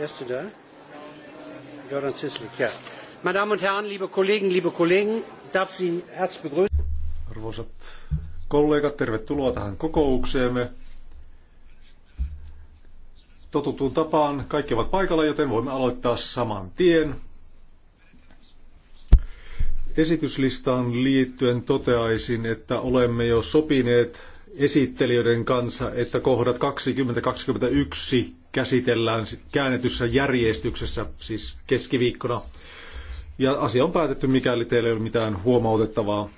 erste da? Jordan Zislik, ja. Meine Damen und Herren, liebe Kollegen, liebe Kollegen, ich darf Sie herzlich begrüßen. Arvoisat kollegat, tervetuloa tähän kokoukseemme. Totuttuun tapaan kaikki ovat paikalla, joten voimme aloittaa saman tien. Esityslistaan liittyen toteaisin, että olemme jo sopineet esittelijöiden kanssa, että kohdat 2021 käsitellään käännetyssä järjestyksessä, siis keskiviikkona. Ja asia on päätetty, mikäli teillä ei ole mitään huomautettavaa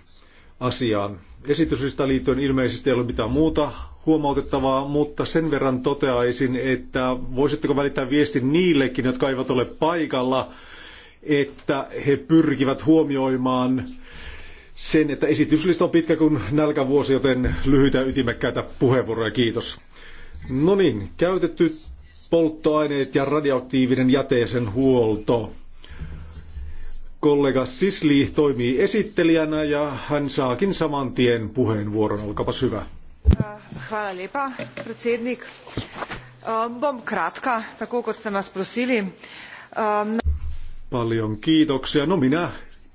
asiaan. Esitysistä liittyen ilmeisesti ei ole mitään muuta huomautettavaa, mutta sen verran toteaisin, että voisitteko välittää viestin niillekin, jotka eivät ole paikalla, että he pyrkivät huomioimaan sen, että esityslista on pitkä kuin nälkävuosi, joten lyhyitä ytimekkäitä puheenvuoroja. Kiitos. No niin, käytetty polttoaineet ja radioaktiivinen jäteisen huolto. Kollega Sisli toimii esittelijänä ja hän saakin saman tien puheenvuoron. Olkapas hyvä. Hvala lepa, predsednik. Ehm, bom kratka, tako kot ste nas prosili. Ehm, Paljon kiitoksia. No minä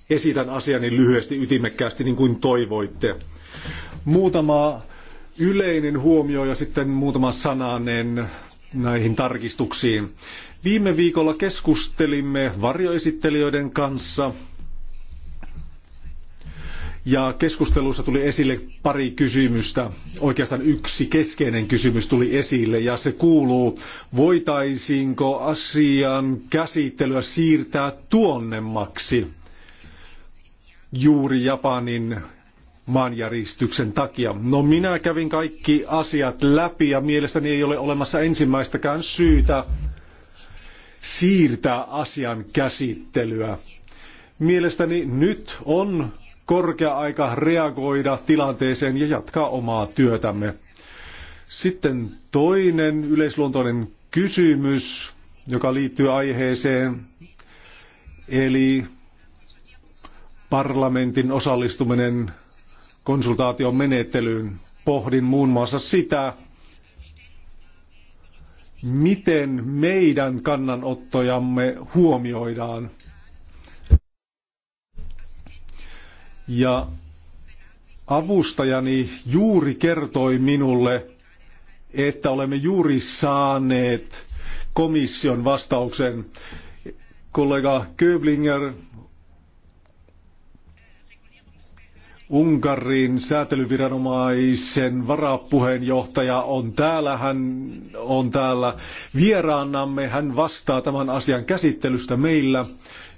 esitän asiani lyhyesti, ytimekkäästi, niin kuin toivoitte. Muutama yleinen huomio ja sitten muutama sananen näihin tarkistuksiin. Viime viikolla keskustelimme varjoesittelijöiden kanssa ja keskustelussa tuli esille pari kysymystä. Oikeastaan yksi keskeinen kysymys tuli esille ja se kuuluu, voitaisiinko asian käsittelyä siirtää tuonnemmaksi? juuri Japanin maanjäristyksen takia. No minä kävin kaikki asiat läpi ja mielestäni ei ole olemassa ensimmäistäkään syytä siirtää asian käsittelyä. Mielestäni nyt on korkea aika reagoida tilanteeseen ja jatkaa omaa työtämme. Sitten toinen yleisluontoinen kysymys, joka liittyy aiheeseen, eli parlamentin osallistuminen konsultaation menettelyyn. Pohdin muun muassa sitä, miten meidän kannanottojamme huomioidaan. Ja avustajani juuri kertoi minulle, että olemme juuri saaneet komission vastauksen. Kollega Köblinger Unkarin säätelyviranomaisen varapuheenjohtaja on täällä. Hän on täällä vieraanamme. Hän vastaa tämän asian käsittelystä meillä.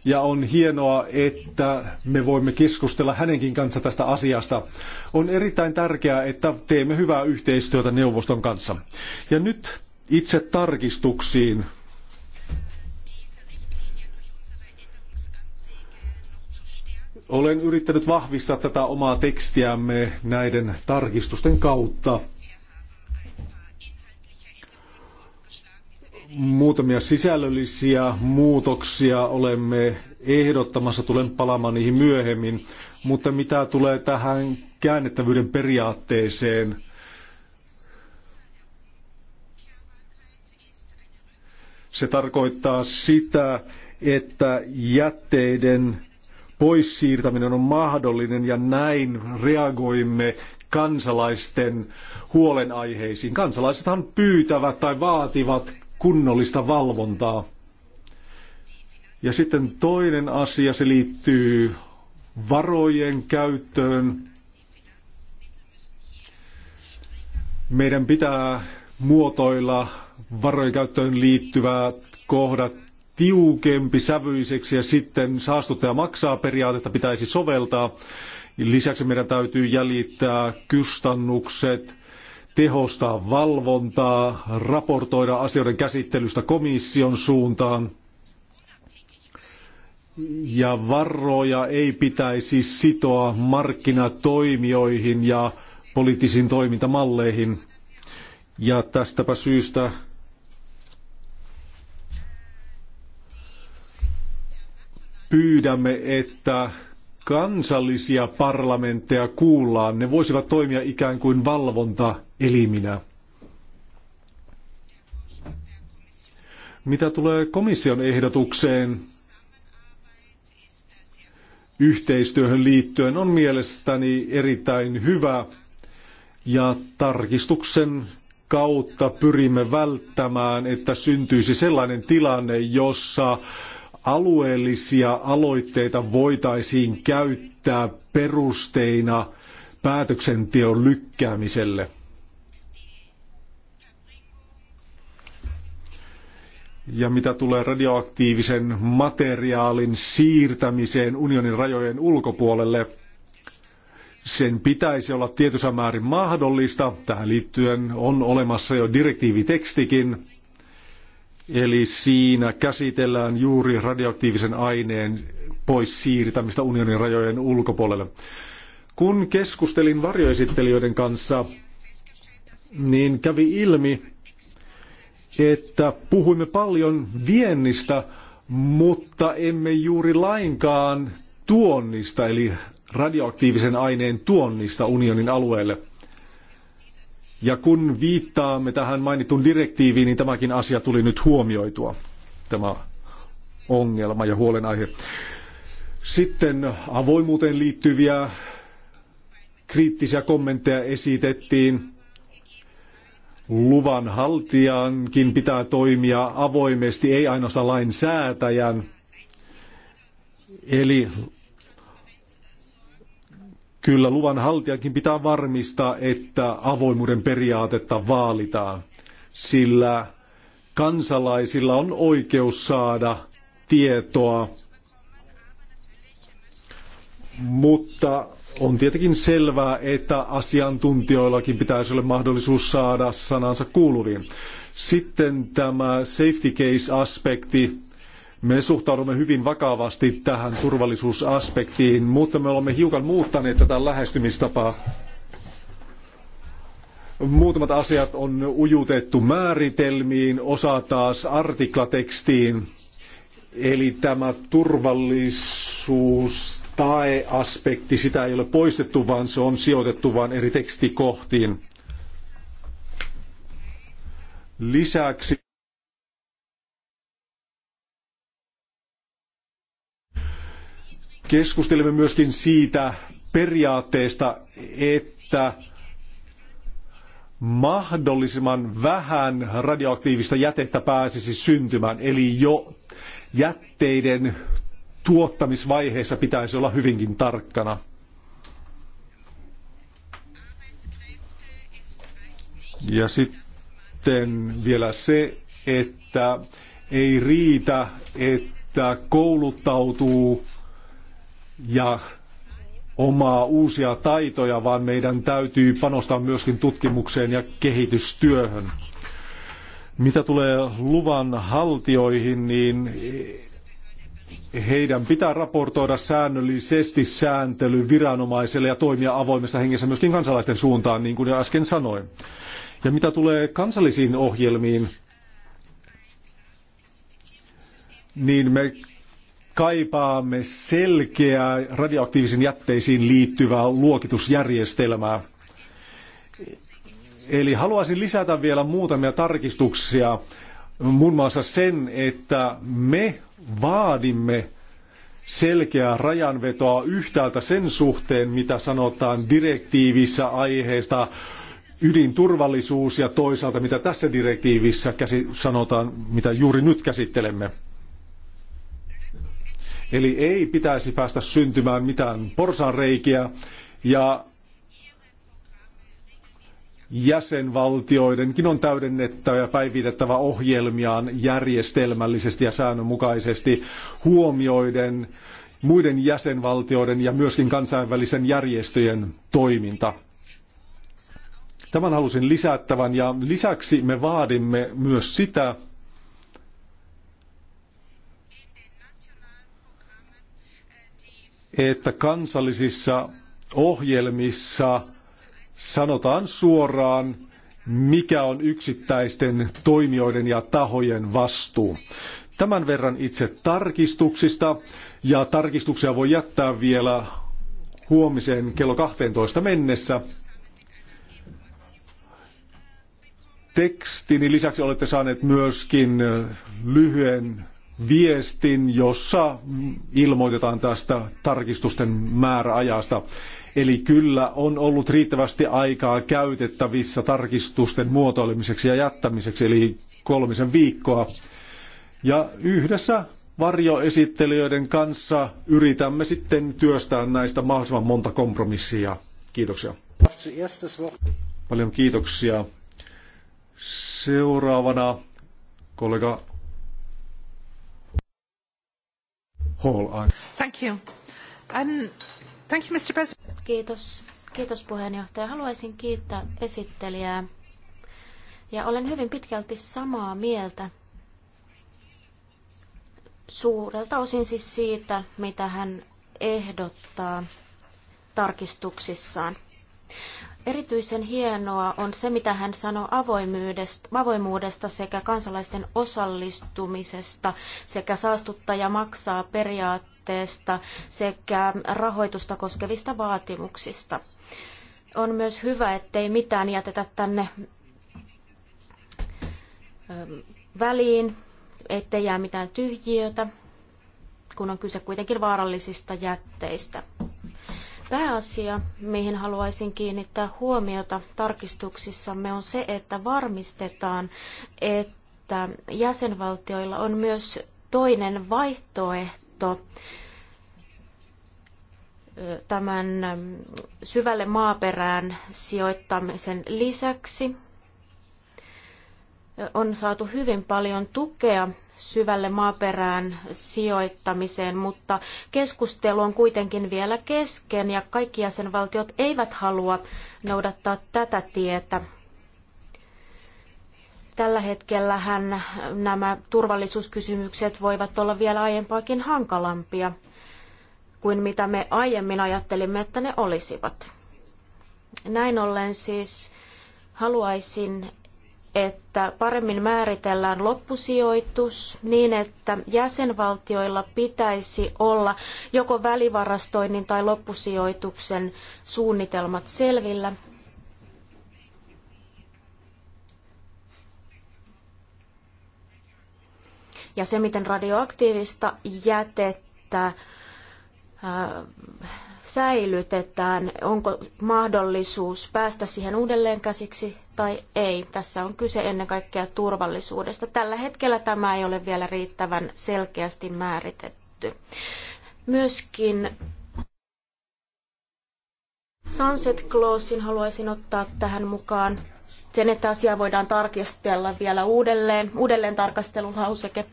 Ja on hienoa, että me voimme keskustella hänenkin kanssa tästä asiasta. On erittäin tärkeää, että teemme hyvää yhteistyötä neuvoston kanssa. Ja nyt itse tarkistuksiin. Olen yrittänyt vahvistaa tätä omaa tekstiämme näiden tarkistusten kautta. Muutamia sisällöllisiä muutoksia olemme ehdottamassa, tulen palaamaan niihin myöhemmin. Mutta mitä tulee tähän käännettävyyden periaatteeseen, se tarkoittaa sitä, että jätteiden poissiirtäminen on mahdollinen ja näin reagoimme kansalaisten huolenaiheisiin. Kansalaisethan pyytävät tai vaativat kunnollista valvontaa. Ja sitten toinen asia, se liittyy varojen käyttöön. Meidän pitää muotoilla varojen käyttöön liittyvät kohdat tiukempi sävyiseksi ja sitten saastuttaja maksaa periaatetta pitäisi soveltaa. Lisäksi meidän täytyy jäljittää kustannukset, tehostaa valvontaa, raportoida asioiden käsittelystä komission suuntaan. Ja varoja ei pitäisi sitoa markkinatoimijoihin ja poliittisiin toimintamalleihin. Ja tästäpä syystä pyydämme, että kansallisia parlamentteja kuullaan. Ne voisivat toimia ikään kuin valvontaeliminä. Mitä tulee komission ehdotukseen yhteistyöhön liittyen, on mielestäni erittäin hyvä ja tarkistuksen kautta pyrimme välttämään, että syntyisi sellainen tilanne, jossa alueellisia aloitteita voitaisiin käyttää perusteina päätöksenteon lykkäämiselle. Ja mitä tulee radioaktiivisen materiaalin siirtämiseen unionin rajojen ulkopuolelle, sen pitäisi olla tietyssä määrin mahdollista. Tähän liittyen on olemassa jo direktiivitekstikin. Eli siinä käsitellään juuri radioaktiivisen aineen pois siirtämistä unionin rajojen ulkopuolelle. Kun keskustelin varjoesittelijöiden kanssa, niin kävi ilmi, että puhuimme paljon viennistä, mutta emme juuri lainkaan tuonnista, eli radioaktiivisen aineen tuonnista unionin alueelle – ja kun viittaamme tähän mainittuun direktiiviin, niin tämäkin asia tuli nyt huomioitua, tämä ongelma ja huolenaihe. Sitten avoimuuteen liittyviä kriittisiä kommentteja esitettiin. Luvan haltijankin pitää toimia avoimesti, ei ainoastaan lainsäätäjän. Eli Kyllä luvan haltijakin pitää varmistaa, että avoimuuden periaatetta vaalitaan, sillä kansalaisilla on oikeus saada tietoa, mutta on tietenkin selvää, että asiantuntijoillakin pitäisi olla mahdollisuus saada sanansa kuuluviin. Sitten tämä safety case-aspekti me suhtaudumme hyvin vakavasti tähän turvallisuusaspektiin, mutta me olemme hiukan muuttaneet tätä lähestymistapaa. Muutamat asiat on ujutettu määritelmiin, osa taas artiklatekstiin. Eli tämä turvallisuus aspekti, sitä ei ole poistettu, vaan se on sijoitettu vain eri tekstikohtiin. Lisäksi Keskustelimme myöskin siitä periaatteesta, että mahdollisimman vähän radioaktiivista jätettä pääsisi syntymään, eli jo jätteiden tuottamisvaiheessa pitäisi olla hyvinkin tarkkana. Ja sitten vielä se, että ei riitä, että kouluttautuu ja omaa uusia taitoja, vaan meidän täytyy panostaa myöskin tutkimukseen ja kehitystyöhön. Mitä tulee luvan haltioihin, niin heidän pitää raportoida säännöllisesti sääntely viranomaiselle ja toimia avoimessa hengessä myöskin kansalaisten suuntaan, niin kuin jo äsken sanoin. Ja mitä tulee kansallisiin ohjelmiin, niin me kaipaamme selkeää radioaktiivisiin jätteisiin liittyvää luokitusjärjestelmää. Eli haluaisin lisätä vielä muutamia tarkistuksia, muun muassa sen, että me vaadimme selkeää rajanvetoa yhtäältä sen suhteen, mitä sanotaan direktiivissä aiheesta ydinturvallisuus ja toisaalta mitä tässä direktiivissä sanotaan, mitä juuri nyt käsittelemme. Eli ei pitäisi päästä syntymään mitään porsanreikiä ja jäsenvaltioidenkin on täydennettävä ja päivitettävä ohjelmiaan järjestelmällisesti ja säännönmukaisesti huomioiden muiden jäsenvaltioiden ja myöskin kansainvälisen järjestöjen toiminta. Tämän halusin lisättävän ja lisäksi me vaadimme myös sitä, että kansallisissa ohjelmissa sanotaan suoraan, mikä on yksittäisten toimijoiden ja tahojen vastuu. Tämän verran itse tarkistuksista, ja tarkistuksia voi jättää vielä huomiseen kello 12 mennessä. Tekstini lisäksi olette saaneet myöskin lyhyen viestin, jossa ilmoitetaan tästä tarkistusten määräajasta. Eli kyllä on ollut riittävästi aikaa käytettävissä tarkistusten muotoilemiseksi ja jättämiseksi, eli kolmisen viikkoa. Ja yhdessä varjoesittelijöiden kanssa yritämme sitten työstää näistä mahdollisimman monta kompromissia. Kiitoksia. Paljon kiitoksia. Seuraavana kollega Kiitos. Kiitos puheenjohtaja. Haluaisin kiittää esittelijää. Ja olen hyvin pitkälti samaa mieltä suurelta osin siis siitä, mitä hän ehdottaa tarkistuksissaan. Erityisen hienoa on se, mitä hän sanoi avoimuudesta, avoimuudesta sekä kansalaisten osallistumisesta sekä saastuttaja maksaa periaatteesta sekä rahoitusta koskevista vaatimuksista. On myös hyvä, ettei mitään jätetä tänne ähm, väliin, ettei jää mitään tyhjiötä, kun on kyse kuitenkin vaarallisista jätteistä. Pääasia, mihin haluaisin kiinnittää huomiota tarkistuksissamme, on se, että varmistetaan, että jäsenvaltioilla on myös toinen vaihtoehto tämän syvälle maaperään sijoittamisen lisäksi on saatu hyvin paljon tukea syvälle maaperään sijoittamiseen, mutta keskustelu on kuitenkin vielä kesken ja kaikki jäsenvaltiot eivät halua noudattaa tätä tietä. Tällä hetkellähän nämä turvallisuuskysymykset voivat olla vielä aiempaakin hankalampia kuin mitä me aiemmin ajattelimme, että ne olisivat. Näin ollen siis haluaisin että paremmin määritellään loppusijoitus niin, että jäsenvaltioilla pitäisi olla joko välivarastoinnin tai loppusijoituksen suunnitelmat selvillä. Ja se, miten radioaktiivista jätettä äh, säilytetään, onko mahdollisuus päästä siihen uudelleen käsiksi tai ei. Tässä on kyse ennen kaikkea turvallisuudesta. Tällä hetkellä tämä ei ole vielä riittävän selkeästi määritetty. Myöskin Sunset Clausein haluaisin ottaa tähän mukaan sen, että asiaa voidaan tarkistella vielä uudelleen, uudelleen tarkastelun lauseke,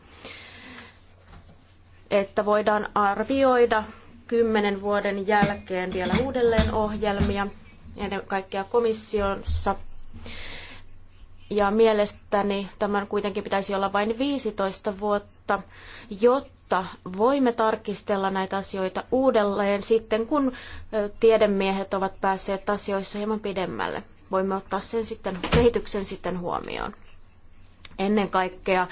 että voidaan arvioida kymmenen vuoden jälkeen vielä uudelleen ohjelmia, ennen kaikkea komissiossa ja mielestäni tämän kuitenkin pitäisi olla vain 15 vuotta, jotta voimme tarkistella näitä asioita uudelleen sitten, kun tiedemiehet ovat päässeet asioissa hieman pidemmälle. Voimme ottaa sen sitten, kehityksen sitten huomioon. Ennen kaikkea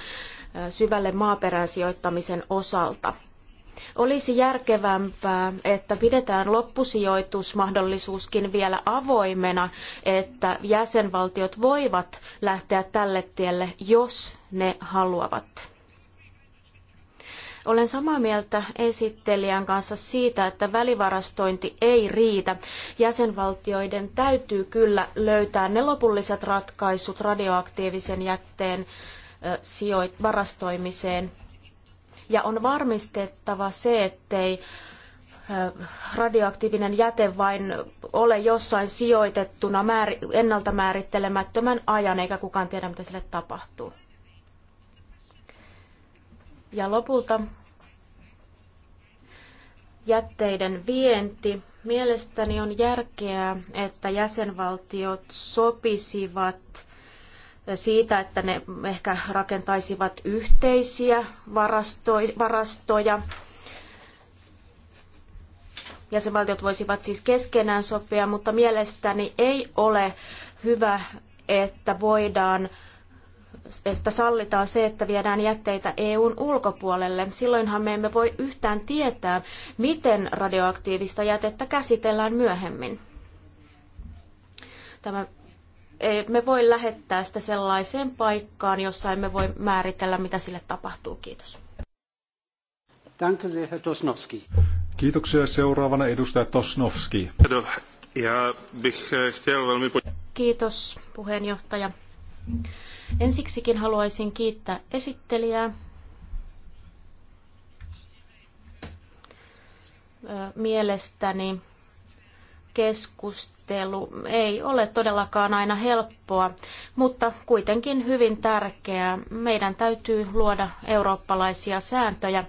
syvälle maaperään sijoittamisen osalta. Olisi järkevämpää, että pidetään loppusijoitusmahdollisuuskin vielä avoimena, että jäsenvaltiot voivat lähteä tälle tielle, jos ne haluavat. Olen samaa mieltä esittelijän kanssa siitä, että välivarastointi ei riitä. Jäsenvaltioiden täytyy kyllä löytää ne lopulliset ratkaisut radioaktiivisen jätteen varastoimiseen ja on varmistettava se, ettei radioaktiivinen jäte vain ole jossain sijoitettuna määr ennalta määrittelemättömän ajan, eikä kukaan tiedä, mitä sille tapahtuu. Ja lopulta jätteiden vienti. Mielestäni on järkeää, että jäsenvaltiot sopisivat siitä, että ne ehkä rakentaisivat yhteisiä varastoja. Jäsenvaltiot voisivat siis keskenään sopia, mutta mielestäni ei ole hyvä, että voidaan että sallitaan se, että viedään jätteitä EUn ulkopuolelle. Silloinhan me emme voi yhtään tietää, miten radioaktiivista jätettä käsitellään myöhemmin. Tämä ei me voi lähettää sitä sellaiseen paikkaan, jossa emme voi määritellä, mitä sille tapahtuu. Kiitos. Kiitoksia. Seuraavana edustaja Tosnovski. Eh, Kiitos, puheenjohtaja. Ensiksikin haluaisin kiittää esittelijää. Mielestäni keskustelu ei ole todellakaan aina helppoa, mutta kuitenkin hyvin tärkeää. Meidän täytyy luoda eurooppalaisia sääntöjä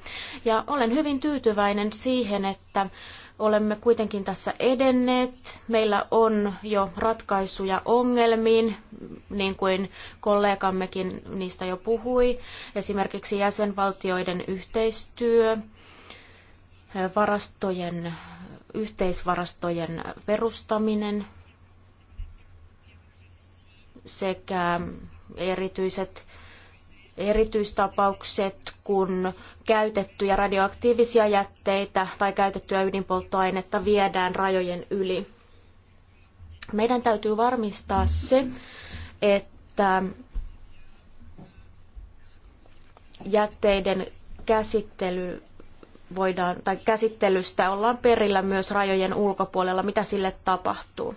ja olen hyvin tyytyväinen siihen, että olemme kuitenkin tässä edenneet. Meillä on jo ratkaisuja ongelmiin, niin kuin kollegammekin niistä jo puhui. Esimerkiksi jäsenvaltioiden yhteistyö, varastojen yhteisvarastojen perustaminen sekä erityiset erityistapaukset, kun käytettyjä radioaktiivisia jätteitä tai käytettyä ydinpolttoainetta viedään rajojen yli. Meidän täytyy varmistaa se, että jätteiden käsittely voidaan, tai käsittelystä ollaan perillä myös rajojen ulkopuolella, mitä sille tapahtuu.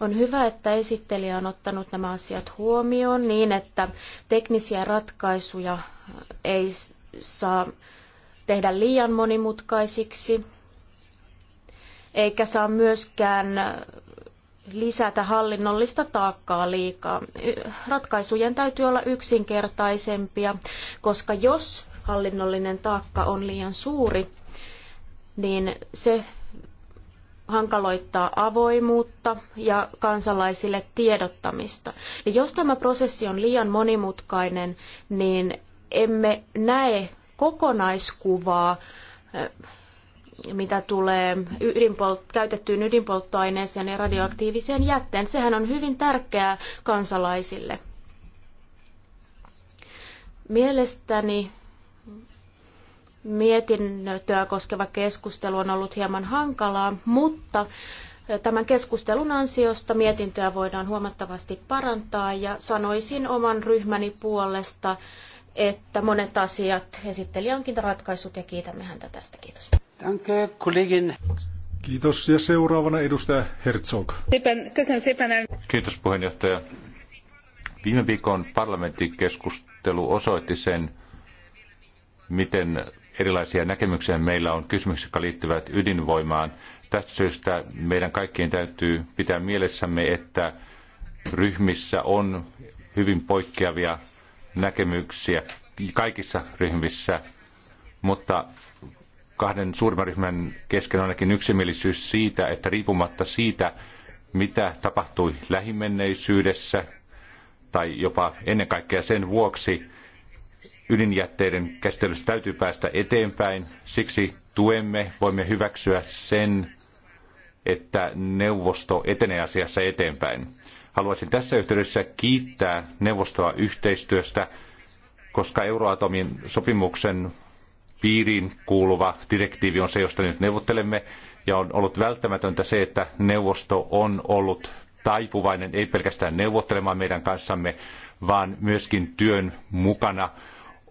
On hyvä, että esittelijä on ottanut nämä asiat huomioon niin, että teknisiä ratkaisuja ei saa tehdä liian monimutkaisiksi, eikä saa myöskään lisätä hallinnollista taakkaa liikaa. Ratkaisujen täytyy olla yksinkertaisempia, koska jos hallinnollinen taakka on liian suuri, niin se hankaloittaa avoimuutta ja kansalaisille tiedottamista. Ja jos tämä prosessi on liian monimutkainen, niin emme näe kokonaiskuvaa, eh, mitä tulee ydinpol- käytettyyn ydinpolttoaineeseen ja radioaktiiviseen jätteen. Sehän on hyvin tärkeää kansalaisille. Mielestäni mietinnötöä koskeva keskustelu on ollut hieman hankalaa, mutta tämän keskustelun ansiosta mietintöä voidaan huomattavasti parantaa ja sanoisin oman ryhmäni puolesta, että monet asiat esitteli onkin ratkaisut ja kiitämme häntä tästä. Kiitos. Danke, kollegin. Kiitos ja seuraavana edustaja Herzog. Kiitos puheenjohtaja. Viime viikon parlamenttikeskustelu osoitti sen, miten erilaisia näkemyksiä meillä on kysymyksiä, jotka liittyvät ydinvoimaan. Tästä syystä meidän kaikkien täytyy pitää mielessämme, että ryhmissä on hyvin poikkeavia näkemyksiä kaikissa ryhmissä, mutta kahden suurimman ryhmän kesken on ainakin yksimielisyys siitä, että riippumatta siitä, mitä tapahtui lähimenneisyydessä tai jopa ennen kaikkea sen vuoksi, ydinjätteiden käsittelyssä täytyy päästä eteenpäin. Siksi tuemme, voimme hyväksyä sen, että neuvosto etenee asiassa eteenpäin. Haluaisin tässä yhteydessä kiittää neuvostoa yhteistyöstä, koska Euroatomin sopimuksen piiriin kuuluva direktiivi on se, josta nyt neuvottelemme, ja on ollut välttämätöntä se, että neuvosto on ollut taipuvainen ei pelkästään neuvottelemaan meidän kanssamme, vaan myöskin työn mukana –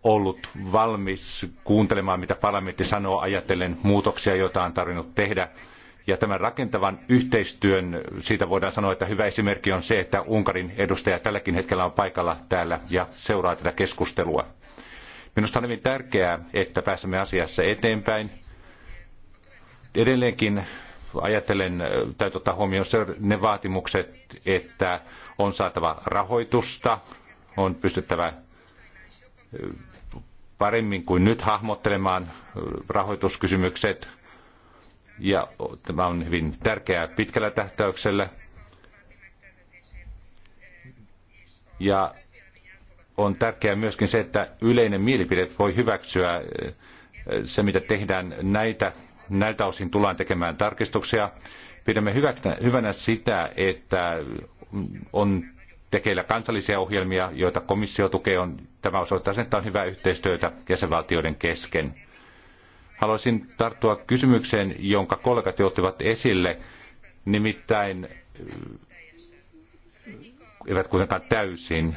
ollut valmis kuuntelemaan, mitä parlamentti sanoo, ajatellen muutoksia, joita on tarvinnut tehdä. Ja tämän rakentavan yhteistyön, siitä voidaan sanoa, että hyvä esimerkki on se, että Unkarin edustaja tälläkin hetkellä on paikalla täällä ja seuraa tätä keskustelua. Minusta on hyvin tärkeää, että pääsemme asiassa eteenpäin. Edelleenkin ajattelen, äh, täytyy ottaa huomioon ne vaatimukset, että on saatava rahoitusta, on pystyttävä äh, paremmin kuin nyt hahmottelemaan rahoituskysymykset. Ja tämä on hyvin tärkeää pitkällä tähtäyksellä. Ja on tärkeää myöskin se, että yleinen mielipide voi hyväksyä eh, se, mitä tehdään näitä. Näiltä osin tullaan tekemään tarkistuksia. Pidämme hyvänä sitä, että on tekeillä kansallisia ohjelmia, joita komissio tukee. On, tämä osoittaa sen, että on hyvää yhteistyötä jäsenvaltioiden kesken. Haluaisin tarttua kysymykseen, jonka kollegat ottivat esille, nimittäin äh, eivät kuitenkaan täysin.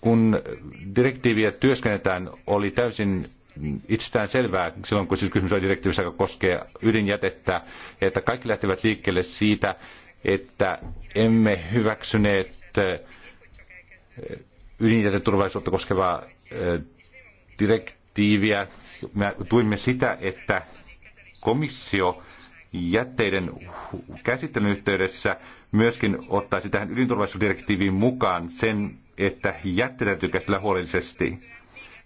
Kun direktiiviä työskennetään, oli täysin itsestään selvää silloin, kun siis kysymys oli direktiivissä, joka koskee ydinjätettä, että kaikki lähtevät liikkeelle siitä, että emme hyväksyneet ydinjäteturvallisuutta koskevaa direktiiviä. Me tuimme sitä, että komissio jätteiden käsittelyn yhteydessä myöskin ottaisi tähän ydinturvallisuusdirektiiviin mukaan sen, että jätteitä täytyy käsitellä huolellisesti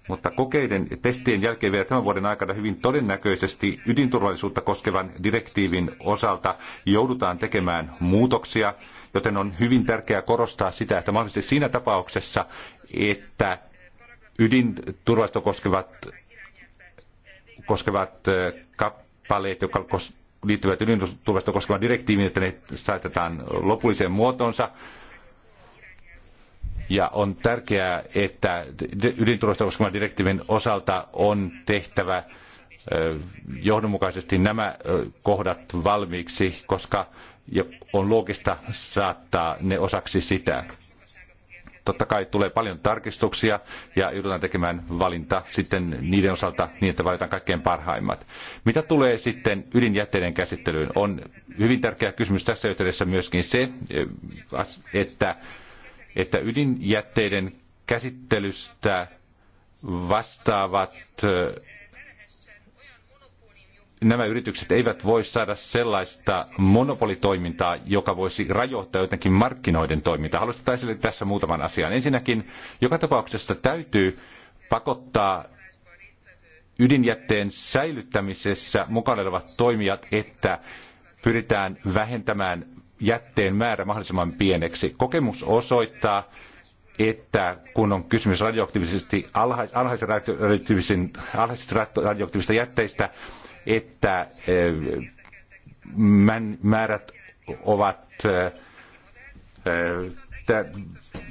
mutta kokeiden ja testien jälkeen vielä tämän vuoden aikana hyvin todennäköisesti ydinturvallisuutta koskevan direktiivin osalta joudutaan tekemään muutoksia, joten on hyvin tärkeää korostaa sitä, että mahdollisesti siinä tapauksessa, että ydinturvallisuutta koskevat, koskevat kappaleet, jotka liittyvät ydinturvallisuutta koskevan direktiiviin, että ne saatetaan lopulliseen muotoonsa, ja on tärkeää, että ydinturvallisuutta koskevan direktiivin osalta on tehtävä johdonmukaisesti nämä kohdat valmiiksi, koska on loogista saattaa ne osaksi sitä. Totta kai tulee paljon tarkistuksia ja joudutaan tekemään valinta sitten niiden osalta niin, että valitaan kaikkein parhaimmat. Mitä tulee sitten ydinjätteiden käsittelyyn, on hyvin tärkeä kysymys tässä yhteydessä myöskin se, että että ydinjätteiden käsittelystä vastaavat nämä yritykset eivät voi saada sellaista monopolitoimintaa, joka voisi rajoittaa jotenkin markkinoiden toimintaa. Haluaisin ottaa esille tässä muutaman asian. Ensinnäkin, joka tapauksessa täytyy pakottaa ydinjätteen säilyttämisessä mukana olevat toimijat, että pyritään vähentämään jätteen määrä mahdollisimman pieneksi. Kokemus osoittaa, että kun on kysymys radioaktiivisesti alhaisista radioaktiivisista jätteistä, että eh, määrät ovat eh, eh,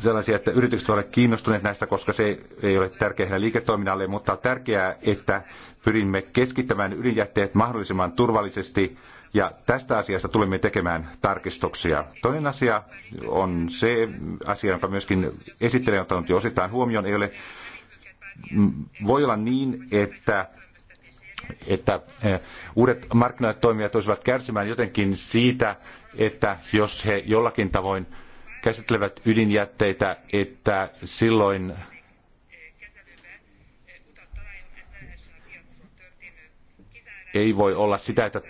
sellaisia, että yritykset ovat kiinnostuneet näistä, koska se ei ole tärkeää heidän liiketoiminnalle, mutta on tärkeää, että pyrimme keskittämään ydinjätteet mahdollisimman turvallisesti ja tästä asiasta tulemme tekemään tarkistuksia. Toinen asia on se asia, jonka myöskin esittelen on ottanut jo osittain huomioon. Ei ole, voi olla niin, että että eh, uudet markkinatoimijat toimijat olisivat kärsimään jotenkin siitä, että jos he jollakin tavoin käsittelevät ydinjätteitä, että silloin ei voi olla sitä, että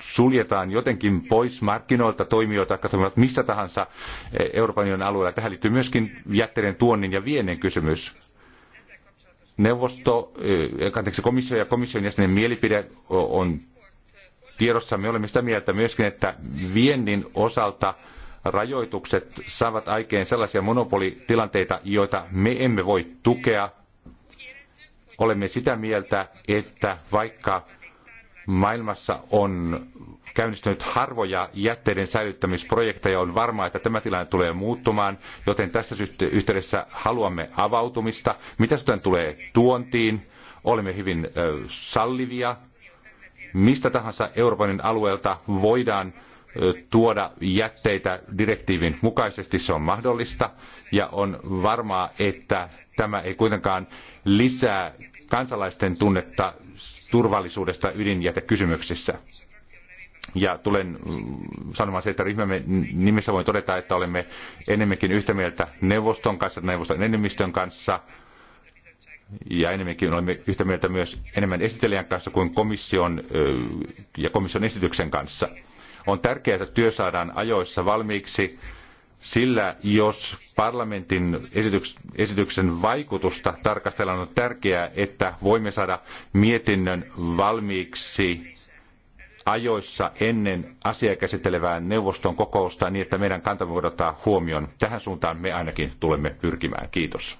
suljetaan jotenkin pois markkinoilta toimijoita, jotka toimivat mistä tahansa eh, Euroopan unionin alueella. Tähän liittyy myöskin jätteiden tuonnin ja viennin kysymys. Neuvosto, eh, anteeksi, komissio ja komission jäsenen mielipide on tiedossa. Me olemme sitä mieltä myöskin, että viennin osalta rajoitukset saavat aikeen sellaisia monopolitilanteita, joita me emme voi tukea. Olemme sitä mieltä, että vaikka Maailmassa on käynnistynyt harvoja jätteiden säilyttämisprojekteja. On varmaa, että tämä tilanne tulee muuttumaan, joten tässä yhteydessä haluamme avautumista. Mitä sitten tulee tuontiin? Olemme hyvin sallivia. Mistä tahansa Euroopan alueelta voidaan tuoda jätteitä direktiivin mukaisesti, se on mahdollista, ja on varmaa, että tämä ei kuitenkaan lisää kansalaisten tunnetta turvallisuudesta ydinjätekysymyksissä. Ja tulen sanomaan se, että ryhmämme nimissä voin todeta, että olemme enemmänkin yhtä mieltä neuvoston kanssa, neuvoston enemmistön kanssa, ja enemmänkin olemme yhtä mieltä myös enemmän esittelijän kanssa kuin komission ja komission esityksen kanssa. On tärkeää, että työ saadaan ajoissa valmiiksi sillä, jos parlamentin esityksen vaikutusta tarkastellaan, on tärkeää, että voimme saada mietinnön valmiiksi ajoissa ennen asiaa käsittelevää neuvoston kokousta niin, että meidän kantamme voidaan ottaa huomioon. Tähän suuntaan me ainakin tulemme pyrkimään. Kiitos.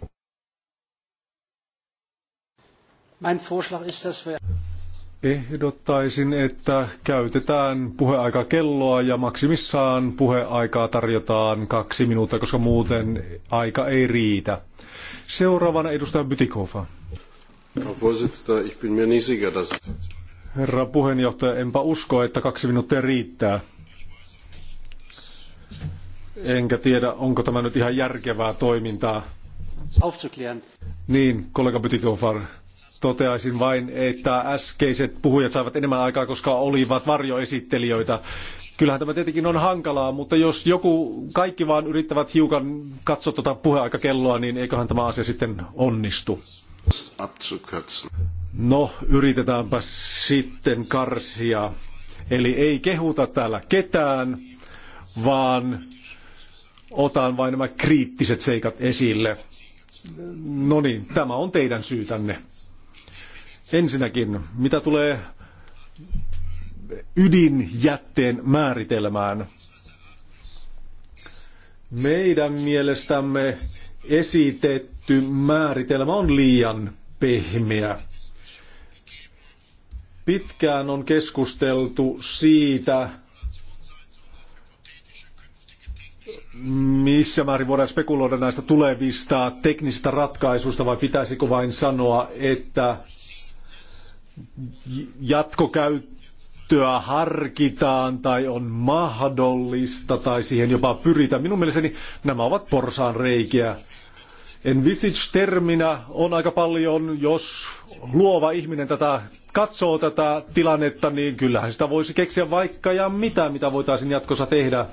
Ehdottaisin, että käytetään puheaikakelloa ja maksimissaan puheaikaa tarjotaan kaksi minuuttia, koska muuten aika ei riitä. Seuraavana edustaja Bytikova. Herra puheenjohtaja, enpä usko, että kaksi minuuttia riittää. Enkä tiedä, onko tämä nyt ihan järkevää toimintaa. Niin, kollega Bytikova, Toteaisin vain, että äskeiset puhujat saivat enemmän aikaa, koska olivat varjoesittelijöitä. Kyllähän tämä tietenkin on hankalaa, mutta jos joku, kaikki vaan yrittävät hiukan katsoa tuota puheaikakelloa, niin eiköhän tämä asia sitten onnistu. No, yritetäänpä sitten karsia. Eli ei kehuta täällä ketään, vaan otan vain nämä kriittiset seikat esille. No niin, tämä on teidän syytänne. Ensinnäkin, mitä tulee ydinjätteen määritelmään. Meidän mielestämme esitetty määritelmä on liian pehmeä. Pitkään on keskusteltu siitä, missä määrin voidaan spekuloida näistä tulevista teknisistä ratkaisuista vai pitäisikö vain sanoa, että jatkokäyttöä harkitaan tai on mahdollista tai siihen jopa pyritään. Minun mielestäni nämä ovat porsaan reikiä. Envisage-terminä on aika paljon, jos luova ihminen tätä katsoo tätä tilannetta, niin kyllähän sitä voisi keksiä vaikka ja mitä, mitä voitaisiin jatkossa tehdä.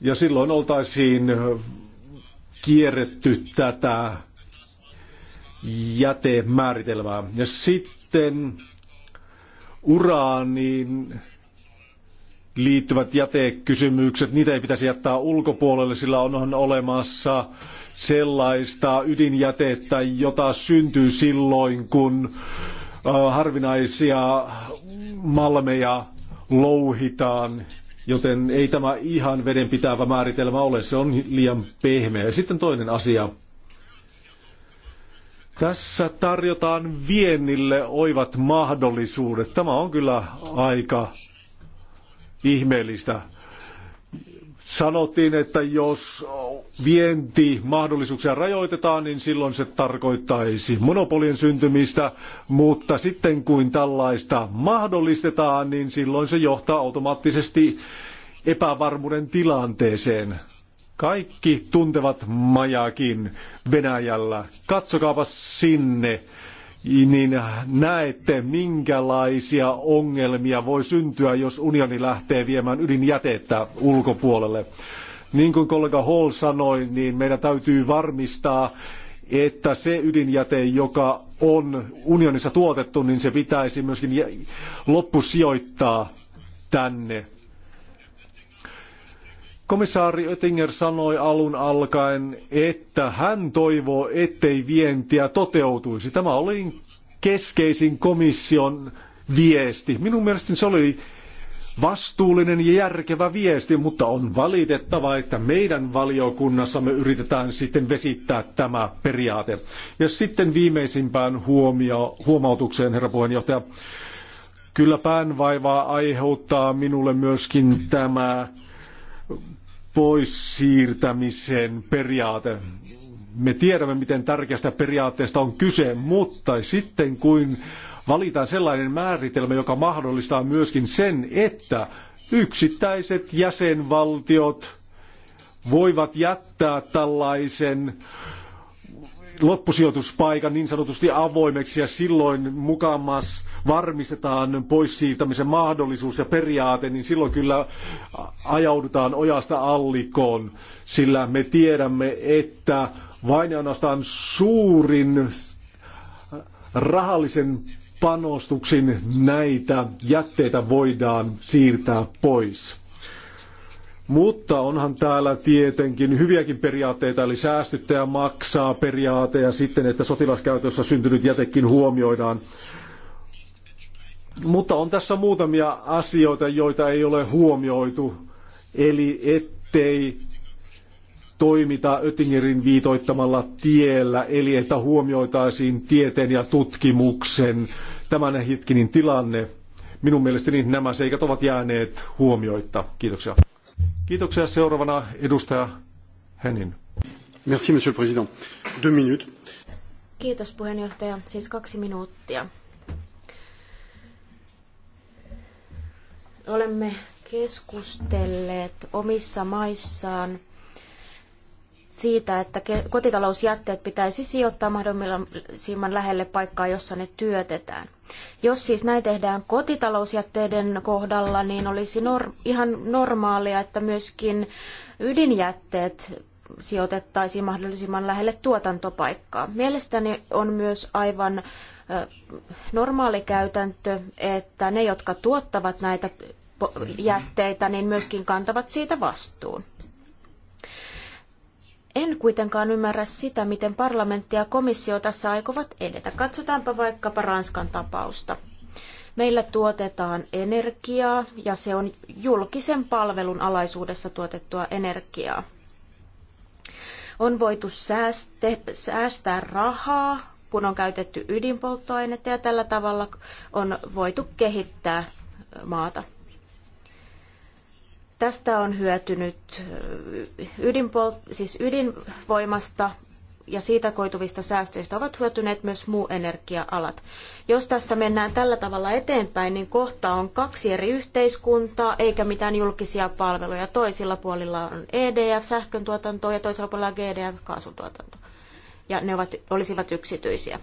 Ja silloin oltaisiin kierretty tätä jätemääritelmää. Ja sitten uraaniin liittyvät jätekysymykset, niitä ei pitäisi jättää ulkopuolelle, sillä on olemassa sellaista ydinjätettä, jota syntyy silloin, kun harvinaisia malmeja louhitaan, joten ei tämä ihan vedenpitävä määritelmä ole, se on liian pehmeä. Ja sitten toinen asia, tässä tarjotaan viennille oivat mahdollisuudet. Tämä on kyllä aika ihmeellistä. Sanottiin, että jos vienti mahdollisuuksia rajoitetaan, niin silloin se tarkoittaisi monopolien syntymistä, mutta sitten kun tällaista mahdollistetaan, niin silloin se johtaa automaattisesti epävarmuuden tilanteeseen. Kaikki tuntevat majakin Venäjällä. Katsokaapa sinne, niin näette, minkälaisia ongelmia voi syntyä, jos unioni lähtee viemään ydinjätettä ulkopuolelle. Niin kuin kollega Hall sanoi, niin meidän täytyy varmistaa, että se ydinjäte, joka on unionissa tuotettu, niin se pitäisi myöskin loppusijoittaa tänne. Komissaari Oettinger sanoi alun alkaen, että hän toivoo, ettei vientiä toteutuisi. Tämä oli keskeisin komission viesti. Minun mielestäni se oli vastuullinen ja järkevä viesti, mutta on valitettava, että meidän valiokunnassamme yritetään sitten vesittää tämä periaate. Ja sitten viimeisimpään huomio, huomautukseen, herra puheenjohtaja. Kyllä päänvaivaa aiheuttaa minulle myöskin tämä pois siirtämisen periaate. Me tiedämme, miten tärkeästä periaatteesta on kyse, mutta sitten kun valitaan sellainen määritelmä, joka mahdollistaa myöskin sen, että yksittäiset jäsenvaltiot voivat jättää tällaisen loppusijoituspaikan niin sanotusti avoimeksi ja silloin mukamas varmistetaan poissiirtämisen mahdollisuus ja periaate, niin silloin kyllä ajaudutaan ojasta allikoon, sillä me tiedämme, että vain ainoastaan suurin rahallisen panostuksin näitä jätteitä voidaan siirtää pois. Mutta onhan täällä tietenkin hyviäkin periaatteita, eli säästyttäjä maksaa periaate ja sitten, että sotilaskäytössä syntynyt jätekin huomioidaan. Mutta on tässä muutamia asioita, joita ei ole huomioitu. Eli ettei toimita Oettingerin viitoittamalla tiellä, eli että huomioitaisiin tieteen ja tutkimuksen tämän hetkinen tilanne. Minun mielestäni nämä seikat ovat jääneet huomioitta. Kiitoksia. Kiitoksia seuraavana edustaja Henin. Merci, monsieur le président. Deux minutes. Kiitos puheenjohtaja, siis kaksi minuuttia. Olemme keskustelleet omissa maissaan siitä, että kotitalousjätteet pitäisi sijoittaa mahdollisimman lähelle paikkaa, jossa ne työtetään. Jos siis näin tehdään kotitalousjätteiden kohdalla, niin olisi nor- ihan normaalia, että myöskin ydinjätteet sijoitettaisiin mahdollisimman lähelle tuotantopaikkaa. Mielestäni on myös aivan normaali käytäntö, että ne, jotka tuottavat näitä mm-hmm. jätteitä, niin myöskin kantavat siitä vastuun. En kuitenkaan ymmärrä sitä, miten parlamentti ja komissio tässä aikovat edetä. Katsotaanpa vaikkapa Ranskan tapausta. Meillä tuotetaan energiaa ja se on julkisen palvelun alaisuudessa tuotettua energiaa. On voitu säästää rahaa, kun on käytetty ydinpolttoainetta ja tällä tavalla on voitu kehittää maata. Tästä on hyötynyt ydinpol- siis ydinvoimasta ja siitä koituvista säästöistä ovat hyötyneet myös muu energia-alat. Jos tässä mennään tällä tavalla eteenpäin, niin kohta on kaksi eri yhteiskuntaa eikä mitään julkisia palveluja. Toisilla puolilla on EDF, sähköntuotanto, ja toisella puolella GDF, kaasutuotanto, Ja ne ovat, olisivat yksityisiä.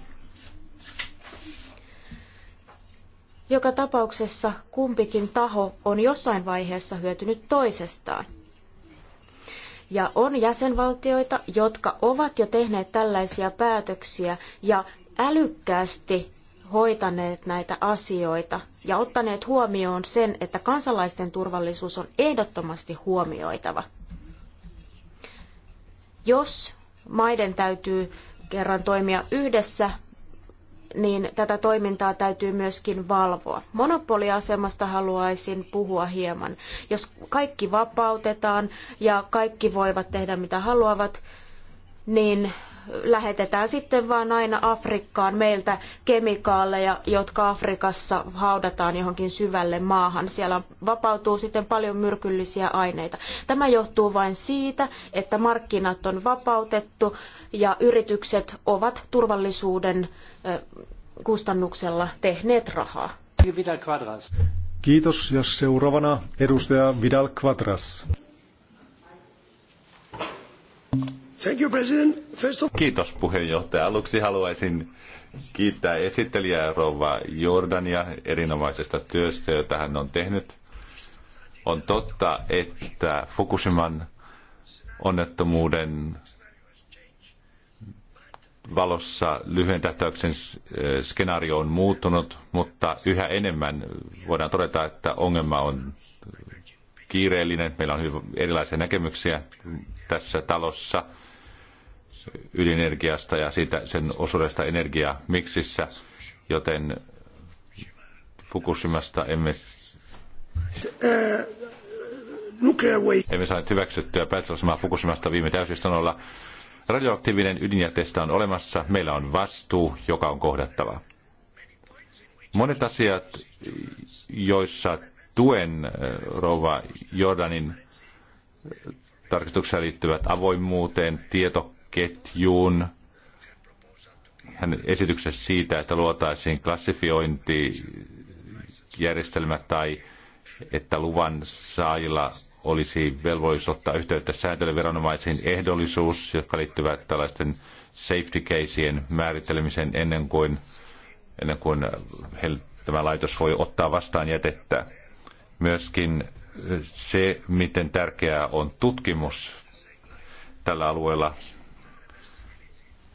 Joka tapauksessa kumpikin taho on jossain vaiheessa hyötynyt toisestaan. Ja on jäsenvaltioita, jotka ovat jo tehneet tällaisia päätöksiä ja älykkäästi hoitaneet näitä asioita ja ottaneet huomioon sen, että kansalaisten turvallisuus on ehdottomasti huomioitava. Jos maiden täytyy kerran toimia yhdessä, niin tätä toimintaa täytyy myöskin valvoa. Monopoliasemasta haluaisin puhua hieman. Jos kaikki vapautetaan ja kaikki voivat tehdä mitä haluavat, niin lähetetään sitten vaan aina Afrikkaan meiltä kemikaaleja, jotka Afrikassa haudataan johonkin syvälle maahan. Siellä vapautuu sitten paljon myrkyllisiä aineita. Tämä johtuu vain siitä, että markkinat on vapautettu ja yritykset ovat turvallisuuden kustannuksella tehneet rahaa. Kiitos ja seuraavana edustaja Vidal Quadras. Thank you, President. First of... Kiitos puheenjohtaja. Aluksi haluaisin kiittää esittelijää Rova Jordania erinomaisesta työstä, jota hän on tehnyt. On totta, että Fukushiman onnettomuuden valossa lyhyen tähtäyksen skenaario on muuttunut, mutta yhä enemmän voidaan todeta, että ongelma on kiireellinen. Meillä on hyvin erilaisia näkemyksiä tässä talossa ydinenergiasta ja siitä sen osuudesta energia miksissä, joten Fukushimasta emme, emme saaneet hyväksyttyä päätöslasemaa Fukushimasta viime täysistunnolla. Radioaktiivinen ydinjätestä on olemassa, meillä on vastuu, joka on kohdattava. Monet asiat, joissa tuen äh, rouva Jordanin äh, tarkistuksia liittyvät avoimuuteen, tieto, ketjuun. Hän esityksessä siitä, että luotaisiin klassifiointijärjestelmä tai että luvan saajilla olisi velvollisuus ottaa yhteyttä sääntelyviranomaisiin ehdollisuus, jotka liittyvät tällaisten safety caseien määrittelemiseen ennen kuin, ennen kuin he, tämä laitos voi ottaa vastaan jätettä. Myöskin se, miten tärkeää on tutkimus tällä alueella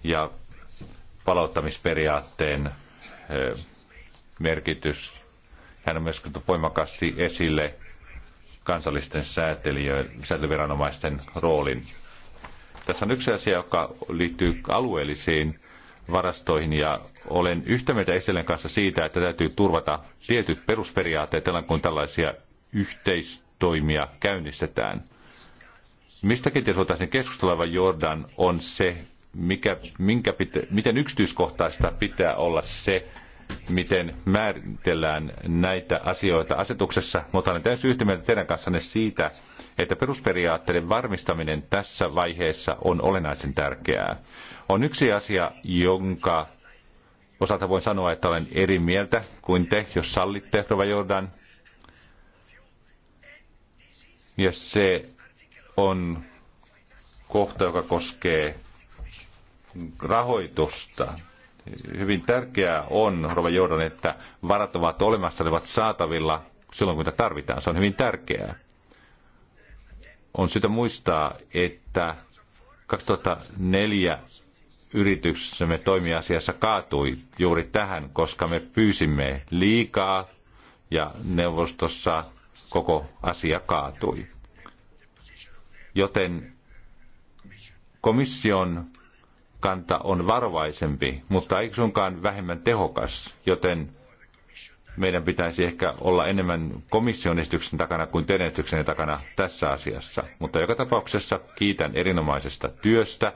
ja palauttamisperiaatteen merkitys. Hän on myös voimakkaasti esille kansallisten säätelyviranomaisten roolin. Tässä on yksi asia, joka liittyy alueellisiin varastoihin ja olen yhtä mieltä Estelen kanssa siitä, että täytyy turvata tietyt perusperiaatteet, kun tällaisia yhteistoimia käynnistetään. Mistäkin tietysti voitaisiin keskustella, Jordan on se, mikä, minkä pite, miten yksityiskohtaista pitää olla se, miten määritellään näitä asioita asetuksessa, mutta olen täysin yhtä mieltä teidän kanssanne siitä, että perusperiaatteiden varmistaminen tässä vaiheessa on olennaisen tärkeää. On yksi asia, jonka osalta voin sanoa, että olen eri mieltä kuin te, jos sallitte, Rova Jordan. Ja se on kohta, joka koskee rahoitusta. Hyvin tärkeää on, Rova Jordan, että varat ovat olemassa, ne ovat saatavilla silloin, kun niitä tarvitaan. Se on hyvin tärkeää. On syytä muistaa, että 2004 yrityksemme toimiasiassa kaatui juuri tähän, koska me pyysimme liikaa ja neuvostossa koko asia kaatui. Joten komission kanta on varovaisempi, mutta ei suinkaan vähemmän tehokas, joten meidän pitäisi ehkä olla enemmän komission esityksen takana kuin teidän takana tässä asiassa. Mutta joka tapauksessa kiitän erinomaisesta työstä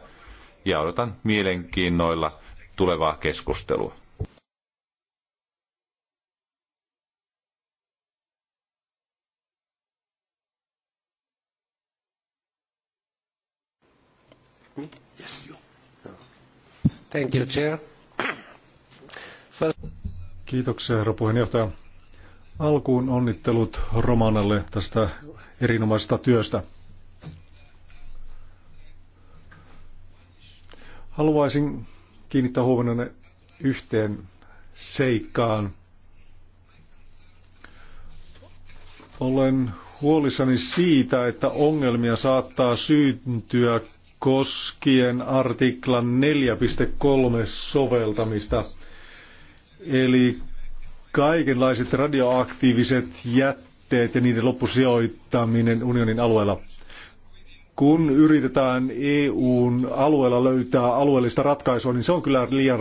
ja odotan mielenkiinnoilla tulevaa keskustelua. Hmm? Yes, Thank you, Chair. First... Kiitoksia, herra puheenjohtaja. Alkuun onnittelut Romanalle tästä erinomaisesta työstä. Haluaisin kiinnittää huomionne yhteen seikkaan. Olen huolissani siitä, että ongelmia saattaa syntyä koskien artiklan 4.3 soveltamista. Eli kaikenlaiset radioaktiiviset jätteet ja niiden loppusijoittaminen unionin alueella. Kun yritetään EUn alueella löytää alueellista ratkaisua, niin se on kyllä liian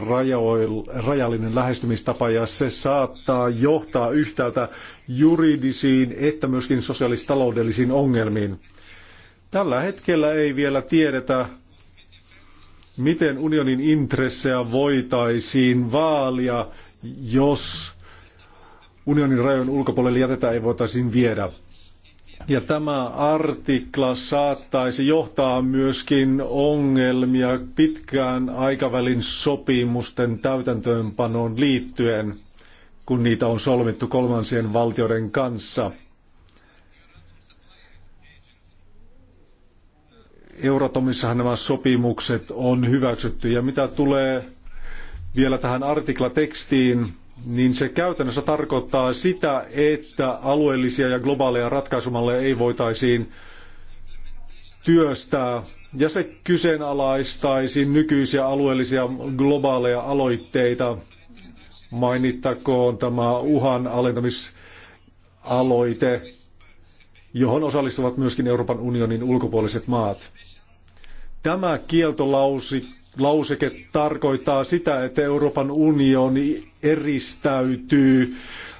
rajallinen lähestymistapa ja se saattaa johtaa yhtäältä juridisiin että myöskin sosiaalistaloudellisiin ongelmiin. Tällä hetkellä ei vielä tiedetä, miten unionin intressejä voitaisiin vaalia, jos unionin rajojen ulkopuolelle jätetä ei voitaisiin viedä. Ja tämä artikla saattaisi johtaa myöskin ongelmia pitkään aikavälin sopimusten täytäntöönpanoon liittyen, kun niitä on solmittu kolmansien valtioiden kanssa – Euratomissahan nämä sopimukset on hyväksytty. Ja mitä tulee vielä tähän artiklatekstiin, niin se käytännössä tarkoittaa sitä, että alueellisia ja globaaleja ratkaisumalle ei voitaisiin työstää. Ja se kyseenalaistaisi nykyisiä alueellisia globaaleja aloitteita. Mainittakoon tämä uhan alentamisaloite, johon osallistuvat myöskin Euroopan unionin ulkopuoliset maat. Tämä kieltolauseke tarkoittaa sitä, että Euroopan unioni eristäytyy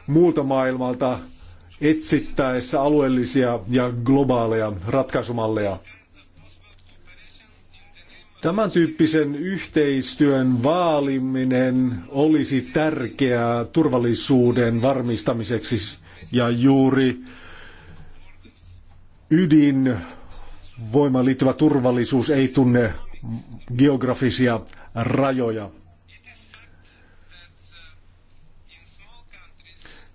muulta maailmalta etsittäessä alueellisia ja globaaleja ratkaisumalleja. Tämän tyyppisen yhteistyön vaaliminen olisi tärkeää turvallisuuden varmistamiseksi ja juuri ydin voimaan liittyvä turvallisuus ei tunne geografisia rajoja.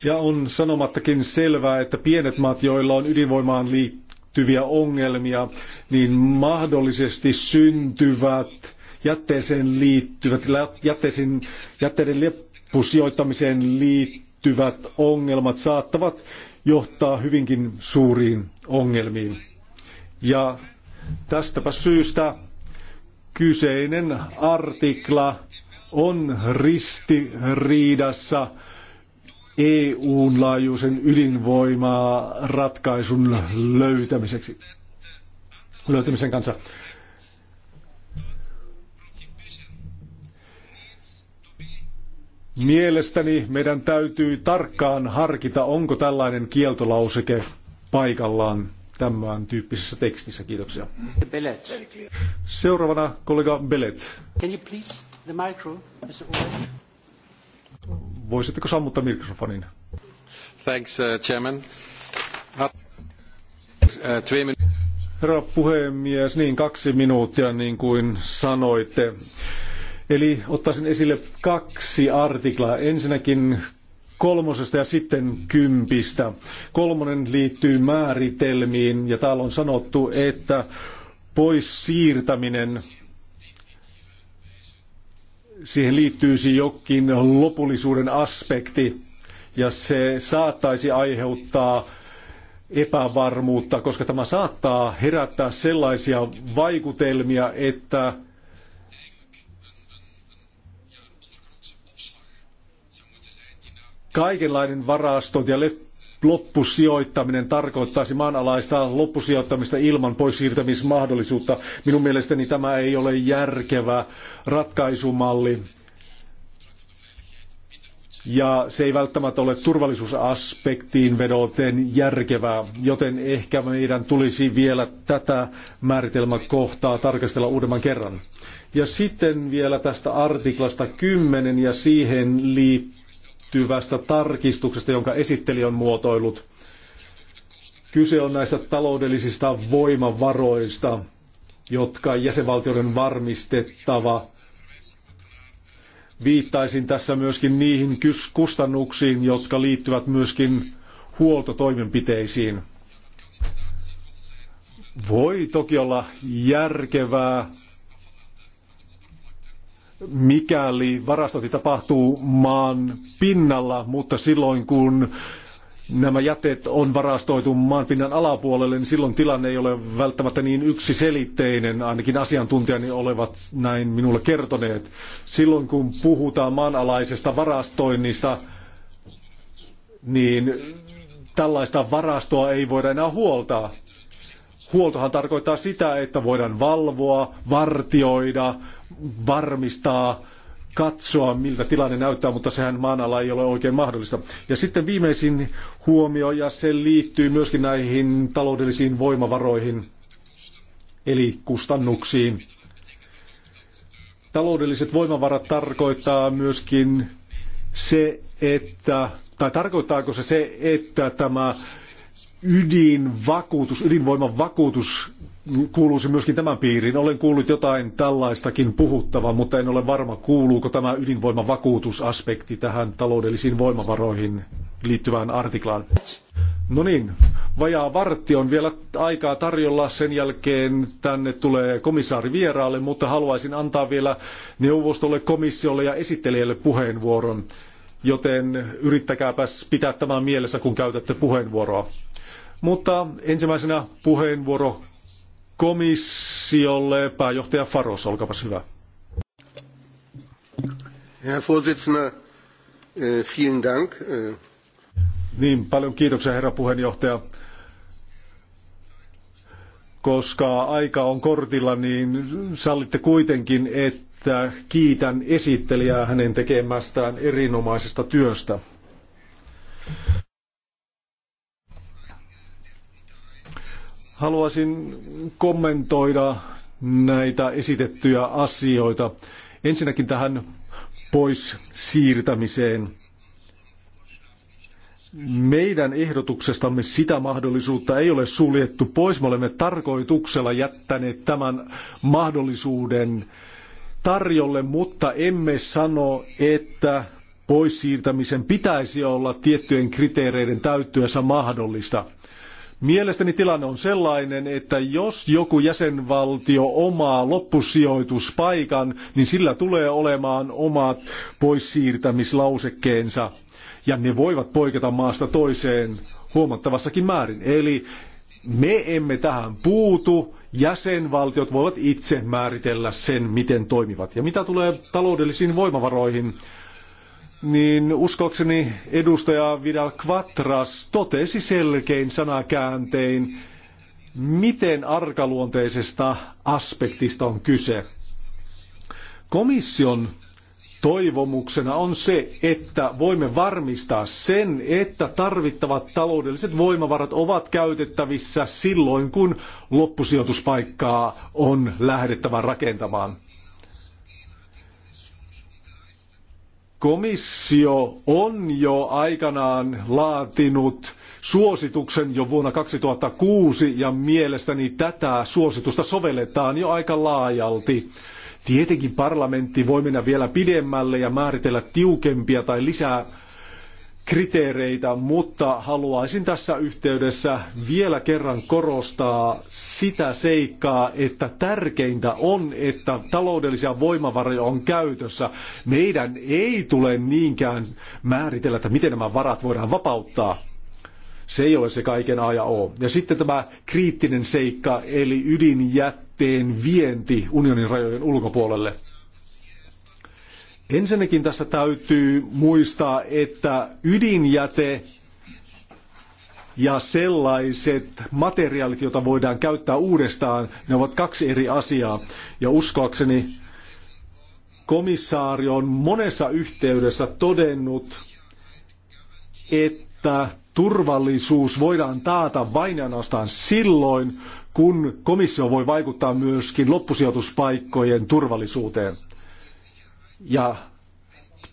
Ja on sanomattakin selvää, että pienet maat, joilla on ydinvoimaan liittyviä ongelmia, niin mahdollisesti syntyvät jätteeseen liittyvät, jätteisiin, jätteiden leppusijoittamiseen liittyvät ongelmat saattavat johtaa hyvinkin suuriin ongelmiin. Ja tästäpä syystä kyseinen artikla on ristiriidassa EUn laajuisen ydinvoimaa ratkaisun löytämiseksi, löytämisen kanssa. Mielestäni meidän täytyy tarkkaan harkita, onko tällainen kieltolauseke paikallaan tämän tyyppisessä tekstissä. Kiitoksia. Belet. Seuraavana kollega Belet. Can you please the micro, Mr. Voisitteko sammuttaa mikrofonin? Thanks, uh, Chairman. Uh, Herra puhemies, niin kaksi minuuttia niin kuin sanoitte. Eli ottaisin esille kaksi artiklaa. Ensinnäkin kolmosesta ja sitten kympistä. Kolmonen liittyy määritelmiin ja täällä on sanottu, että pois siirtäminen siihen liittyisi jokin lopullisuuden aspekti ja se saattaisi aiheuttaa epävarmuutta, koska tämä saattaa herättää sellaisia vaikutelmia, että Kaikenlainen varastointi ja loppusijoittaminen tarkoittaisi maanalaista loppusijoittamista ilman poissiirtämismahdollisuutta. Minun mielestäni tämä ei ole järkevä ratkaisumalli. Ja se ei välttämättä ole turvallisuusaspektiin vedoten järkevää, joten ehkä meidän tulisi vielä tätä määritelmäkohtaa tarkastella uudemman kerran. Ja sitten vielä tästä artiklasta 10 ja siihen liittyen liittyvästä tarkistuksesta, jonka esittelijä on muotoillut. Kyse on näistä taloudellisista voimavaroista, jotka jäsenvaltioiden varmistettava. Viittaisin tässä myöskin niihin kustannuksiin, jotka liittyvät myöskin huoltotoimenpiteisiin. Voi toki olla järkevää mikäli varastointi tapahtuu maan pinnalla, mutta silloin kun nämä jätteet on varastoitu maanpinnan alapuolelle, niin silloin tilanne ei ole välttämättä niin yksiselitteinen, ainakin asiantuntijani olevat näin minulle kertoneet. Silloin kun puhutaan maanalaisesta varastoinnista, niin tällaista varastoa ei voida enää huoltaa. Huoltohan tarkoittaa sitä, että voidaan valvoa, vartioida, varmistaa, katsoa, miltä tilanne näyttää, mutta sehän maan alla ei ole oikein mahdollista. Ja sitten viimeisin huomio, ja se liittyy myöskin näihin taloudellisiin voimavaroihin, eli kustannuksiin. Taloudelliset voimavarat tarkoittaa myöskin se, että, tai tarkoittaako se se, että tämä ydinvakuutus, ydinvoiman vakuutus kuuluisi myöskin tämän piiriin. Olen kuullut jotain tällaistakin puhuttavan, mutta en ole varma, kuuluuko tämä ydinvoimavakuutusaspekti tähän taloudellisiin voimavaroihin liittyvään artiklaan. No niin, vajaa vartti on vielä aikaa tarjolla. Sen jälkeen tänne tulee komissaari vieraalle, mutta haluaisin antaa vielä neuvostolle, komissiolle ja esittelijälle puheenvuoron. Joten yrittäkääpäs pitää tämä mielessä, kun käytätte puheenvuoroa. Mutta ensimmäisenä puheenvuoro komissiolle. Pääjohtaja Faros, olkapas hyvä. Herr Vorsitzender, äh, vielen Dank. Äh, niin, paljon kiitoksia herra puheenjohtaja. Koska aika on kortilla, niin sallitte kuitenkin, että kiitän esittelijää hänen tekemästään erinomaisesta työstä. Haluaisin kommentoida näitä esitettyjä asioita. Ensinnäkin tähän pois siirtämiseen. Meidän ehdotuksestamme sitä mahdollisuutta ei ole suljettu pois. Me olemme tarkoituksella jättäneet tämän mahdollisuuden tarjolle, mutta emme sano, että pois siirtämisen pitäisi olla tiettyjen kriteereiden täyttyessä mahdollista. Mielestäni tilanne on sellainen, että jos joku jäsenvaltio omaa loppusijoituspaikan, niin sillä tulee olemaan omat poissiirtämislausekkeensa. Ja ne voivat poiketa maasta toiseen huomattavassakin määrin. Eli me emme tähän puutu, jäsenvaltiot voivat itse määritellä sen, miten toimivat. Ja mitä tulee taloudellisiin voimavaroihin, niin uskokseni edustaja Vidal Quatras totesi selkein sanakääntein, miten arkaluonteisesta aspektista on kyse. Komission toivomuksena on se, että voimme varmistaa sen, että tarvittavat taloudelliset voimavarat ovat käytettävissä silloin, kun loppusijoituspaikkaa on lähdettävä rakentamaan. Komissio on jo aikanaan laatinut suosituksen jo vuonna 2006 ja mielestäni tätä suositusta sovelletaan jo aika laajalti. Tietenkin parlamentti voi mennä vielä pidemmälle ja määritellä tiukempia tai lisää kriteereitä, mutta haluaisin tässä yhteydessä vielä kerran korostaa sitä seikkaa, että tärkeintä on, että taloudellisia voimavaroja on käytössä. Meidän ei tule niinkään määritellä, että miten nämä varat voidaan vapauttaa. Se ei ole se kaiken A ja O. Ja sitten tämä kriittinen seikka, eli ydinjätteen vienti unionin rajojen ulkopuolelle – Ensinnäkin tässä täytyy muistaa, että ydinjäte ja sellaiset materiaalit, joita voidaan käyttää uudestaan, ne ovat kaksi eri asiaa. Ja uskoakseni komissaari on monessa yhteydessä todennut, että turvallisuus voidaan taata vain ja ainoastaan silloin, kun komissio voi vaikuttaa myöskin loppusijoituspaikkojen turvallisuuteen. Ja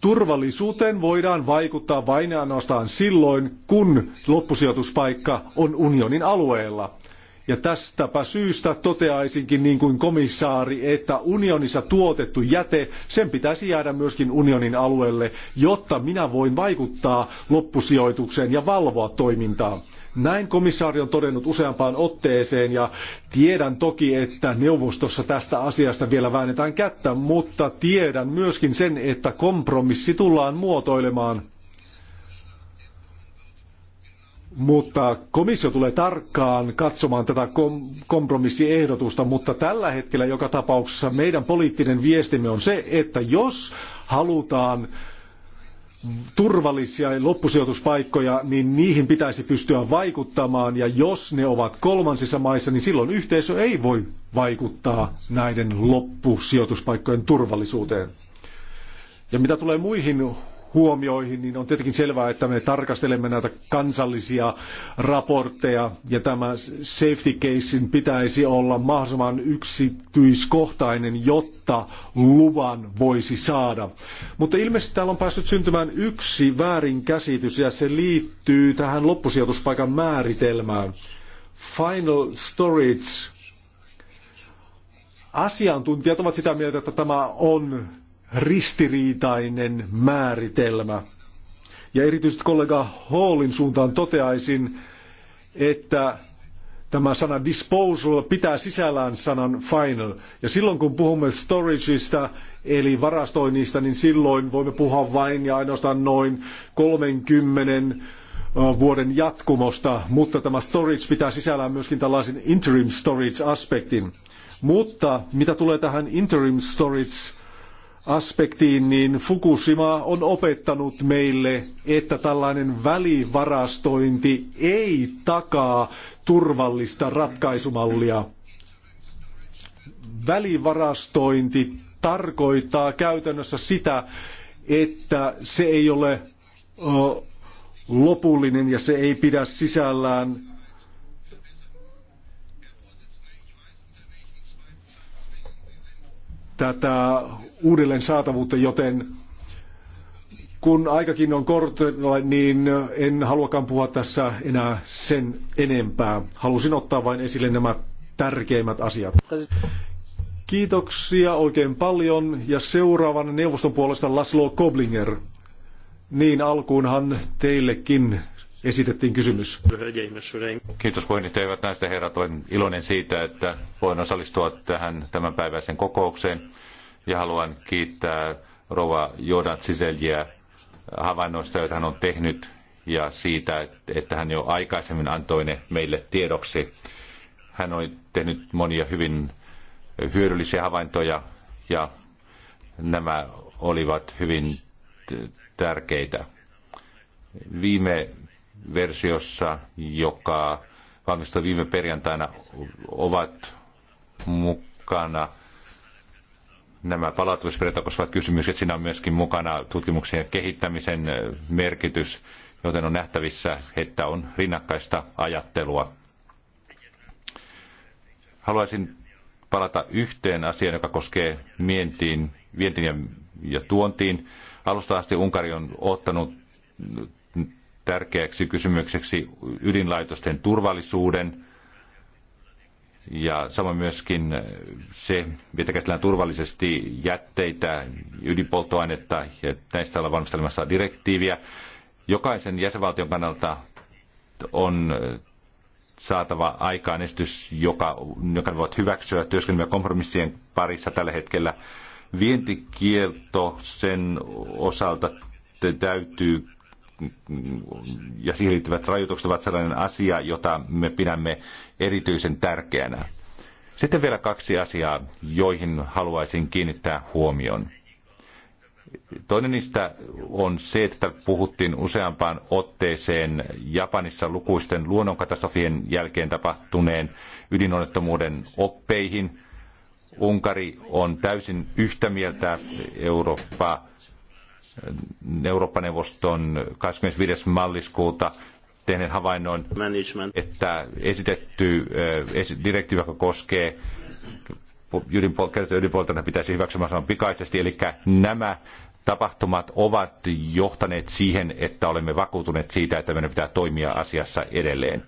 turvallisuuteen voidaan vaikuttaa vain ja ainoastaan silloin, kun loppusijoituspaikka on unionin alueella. Ja tästäpä syystä toteaisinkin niin kuin komissaari, että unionissa tuotettu jäte, sen pitäisi jäädä myöskin unionin alueelle, jotta minä voin vaikuttaa loppusijoitukseen ja valvoa toimintaa. Näin komissaari on todennut useampaan otteeseen ja tiedän toki, että neuvostossa tästä asiasta vielä väännetään kättä, mutta tiedän myöskin sen, että kompromissi tullaan muotoilemaan mutta komissio tulee tarkkaan katsomaan tätä kompromissiehdotusta, mutta tällä hetkellä joka tapauksessa meidän poliittinen viestimme on se, että jos halutaan turvallisia loppusijoituspaikkoja, niin niihin pitäisi pystyä vaikuttamaan. Ja jos ne ovat kolmansissa maissa, niin silloin yhteisö ei voi vaikuttaa näiden loppusijoituspaikkojen turvallisuuteen. Ja mitä tulee muihin huomioihin, niin on tietenkin selvää, että me tarkastelemme näitä kansallisia raportteja ja tämä safety casein pitäisi olla mahdollisimman yksityiskohtainen, jotta luvan voisi saada. Mutta ilmeisesti täällä on päässyt syntymään yksi väärinkäsitys ja se liittyy tähän loppusijoituspaikan määritelmään. Final storage. Asiantuntijat ovat sitä mieltä, että tämä on ristiriitainen määritelmä. Ja erityisesti kollega Hallin suuntaan toteaisin, että tämä sana disposal pitää sisällään sanan final. Ja silloin kun puhumme storageista, eli varastoinnista, niin silloin voimme puhua vain ja ainoastaan noin 30 vuoden jatkumosta, mutta tämä storage pitää sisällään myöskin tällaisen interim storage-aspektin. Mutta mitä tulee tähän interim storage aspektiin, niin Fukushima on opettanut meille, että tällainen välivarastointi ei takaa turvallista ratkaisumallia. Välivarastointi tarkoittaa käytännössä sitä, että se ei ole lopullinen ja se ei pidä sisällään tätä uudelleen saatavuutta, joten kun aikakin on kortilla, niin en haluakaan puhua tässä enää sen enempää. Halusin ottaa vain esille nämä tärkeimmät asiat. Kiitoksia oikein paljon ja seuraavan neuvoston puolesta Laszlo Koblinger. Niin alkuunhan teillekin esitettiin kysymys. Kiitos puheenjohtaja, hyvät näistä herrat. Olen iloinen siitä, että voin osallistua tähän tämänpäiväiseen kokoukseen ja haluan kiittää Rova Jordan Ciseljiä havainnoista, joita hän on tehnyt ja siitä, että hän jo aikaisemmin antoi ne meille tiedoksi. Hän on tehnyt monia hyvin hyödyllisiä havaintoja ja nämä olivat hyvin tärkeitä. Viime versiossa, joka valmistui viime perjantaina, ovat mukana – nämä palautumisvirta koskevat kysymykset. Siinä on myöskin mukana tutkimuksen kehittämisen merkitys, joten on nähtävissä, että on rinnakkaista ajattelua. Haluaisin palata yhteen asiaan, joka koskee mientiin, vientiin ja, ja tuontiin. Alusta asti Unkari on ottanut tärkeäksi kysymykseksi ydinlaitosten turvallisuuden ja samoin myöskin se, että käsitellään turvallisesti jätteitä, ydinpolttoainetta, ja näistä ollaan valmistelemassa direktiiviä. Jokaisen jäsenvaltion kannalta on saatava aikaan esitys, joka, joka voit hyväksyä työskennellä kompromissien parissa tällä hetkellä. Vientikielto sen osalta täytyy ja siihen liittyvät rajoitukset ovat sellainen asia, jota me pidämme erityisen tärkeänä. Sitten vielä kaksi asiaa, joihin haluaisin kiinnittää huomion. Toinen niistä on se, että puhuttiin useampaan otteeseen Japanissa lukuisten luonnonkatastrofien jälkeen tapahtuneen ydinonnettomuuden oppeihin. Unkari on täysin yhtä mieltä Eurooppaa Eurooppa-neuvoston 25. malliskuuta tehneet havainnon, Management. että esitetty eh, direktiivi, joka koskee käytettyä ydinpolttoainetta, pitäisi hyväksymään pikaisesti. Eli nämä tapahtumat ovat johtaneet siihen, että olemme vakuutuneet siitä, että meidän pitää toimia asiassa edelleen.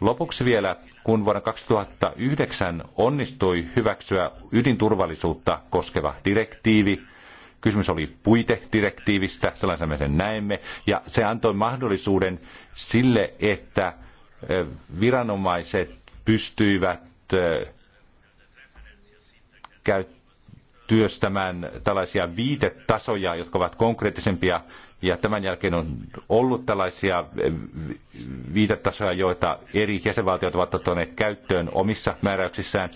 Lopuksi vielä, kun vuonna 2009 onnistui hyväksyä ydinturvallisuutta koskeva direktiivi, Kysymys oli puitedirektiivistä, sellaisena me sen näemme, ja se antoi mahdollisuuden sille, että viranomaiset pystyivät työstämään tällaisia viitetasoja, jotka ovat konkreettisempia, ja tämän jälkeen on ollut tällaisia viitetasoja, joita eri jäsenvaltiot ovat ottaneet käyttöön omissa määräyksissään,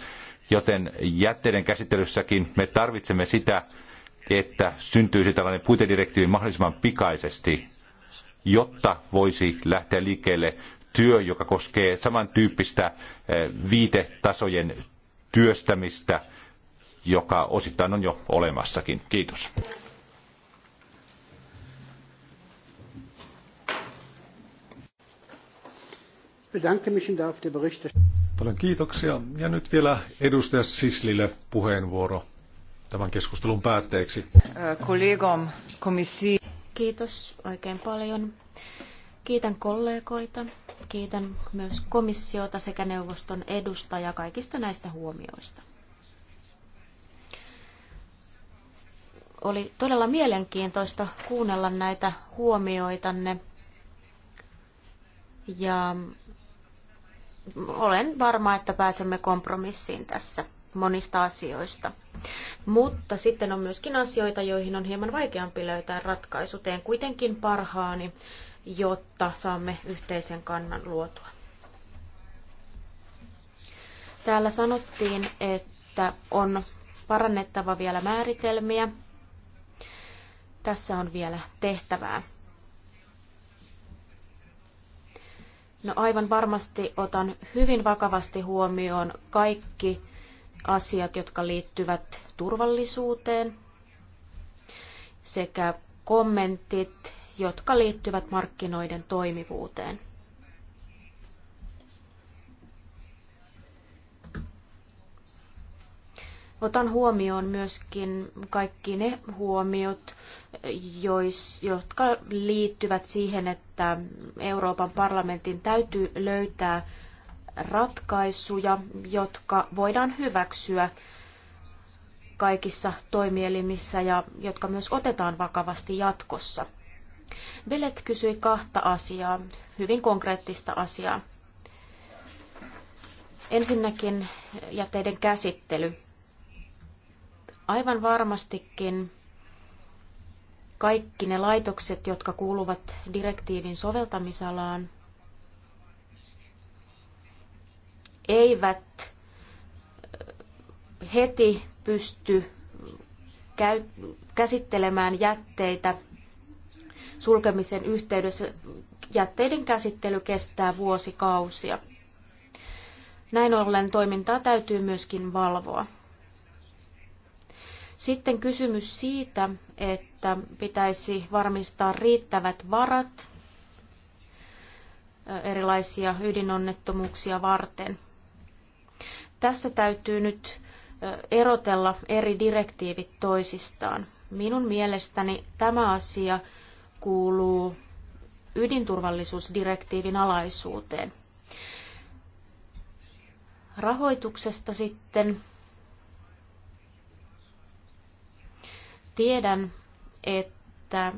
joten jätteiden käsittelyssäkin me tarvitsemme sitä, että syntyisi tällainen puitedirektiivi mahdollisimman pikaisesti, jotta voisi lähteä liikkeelle työ, joka koskee samantyyppistä eh, viitetasojen työstämistä, joka osittain on jo olemassakin. Kiitos. Paljon kiitoksia. Ja nyt vielä edustaja Sislille puheenvuoro tämän keskustelun päätteeksi. Kollegom komissi. Kiitos oikein paljon. Kiitän kollegoita, kiitän myös komissiota sekä neuvoston edustajaa kaikista näistä huomioista. Oli todella mielenkiintoista kuunnella näitä huomioitanne. Ja olen varma, että pääsemme kompromissiin tässä monista asioista. Mutta sitten on myöskin asioita, joihin on hieman vaikeampi löytää ratkaisu. Teen kuitenkin parhaani, jotta saamme yhteisen kannan luotua. Täällä sanottiin, että on parannettava vielä määritelmiä. Tässä on vielä tehtävää. No aivan varmasti otan hyvin vakavasti huomioon kaikki asiat, jotka liittyvät turvallisuuteen sekä kommentit, jotka liittyvät markkinoiden toimivuuteen. Otan huomioon myöskin kaikki ne huomiot, jois, jotka liittyvät siihen, että Euroopan parlamentin täytyy löytää ratkaisuja, jotka voidaan hyväksyä kaikissa toimielimissä ja jotka myös otetaan vakavasti jatkossa. Velet kysyi kahta asiaa, hyvin konkreettista asiaa. Ensinnäkin jäteiden käsittely. Aivan varmastikin kaikki ne laitokset, jotka kuuluvat direktiivin soveltamisalaan, eivät heti pysty käy, käsittelemään jätteitä sulkemisen yhteydessä. Jätteiden käsittely kestää vuosikausia. Näin ollen toimintaa täytyy myöskin valvoa. Sitten kysymys siitä, että pitäisi varmistaa riittävät varat erilaisia ydinonnettomuuksia varten. Tässä täytyy nyt erotella eri direktiivit toisistaan. Minun mielestäni tämä asia kuuluu ydinturvallisuusdirektiivin alaisuuteen. Rahoituksesta sitten tiedän, että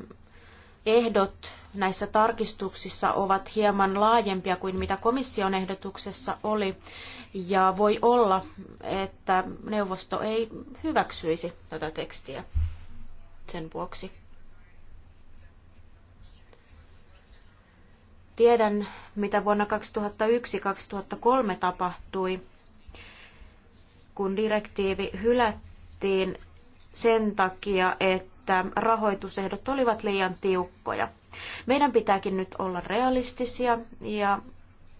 ehdot näissä tarkistuksissa ovat hieman laajempia kuin mitä komission ehdotuksessa oli, ja voi olla, että neuvosto ei hyväksyisi tätä tekstiä sen vuoksi. Tiedän, mitä vuonna 2001-2003 tapahtui, kun direktiivi hylättiin sen takia, että että rahoitusehdot olivat liian tiukkoja. Meidän pitääkin nyt olla realistisia ja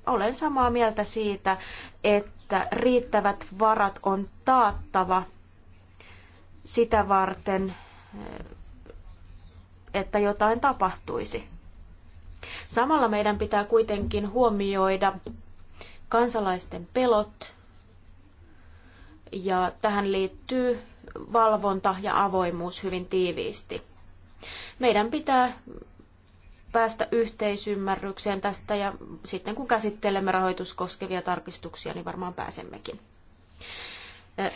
olen samaa mieltä siitä, että riittävät varat on taattava sitä varten, että jotain tapahtuisi. Samalla meidän pitää kuitenkin huomioida kansalaisten pelot, ja tähän liittyy valvonta ja avoimuus hyvin tiiviisti. Meidän pitää päästä yhteisymmärrykseen tästä ja sitten kun käsittelemme rahoituskoskevia tarkistuksia, niin varmaan pääsemmekin.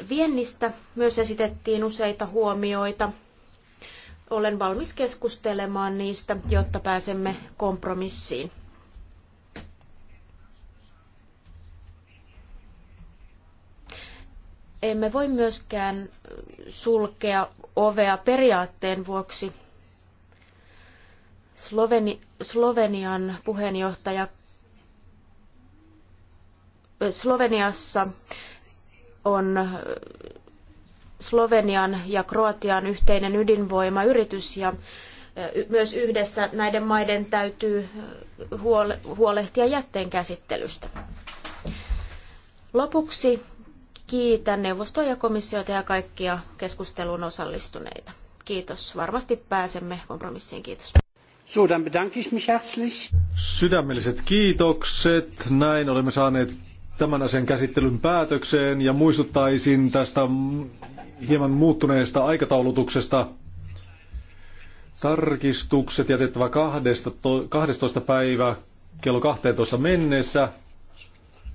Viennistä myös esitettiin useita huomioita. Olen valmis keskustelemaan niistä, jotta pääsemme kompromissiin. Emme voi myöskään sulkea ovea periaatteen vuoksi. Sloveni, Slovenian puheenjohtaja Sloveniassa on Slovenian ja Kroatian yhteinen ydinvoimayritys ja e, myös yhdessä näiden maiden täytyy huolehtia jätteen käsittelystä. Lopuksi Kiitän neuvostoa ja komissiota ja kaikkia keskusteluun osallistuneita. Kiitos. Varmasti pääsemme kompromissiin. Kiitos. So, dann bedanke ich mich herzlich. Sydämelliset kiitokset. Näin olemme saaneet tämän asian käsittelyn päätökseen ja muistuttaisin tästä hieman muuttuneesta aikataulutuksesta. Tarkistukset jätettävä 12. päivä kello 12 mennessä.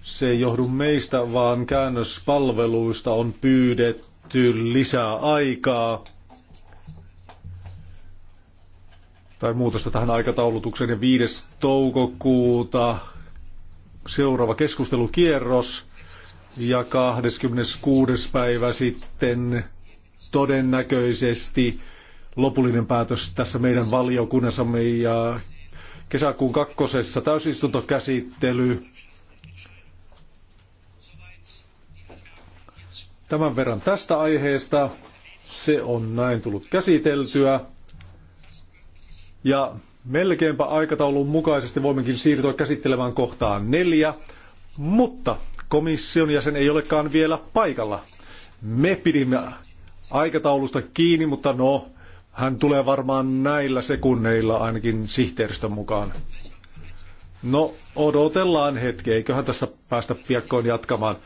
Se ei johdu meistä, vaan käännöspalveluista on pyydetty lisää aikaa tai muutosta tähän aikataulutukseen. Ja 5. toukokuuta seuraava keskustelukierros ja 26. päivä sitten todennäköisesti lopullinen päätös tässä meidän valiokunnassamme ja kesäkuun kakkosessa täysistuntokäsittely Tämän verran tästä aiheesta. Se on näin tullut käsiteltyä. Ja melkeinpä aikataulun mukaisesti voimmekin siirtyä käsittelemään kohtaan neljä, mutta komission jäsen ei olekaan vielä paikalla. Me pidimme aikataulusta kiinni, mutta no, hän tulee varmaan näillä sekunneilla ainakin sihteeristön mukaan. No, odotellaan hetki, eiköhän tässä päästä piakkoon jatkamaan.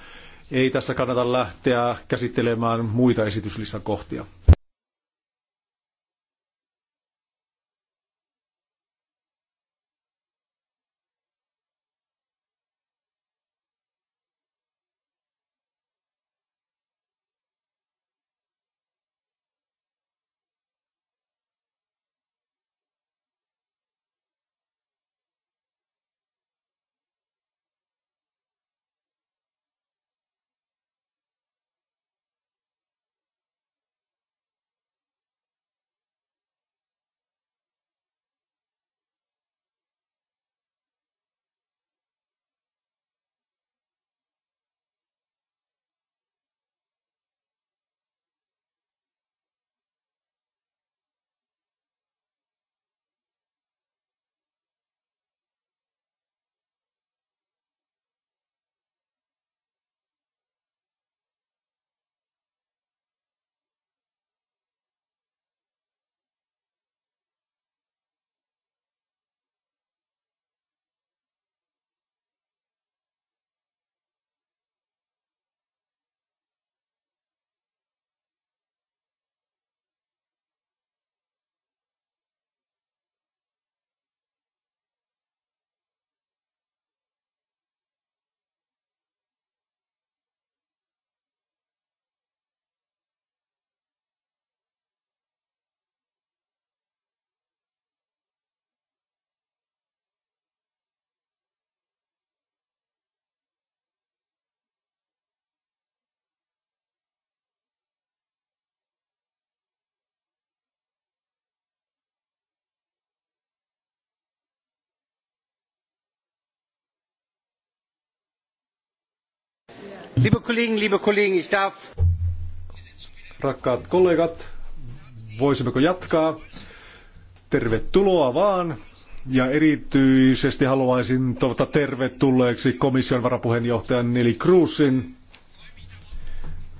Ei tässä kannata lähteä käsittelemään muita esityslistan kohtia. Liebe Kollegen, liebe Kollegen, ich darf... Rakkaat kollegat, voisimmeko jatkaa? Tervetuloa vaan. Ja erityisesti haluaisin toivottaa tervetulleeksi komission varapuheenjohtajan Neli Kruusin.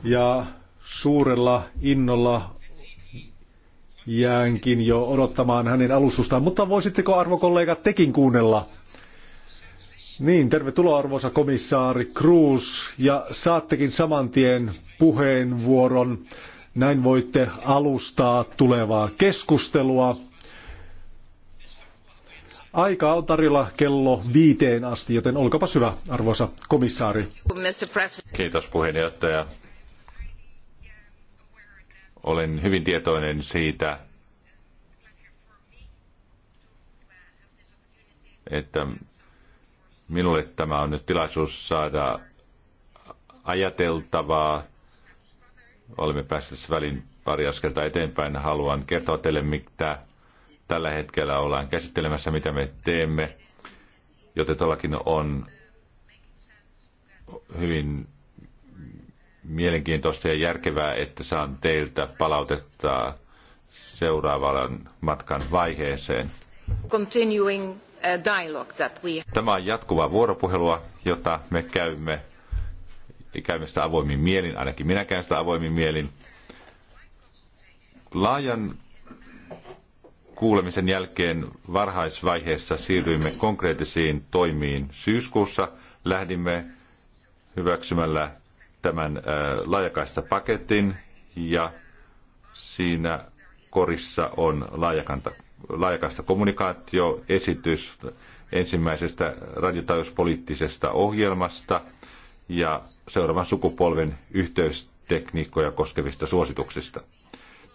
Ja suurella innolla jäänkin jo odottamaan hänen alustustaan, mutta voisitteko arvokollegat tekin kuunnella niin, tervetuloa arvoisa komissaari Cruz ja saattekin saman tien puheenvuoron. Näin voitte alustaa tulevaa keskustelua. Aika on tarjolla kello viiteen asti, joten olkapa hyvä, arvoisa komissaari. Kiitos puheenjohtaja. Olen hyvin tietoinen siitä, että Minulle tämä on nyt tilaisuus saada ajateltavaa. Olemme päässeet välin pari askelta eteenpäin. Haluan kertoa teille, mitä tällä hetkellä ollaan käsittelemässä, mitä me teemme. Joten todellakin on hyvin mielenkiintoista ja järkevää, että saan teiltä palautetta seuraavan matkan vaiheeseen. Continuing dialogue that we... Tämä on jatkuvaa vuoropuhelua, jota me käymme. Käymme sitä avoimin mielin, ainakin minä käyn sitä avoimin mielin. Laajan kuulemisen jälkeen varhaisvaiheessa siirryimme konkreettisiin toimiin syyskuussa. Lähdimme hyväksymällä tämän äh, laajakaista paketin ja siinä korissa on laajakanta laajakaista kommunikaatioesitys ensimmäisestä radiotaajuuspoliittisesta ohjelmasta ja seuraavan sukupolven yhteystekniikkoja koskevista suosituksista.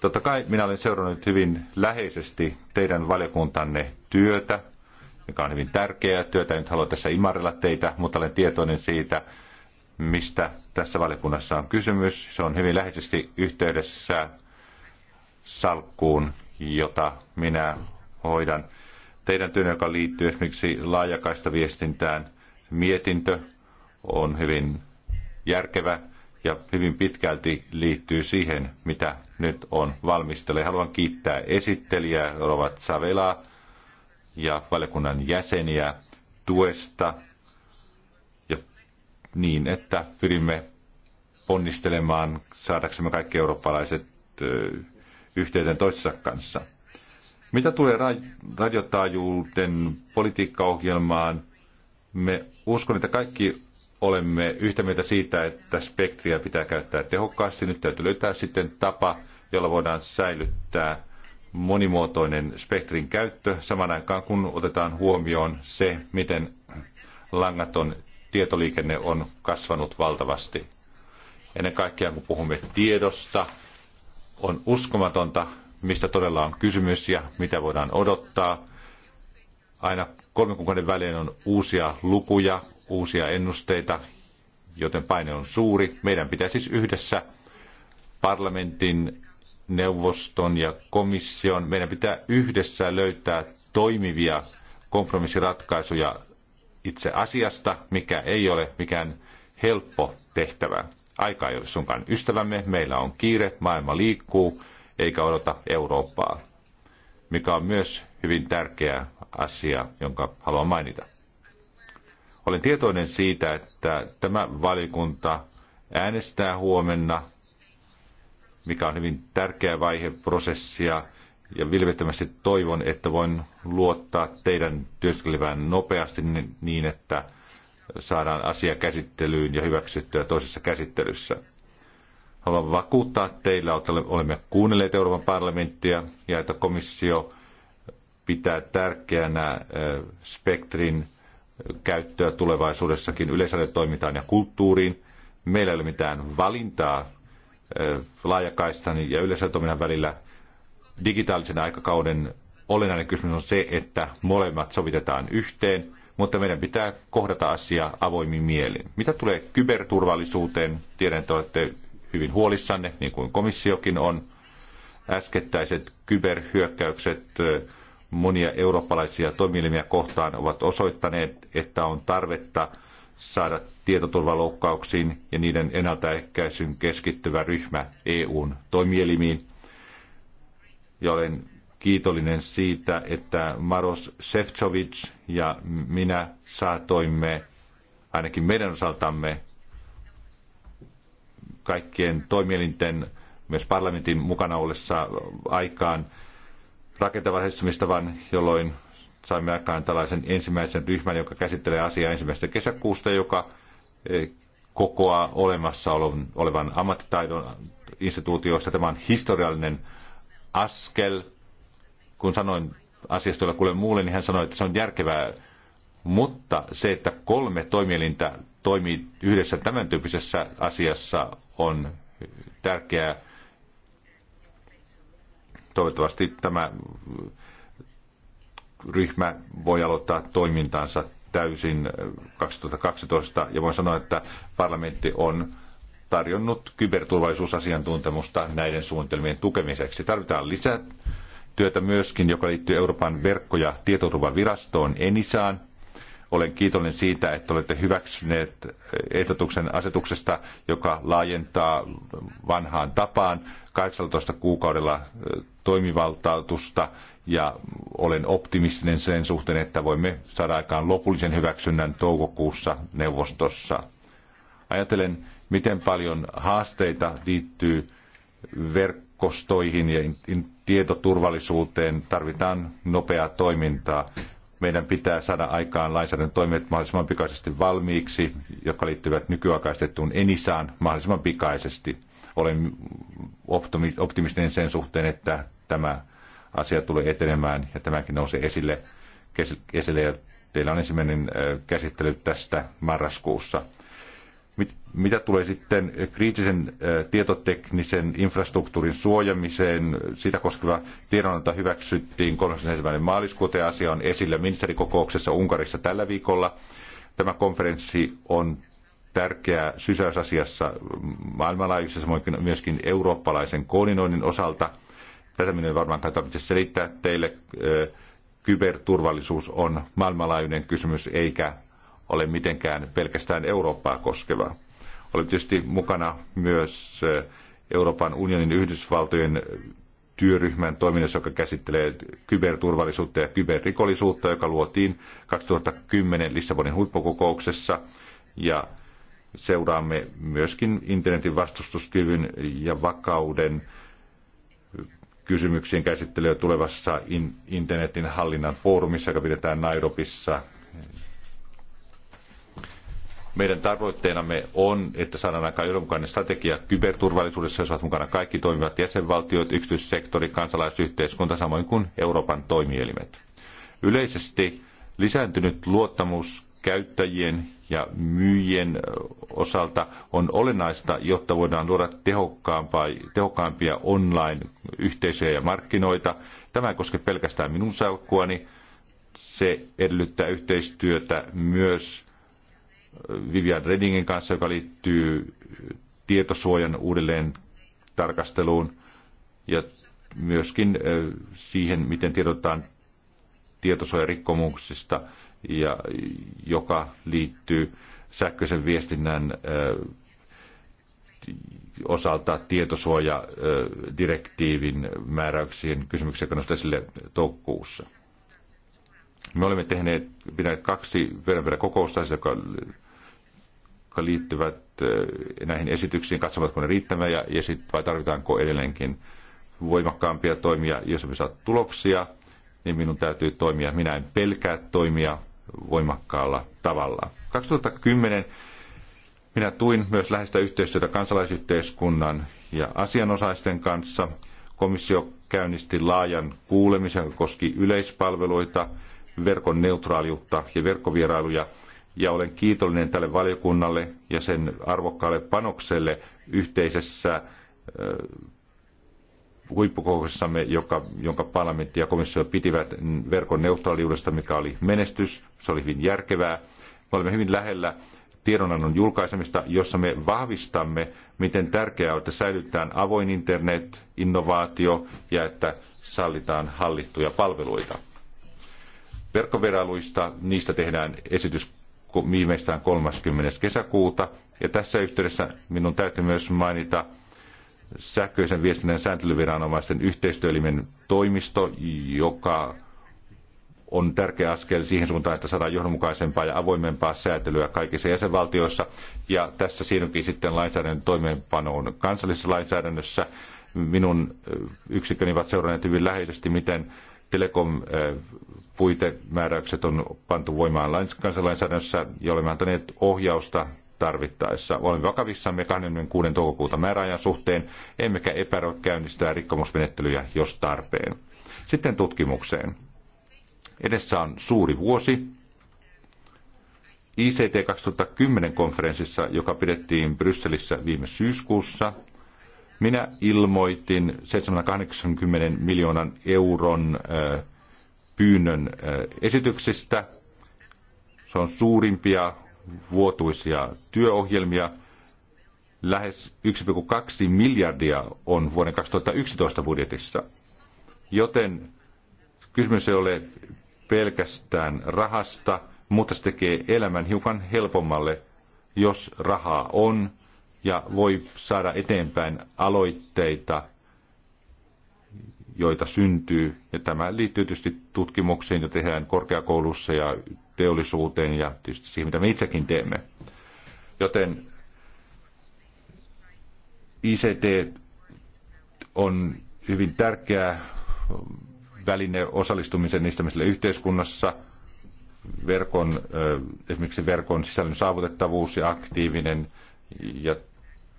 Totta kai minä olen seurannut hyvin läheisesti teidän valiokuntanne työtä, mikä on hyvin tärkeää työtä. En nyt halua tässä imarrella teitä, mutta olen tietoinen siitä, mistä tässä valiokunnassa on kysymys. Se on hyvin läheisesti yhteydessä salkkuun, jota minä hoidan. Teidän työn, joka liittyy esimerkiksi laajakaista viestintään, mietintö on hyvin järkevä ja hyvin pitkälti liittyy siihen, mitä nyt on valmistella. Haluan kiittää esittelijää, ovat Savela ja valiokunnan jäseniä tuesta ja niin, että pyrimme ponnistelemaan saadaksemme kaikki eurooppalaiset yhteyden toisessa kanssa. Mitä tulee radiotaajuuden politiikkaohjelmaan, me uskon, että kaikki olemme yhtä mieltä siitä, että spektriä pitää käyttää tehokkaasti. Nyt täytyy löytää sitten tapa, jolla voidaan säilyttää monimuotoinen spektrin käyttö saman aikaan, kun otetaan huomioon se, miten langaton tietoliikenne on kasvanut valtavasti. Ennen kaikkea, kun puhumme tiedosta, on uskomatonta, mistä todella on kysymys ja mitä voidaan odottaa. Aina kolmen kuukauden välein on uusia lukuja, uusia ennusteita, joten paine on suuri. Meidän pitää siis yhdessä parlamentin, neuvoston ja komission, meidän pitää yhdessä löytää toimivia kompromissiratkaisuja itse asiasta, mikä ei ole mikään helppo tehtävä. Aika ei ole sunkaan ystävämme, meillä on kiire, maailma liikkuu, eikä odota Eurooppaa, mikä on myös hyvin tärkeä asia, jonka haluan mainita. Olen tietoinen siitä, että tämä valikunta äänestää huomenna, mikä on hyvin tärkeä vaihe prosessia, ja vilvettömästi toivon, että voin luottaa teidän työskentelevään nopeasti niin, että – saadaan asia käsittelyyn ja hyväksyttyä toisessa käsittelyssä. Haluan vakuuttaa teillä, että olemme kuunnelleet Euroopan parlamenttia ja että komissio pitää tärkeänä äh, spektrin käyttöä tulevaisuudessakin toimintaan ja kulttuuriin. Meillä ei ole mitään valintaa äh, laajakaistan ja toiminnan välillä digitaalisen aikakauden olennainen kysymys on se, että molemmat sovitetaan yhteen mutta meidän pitää kohdata asia avoimin mielin. Mitä tulee kyberturvallisuuteen, tiedän, että olette hyvin huolissanne, niin kuin komissiokin on. Äskettäiset kyberhyökkäykset monia eurooppalaisia toimielimiä kohtaan ovat osoittaneet, että on tarvetta saada tietoturvaloukkauksiin ja niiden ennaltaehkäisyn keskittyvä ryhmä EUn toimielimiin. Ja olen kiitollinen siitä, että Maros Sefcovic ja minä saatoimme, ainakin meidän osaltamme, kaikkien toimielinten, myös parlamentin mukana ollessa aikaan rakentavan vaan jolloin saimme aikaan tällaisen ensimmäisen ryhmän, joka käsittelee asiaa ensimmäistä kesäkuusta, joka e, kokoaa olemassa olevan ammattitaidon instituutioista. Tämä on historiallinen askel kun sanoin asiasta kuulen muulle, niin hän sanoi, että se on järkevää. Mutta se, että kolme toimielintä toimii yhdessä tämän tyyppisessä asiassa, on tärkeää. Toivottavasti tämä ryhmä voi aloittaa toimintansa täysin 2012, ja voin sanoa, että parlamentti on tarjonnut kyberturvallisuusasiantuntemusta näiden suunnitelmien tukemiseksi. Tarvitaan lisää työtä myöskin, joka liittyy Euroopan verkko- ja tietoturvavirastoon Enisaan. Olen kiitollinen siitä, että olette hyväksyneet ehdotuksen asetuksesta, joka laajentaa vanhaan tapaan 18 kuukaudella toimivaltautusta ja olen optimistinen sen suhteen, että voimme saada aikaan lopullisen hyväksynnän toukokuussa neuvostossa. Ajattelen, miten paljon haasteita liittyy verkkostoihin ja tietoturvallisuuteen tarvitaan nopeaa toimintaa. Meidän pitää saada aikaan toimet mahdollisimman pikaisesti valmiiksi, jotka liittyvät nykyaikaistettuun Enisaan mahdollisimman pikaisesti. Olen optimistinen sen suhteen, että tämä asia tulee etenemään ja tämäkin nousee esille, esille ja teillä on ensimmäinen käsittely tästä marraskuussa. Mit, mitä tulee sitten eh, kriittisen eh, tietoteknisen infrastruktuurin suojamiseen, eh, sitä koskeva tiedonanto hyväksyttiin 31. maaliskuuta ja asia on esillä ministerikokouksessa Unkarissa tällä viikolla. Tämä konferenssi on tärkeä sysäysasiassa maailmanlaajuisessa, samoin myöskin eurooppalaisen koordinoinnin osalta. Tätä minä varmaan tarvitse selittää teille. Kyberturvallisuus on maailmanlaajuinen kysymys, eikä ole mitenkään pelkästään Eurooppaa koskeva. Olen tietysti mukana myös eh, Euroopan unionin Yhdysvaltojen työryhmän toiminnassa, joka käsittelee kyberturvallisuutta ja kyberrikollisuutta, joka luotiin 2010 Lissabonin huippukokouksessa. Ja seuraamme myöskin internetin vastustuskyvyn ja vakauden kysymyksien käsittelyä tulevassa internetin hallinnan foorumissa, joka pidetään Nairobissa meidän tavoitteenamme on, että saadaan aika johdonmukainen strategia kyberturvallisuudessa, jossa ovat mukana kaikki toimivat jäsenvaltiot, yksityissektori, kansalaisyhteiskunta, samoin kuin Euroopan toimielimet. Yleisesti lisääntynyt luottamus käyttäjien ja myyjien osalta on olennaista, jotta voidaan luoda tehokkaampia online-yhteisöjä ja markkinoita. Tämä ei koske pelkästään minun salkkuani. Se edellyttää yhteistyötä myös Vivian Reddingin kanssa, joka liittyy tietosuojan uudelleen tarkasteluun ja myöskin siihen, miten tiedotetaan tietosuojarikkomuksista, ja, joka liittyy sähköisen viestinnän osalta tietosuojadirektiivin määräyksiin kysymyksiä, jotka nostaa esille toukokuussa. Me olemme tehneet, pitäneet kaksi verran kokousta, siis joka jotka liittyvät eh, näihin esityksiin, katsovatko ne riittämään ja, ja sit, vai tarvitaanko edelleenkin voimakkaampia toimia. Jos me saa tuloksia, niin minun täytyy toimia. Minä en pelkää toimia voimakkaalla tavalla. 2010 minä tuin myös läheistä yhteistyötä kansalaisyhteiskunnan ja asianosaisten kanssa. Komissio käynnisti laajan kuulemisen, joka koski yleispalveluita – verkon neutraaliutta ja verkkovierailuja. Ja olen kiitollinen tälle valiokunnalle ja sen arvokkaalle panokselle yhteisessä huippukokouksessamme, joka, jonka parlamentti ja komissio pitivät verkon neutraaliudesta, mikä oli menestys. Se oli hyvin järkevää. Me olemme hyvin lähellä tiedonannon julkaisemista, jossa me vahvistamme, miten tärkeää on, että säilytetään avoin internet, innovaatio ja että sallitaan hallittuja palveluita. Verkkovierailuista niistä tehdään esitys viimeistään 30. kesäkuuta. Ja tässä yhteydessä minun täytyy myös mainita sähköisen viestinnän sääntelyviranomaisten yhteistyöelimen toimisto, joka on tärkeä askel siihen suuntaan, että saadaan johdonmukaisempaa ja avoimempaa säätelyä kaikissa jäsenvaltioissa. Ja tässä siirrynkin sitten lainsäädännön toimeenpanoon kansallisessa lainsäädännössä. Minun yksikköni ovat seuranneet hyvin läheisesti, miten telekom eh, puitemääräykset on pantu voimaan kansalainsäädännössä, ja olemme antaneet ohjausta tarvittaessa. Olemme vakavissamme 26. toukokuuta määräajan suhteen, emmekä epäröi käynnistää rikkomusmenettelyjä, jos tarpeen. Sitten tutkimukseen. Edessä on suuri vuosi. ICT 2010-konferenssissa, joka pidettiin Brysselissä viime syyskuussa, minä ilmoitin 780 miljoonan euron äh, pyynnön esityksistä. Se on suurimpia vuotuisia työohjelmia. Lähes 1,2 miljardia on vuoden 2011 budjetissa. Joten kysymys ei ole pelkästään rahasta, mutta se tekee elämän hiukan helpommalle, jos rahaa on ja voi saada eteenpäin aloitteita, joita syntyy. Ja tämä liittyy tietysti tutkimuksiin, joita tehdään korkeakoulussa ja teollisuuteen ja tietysti siihen, mitä me itsekin teemme. Joten ICT on hyvin tärkeä väline osallistumisen edistämiselle yhteiskunnassa. Verkon, esimerkiksi verkon sisällön saavutettavuus ja aktiivinen ja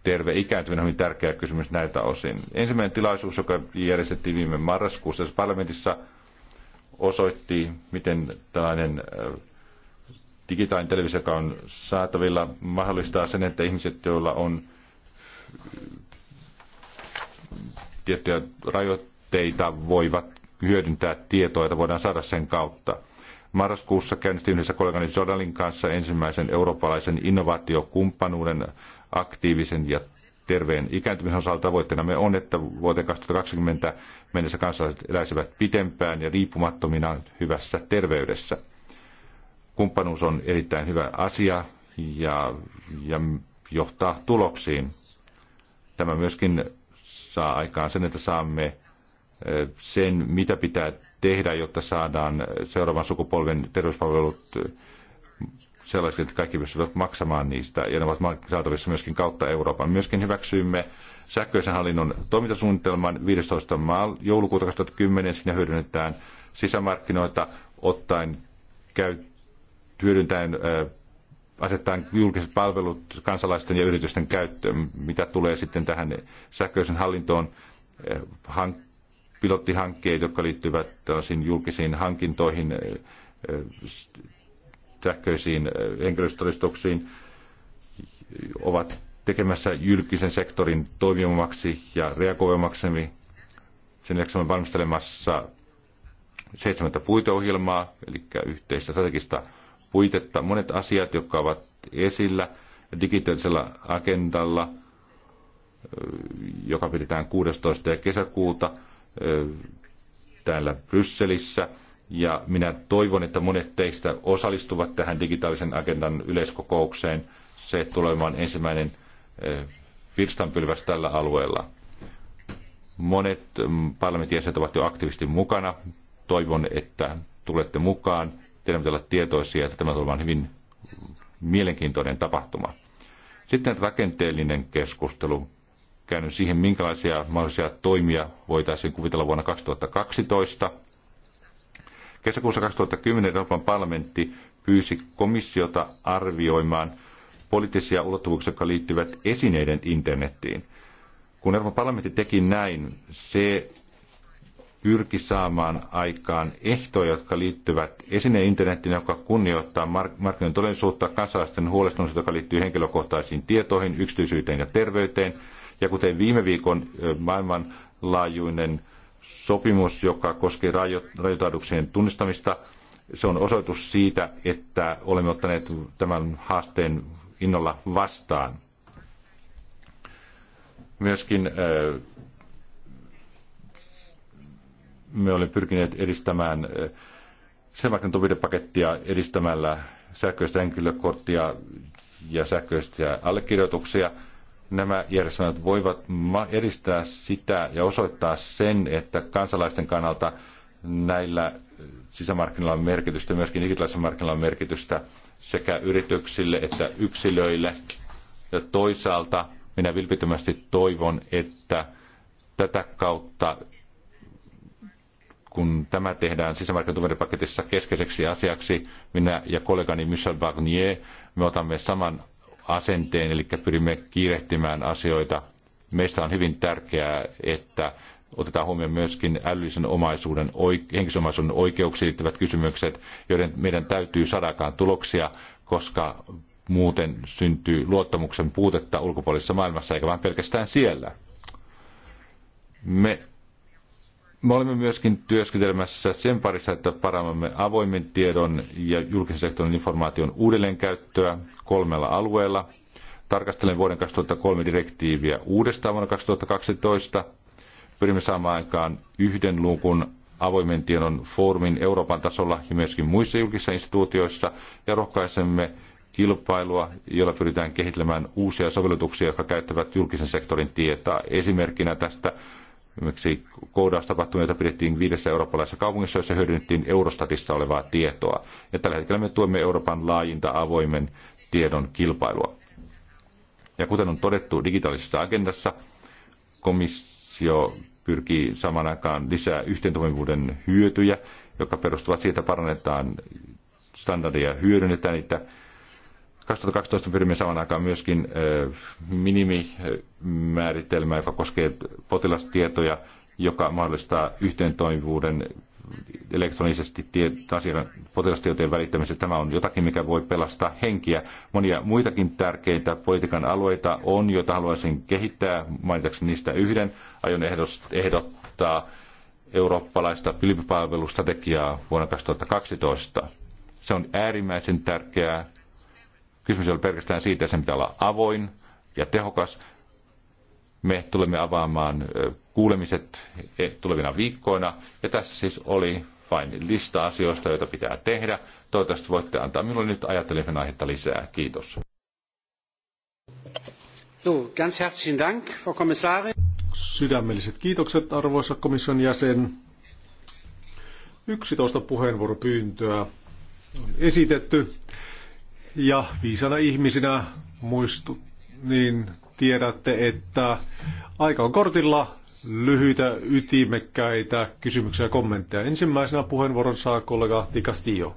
terve ikääntyminen on hyvin tärkeä kysymys näiltä osin. Ensimmäinen tilaisuus, joka järjestettiin viime marraskuussa parlamentissa, osoitti, miten tällainen digitaalinen televisio, joka on saatavilla, mahdollistaa sen, että ihmiset, joilla on tiettyjä rajoitteita, voivat hyödyntää tietoa, että voidaan saada sen kautta. Marraskuussa käynnistin yhdessä kollegani Jodalin kanssa ensimmäisen eurooppalaisen innovaatiokumppanuuden aktiivisen ja terveen ikääntymisen osalta tavoitteenamme on, että vuoteen 2020 mennessä kansalaiset eläisivät pitempään ja riippumattomina hyvässä terveydessä. Kumppanuus on erittäin hyvä asia ja, ja johtaa tuloksiin. Tämä myöskin saa aikaan sen, että saamme eh, sen, mitä pitää tehdä, jotta saadaan seuraavan sukupolven terveyspalvelut eh, sellaiset, että kaikki pystyvät maksamaan niistä, ja ne ovat saatavissa myöskin kautta Euroopan. Myöskin hyväksyimme sähköisen hallinnon toimintasuunnitelman 15. Maal, joulukuuta 2010. Siinä hyödynnetään sisämarkkinoita ottaen käy, hyödyntäen asettaen julkiset palvelut kansalaisten ja yritysten käyttöön. Mitä tulee sitten tähän sähköisen hallintoon, hank, pilottihankkeet, jotka liittyvät tällaisiin julkisiin hankintoihin, sähköisiin äh, henkilöstötodistuksiin, ovat tekemässä julkisen sektorin toimivammaksi ja reagoivammaksi. Sen lisäksi olemme valmistelemassa seitsemättä puiteohjelmaa, eli yhteistä strategista puitetta. Monet asiat, jotka ovat esillä digitaalisella agendalla, äh, joka pidetään 16. kesäkuuta äh, täällä Brysselissä – ja minä toivon, että monet teistä osallistuvat tähän digitaalisen agendan yleiskokoukseen. Se tulee olemaan ensimmäinen eh, virstanpylväs tällä alueella. Monet mm, parlamentin jäsenet ovat jo aktiivisesti mukana. Toivon, että tulette mukaan. Teidän pitää olla tietoisia, että tämä tulee olemaan hyvin mielenkiintoinen tapahtuma. Sitten rakenteellinen keskustelu. Käyn siihen, minkälaisia mahdollisia toimia voitaisiin kuvitella vuonna 2012 Kesäkuussa 2010 Euroopan parlamentti pyysi komissiota arvioimaan poliittisia ulottuvuuksia, jotka liittyvät esineiden internettiin. Kun Euroopan parlamentti teki näin, se pyrki saamaan aikaan ehtoja, jotka liittyvät esineen internetin, joka kunnioittaa mark- markkinoiden todellisuutta, kansalaisten huolestumista, joka liittyy henkilökohtaisiin tietoihin, yksityisyyteen ja terveyteen. Ja kuten viime viikon maailmanlaajuinen sopimus, joka koskee rajoitauduksien tunnistamista, se on osoitus siitä, että olemme ottaneet tämän haasteen innolla vastaan. Myöskin me olemme pyrkineet edistämään Selvakin tupidepakettia edistämällä sähköistä henkilökorttia ja sähköistä allekirjoituksia – nämä järjestelmät voivat edistää sitä ja osoittaa sen, että kansalaisten kannalta näillä sisämarkkinoilla on merkitystä, myöskin digitaalisilla markkinoilla on merkitystä sekä yrityksille että yksilöille. Ja toisaalta minä vilpittömästi toivon, että tätä kautta, kun tämä tehdään sisämarkkinoiden keskeiseksi asiaksi, minä ja kollegani Michel Barnier, me otamme saman asenteen, eli pyrimme kiirehtimään asioita. Meistä on hyvin tärkeää, että otetaan huomioon myöskin älyllisen omaisuuden, henkisen omaisuuden oikeuksiin liittyvät kysymykset, joiden meidän täytyy sadakaan tuloksia, koska muuten syntyy luottamuksen puutetta ulkopuolisessa maailmassa, eikä vain pelkästään siellä. Me me olemme myöskin työskentelemässä sen parissa, että parannamme avoimen tiedon ja julkisen sektorin informaation uudelleenkäyttöä kolmella alueella. Tarkastelen vuoden 2003 direktiiviä uudestaan vuonna 2012. Pyrimme saamaan aikaan yhden luukun avoimen tiedon foorumin Euroopan tasolla ja myöskin muissa julkisissa instituutioissa ja rohkaisemme kilpailua, jolla pyritään kehittämään uusia sovellutuksia, jotka käyttävät julkisen sektorin tietoa. Esimerkkinä tästä esimerkiksi koodaustapahtumia, joita pidettiin viidessä eurooppalaisessa kaupungissa, jossa hyödynnettiin Eurostatissa olevaa tietoa. Ja tällä hetkellä me tuemme Euroopan laajinta avoimen tiedon kilpailua. Ja kuten on todettu digitaalisessa agendassa, komissio pyrkii saman aikaan lisää yhteentoimivuuden hyötyjä, jotka perustuvat siitä parannetaan standardeja hyödynnetään niitä 2012 pyrimme saman aikaan myöskin minimimääritelmää, joka koskee potilastietoja, joka mahdollistaa toimivuuden elektronisesti asiakkaan potilastietojen välittämisen. Tämä on jotakin, mikä voi pelastaa henkiä. Monia muitakin tärkeitä politiikan alueita on, joita haluaisin kehittää. Mainitakseni niistä yhden. Aion ehdottaa eurooppalaista pilvipalvelustrategiaa vuonna 2012. Se on äärimmäisen tärkeää Kysymys ei ole pelkästään siitä, että sen pitää olla avoin ja tehokas. Me tulemme avaamaan kuulemiset e, tulevina viikkoina. Ja tässä siis oli vain lista asioista, joita pitää tehdä. Toivottavasti voitte antaa minulle nyt ajattelemisen aihetta lisää. Kiitos. So, ganz herzlichen Dank, Frau Kommissarin. Sydämelliset kiitokset, arvoisa komission jäsen. 11 puheenvuoropyyntöä on esitetty. Ja viisana ihmisinä muistu, niin tiedätte, että aika on kortilla lyhyitä, ytimekkäitä kysymyksiä ja kommentteja. Ensimmäisenä puheenvuoron saa kollega Di Castillo.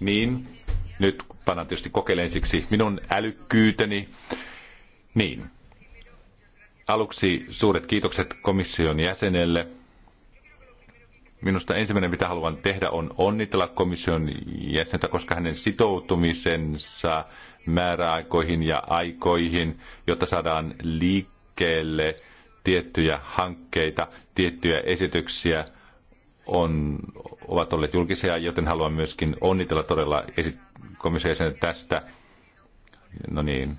Niin, nyt panan tietysti kokeilen siksi minun älykkyyteni. Niin, aluksi suuret kiitokset komission jäsenelle – Minusta ensimmäinen, mitä haluan tehdä, on onnitella komission jäsentä, koska hänen sitoutumisensa määräaikoihin ja aikoihin, jotta saadaan liikkeelle tiettyjä hankkeita, tiettyjä esityksiä, on, ovat olleet julkisia, joten haluan myöskin onnitella todella esi- komission jäsenet tästä. No niin.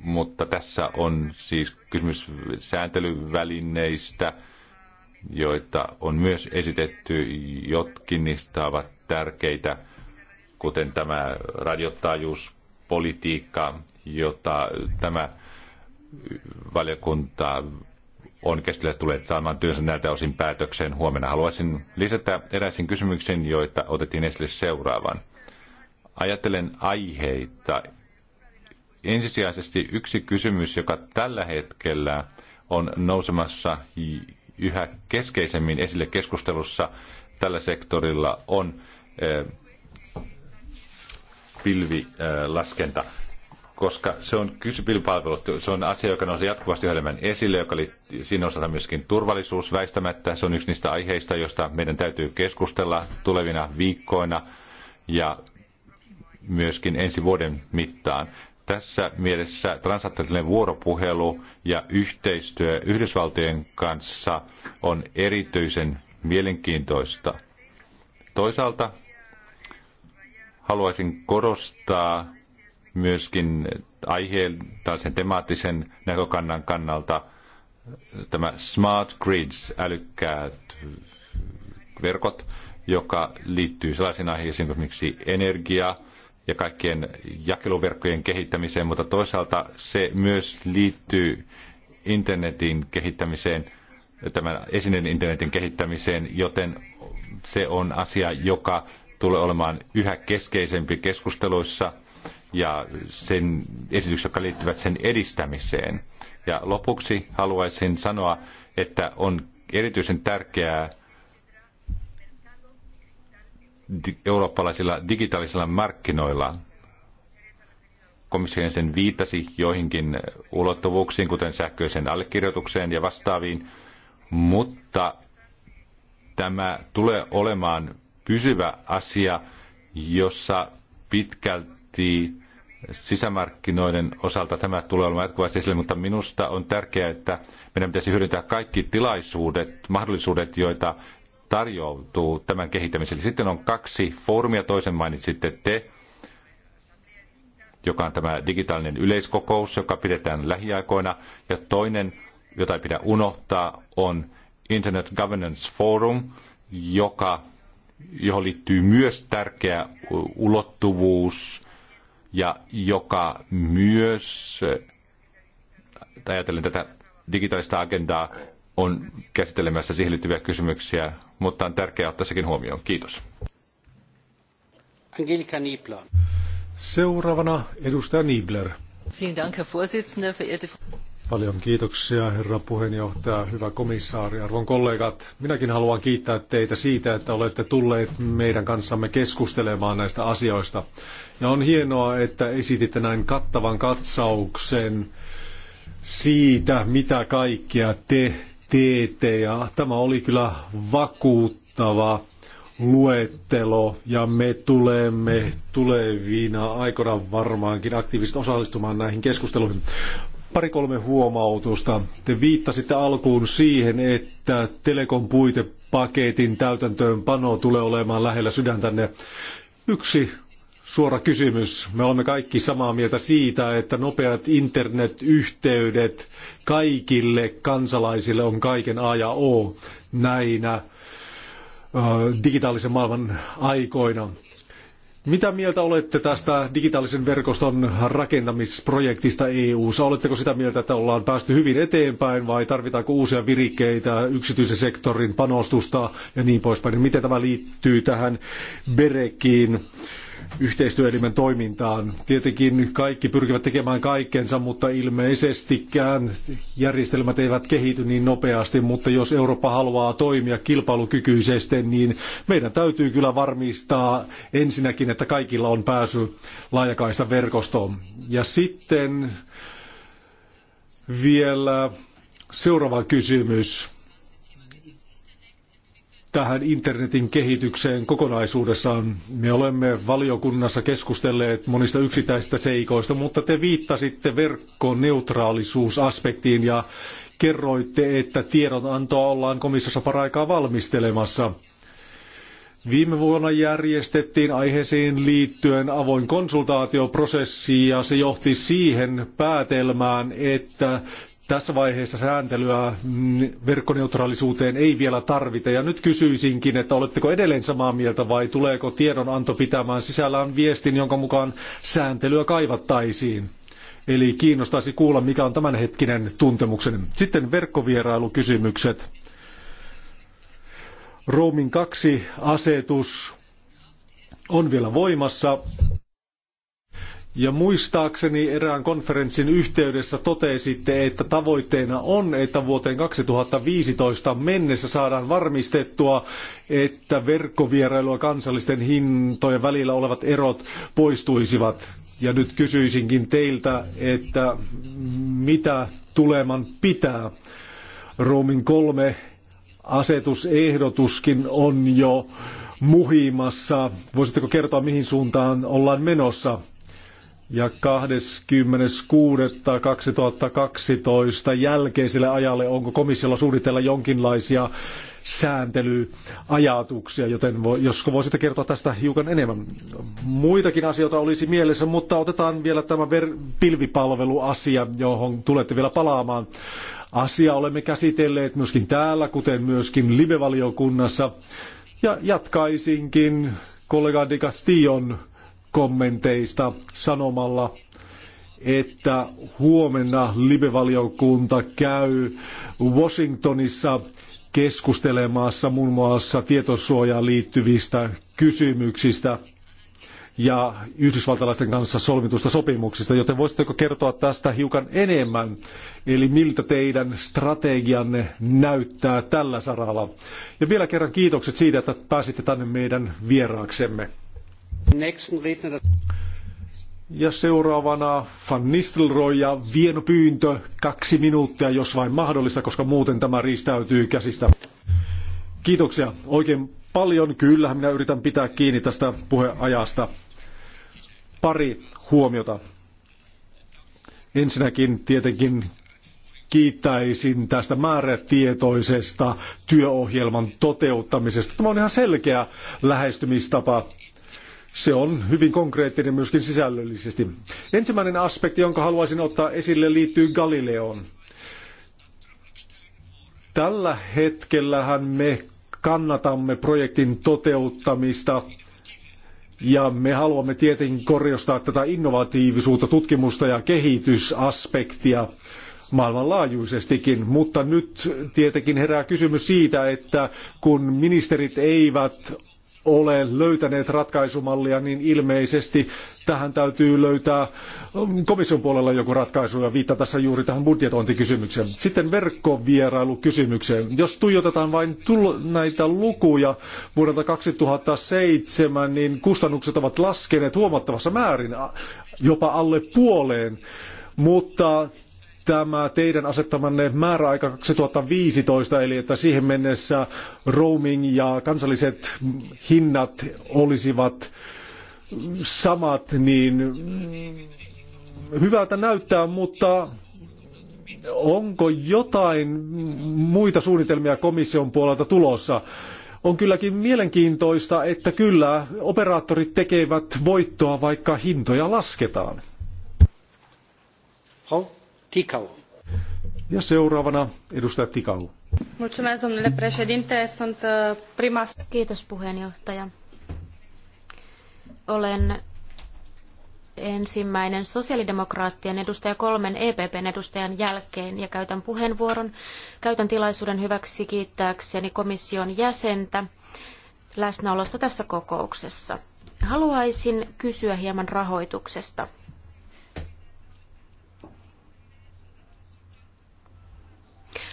Mutta tässä on siis kysymys sääntelyvälineistä, joita on myös esitetty. Jotkin niistä ovat tärkeitä, kuten tämä radiotaajuuspolitiikka, jota tämä valiokunta on keskellä tulee saamaan työnsä näiltä osin päätökseen huomenna. Haluaisin lisätä eräisiin kysymyksiin, joita otettiin esille seuraavan. Ajattelen aiheita. Ensisijaisesti yksi kysymys, joka tällä hetkellä on nousemassa yhä keskeisemmin esille keskustelussa tällä sektorilla on eh, pilvilaskenta, koska se on pilvipalvelut, se on asia, joka nousee jatkuvasti enemmän esille, joka oli siinä osalta myöskin turvallisuus väistämättä. Se on yksi niistä aiheista, joista meidän täytyy keskustella tulevina viikkoina ja myöskin ensi vuoden mittaan. Tässä mielessä transatlanttinen vuoropuhelu ja yhteistyö Yhdysvaltojen kanssa on erityisen mielenkiintoista. Toisaalta haluaisin korostaa myöskin aiheen tai sen temaattisen näkökannan kannalta tämä smart grids, älykkäät verkot, joka liittyy sellaisiin aiheisiin kuin esimerkiksi energia, ja kaikkien jakeluverkkojen kehittämiseen, mutta toisaalta se myös liittyy internetin kehittämiseen, tämän esineen internetin kehittämiseen, joten se on asia, joka tulee olemaan yhä keskeisempi keskusteluissa ja sen esitykset, jotka liittyvät sen edistämiseen. Ja lopuksi haluaisin sanoa, että on erityisen tärkeää eurooppalaisilla digitaalisilla markkinoilla. Komissio sen viittasi joihinkin ulottuvuuksiin, kuten sähköiseen allekirjoitukseen ja vastaaviin, mutta tämä tulee olemaan pysyvä asia, jossa pitkälti sisämarkkinoiden osalta tämä tulee olemaan jatkuvasti esille, mutta minusta on tärkeää, että meidän pitäisi hyödyntää kaikki tilaisuudet, mahdollisuudet, joita tarjoutuu tämän kehittämiselle. Sitten on kaksi foorumia, toisen mainitsitte te, joka on tämä digitaalinen yleiskokous, joka pidetään lähiaikoina, ja toinen, jota ei pidä unohtaa, on Internet Governance Forum, joka, johon liittyy myös tärkeä ulottuvuus ja joka myös, äh, ajatellen tätä digitaalista agendaa, on käsittelemässä siihen liittyviä kysymyksiä, mutta on tärkeää ottaa sekin huomioon. Kiitos. Angelika Niebler. Seuraavana edustaja Niebler. Dank, Herr verehrte... Paljon kiitoksia, herra puheenjohtaja, hyvä komissaari, arvon kollegat. Minäkin haluan kiittää teitä siitä, että olette tulleet meidän kanssamme keskustelemaan näistä asioista. Ja on hienoa, että esititte näin kattavan katsauksen siitä, mitä kaikkea te teette. Ja tämä oli kyllä vakuuttava luettelo ja me tulemme tulevina aikoina varmaankin aktiivisesti osallistumaan näihin keskusteluihin. Pari kolme huomautusta. Te viittasitte alkuun siihen, että Telekom puitepaketin täytäntöönpano tulee olemaan lähellä sydäntänne. Yksi suora kysymys. Me olemme kaikki samaa mieltä siitä, että nopeat internetyhteydet kaikille kansalaisille on kaiken A ja O näinä digitaalisen maailman aikoina. Mitä mieltä olette tästä digitaalisen verkoston rakentamisprojektista EU-ssa? Oletteko sitä mieltä, että ollaan päästy hyvin eteenpäin vai tarvitaanko uusia virikkeitä, yksityisen sektorin panostusta ja niin poispäin? Miten tämä liittyy tähän Berekiin? yhteistyöelimen toimintaan. Tietenkin kaikki pyrkivät tekemään kaikkensa, mutta ilmeisestikään järjestelmät eivät kehity niin nopeasti, mutta jos Eurooppa haluaa toimia kilpailukykyisesti, niin meidän täytyy kyllä varmistaa ensinnäkin, että kaikilla on pääsy laajakaista verkostoon. Ja sitten vielä seuraava kysymys tähän internetin kehitykseen kokonaisuudessaan. Me olemme valiokunnassa keskustelleet monista yksittäisistä seikoista, mutta te viittasitte verkkoneutraalisuusaspektiin ja kerroitte, että tiedonantoa ollaan komissiossa paraikaa valmistelemassa. Viime vuonna järjestettiin aiheeseen liittyen avoin konsultaatioprosessi ja se johti siihen päätelmään, että tässä vaiheessa sääntelyä verkkoneutraalisuuteen ei vielä tarvita. Ja nyt kysyisinkin, että oletteko edelleen samaa mieltä vai tuleeko tiedonanto pitämään sisällään viestin, jonka mukaan sääntelyä kaivattaisiin? Eli kiinnostaisi kuulla, mikä on tämänhetkinen tuntemuksen. Sitten verkkovierailukysymykset. Roaming 2 asetus on vielä voimassa ja muistaakseni erään konferenssin yhteydessä totesitte, että tavoitteena on, että vuoteen 2015 mennessä saadaan varmistettua, että verkkovierailua kansallisten hintojen välillä olevat erot poistuisivat. Ja nyt kysyisinkin teiltä, että mitä tuleman pitää. Roomin kolme asetusehdotuskin on jo muhimassa. Voisitteko kertoa, mihin suuntaan ollaan menossa? ja 26.2012 jälkeiselle ajalle onko komissiolla suunnitella jonkinlaisia sääntelyajatuksia, joten vo, josko voisitte kertoa tästä hiukan enemmän. Muitakin asioita olisi mielessä, mutta otetaan vielä tämä ver- pilvipalveluasia, johon tulette vielä palaamaan. Asia olemme käsitelleet myöskin täällä, kuten myöskin live Ja jatkaisinkin kollega Di Castillon kommenteista sanomalla, että huomenna live-valiokunta käy Washingtonissa keskustelemassa muun muassa tietosuojaan liittyvistä kysymyksistä ja yhdysvaltalaisten kanssa solmitusta sopimuksista, joten voisitteko kertoa tästä hiukan enemmän, eli miltä teidän strategianne näyttää tällä saralla. Ja vielä kerran kiitokset siitä, että pääsitte tänne meidän vieraaksemme. Ja seuraavana Van Nistelrooy ja vienopyyntö kaksi minuuttia, jos vain mahdollista, koska muuten tämä riistäytyy käsistä. Kiitoksia oikein paljon. Kyllähän minä yritän pitää kiinni tästä puheajasta. Pari huomiota. Ensinnäkin tietenkin kiittäisin tästä määrätietoisesta työohjelman toteuttamisesta. Tämä on ihan selkeä lähestymistapa se on hyvin konkreettinen myöskin sisällöllisesti. Ensimmäinen aspekti, jonka haluaisin ottaa esille, liittyy Galileoon. Tällä hetkellähän me kannatamme projektin toteuttamista ja me haluamme tietenkin korjostaa tätä innovatiivisuutta, tutkimusta ja kehitysaspektia maailmanlaajuisestikin, mutta nyt tietenkin herää kysymys siitä, että kun ministerit eivät ole löytäneet ratkaisumallia, niin ilmeisesti tähän täytyy löytää um, komission puolella joku ratkaisu ja viittaa tässä juuri tähän budjetointikysymykseen. Sitten verkkovierailukysymykseen. Jos tuijotetaan vain näitä lukuja vuodelta 2007, niin kustannukset ovat laskeneet huomattavassa määrin, jopa alle puoleen. Mutta tämä teidän asettamanne määräaika 2015, eli että siihen mennessä roaming ja kansalliset hinnat olisivat samat, niin hyvältä näyttää, mutta onko jotain muita suunnitelmia komission puolelta tulossa? On kylläkin mielenkiintoista, että kyllä operaattorit tekevät voittoa, vaikka hintoja lasketaan. Frau Ticau. Ja seuraavana edustaja Tikau. Mulțumesc, domnule președinte. Sunt uh, prima... Kiitos, puheenjohtaja. Olen ensimmäinen sosiaalidemokraattien edustaja kolmen EPPn edustajan jälkeen ja käytän puheenvuoron. Käytän tilaisuuden hyväksi kiittääkseni komission jäsentä läsnäolosta tässä kokouksessa. Haluaisin kysyä hieman rahoituksesta.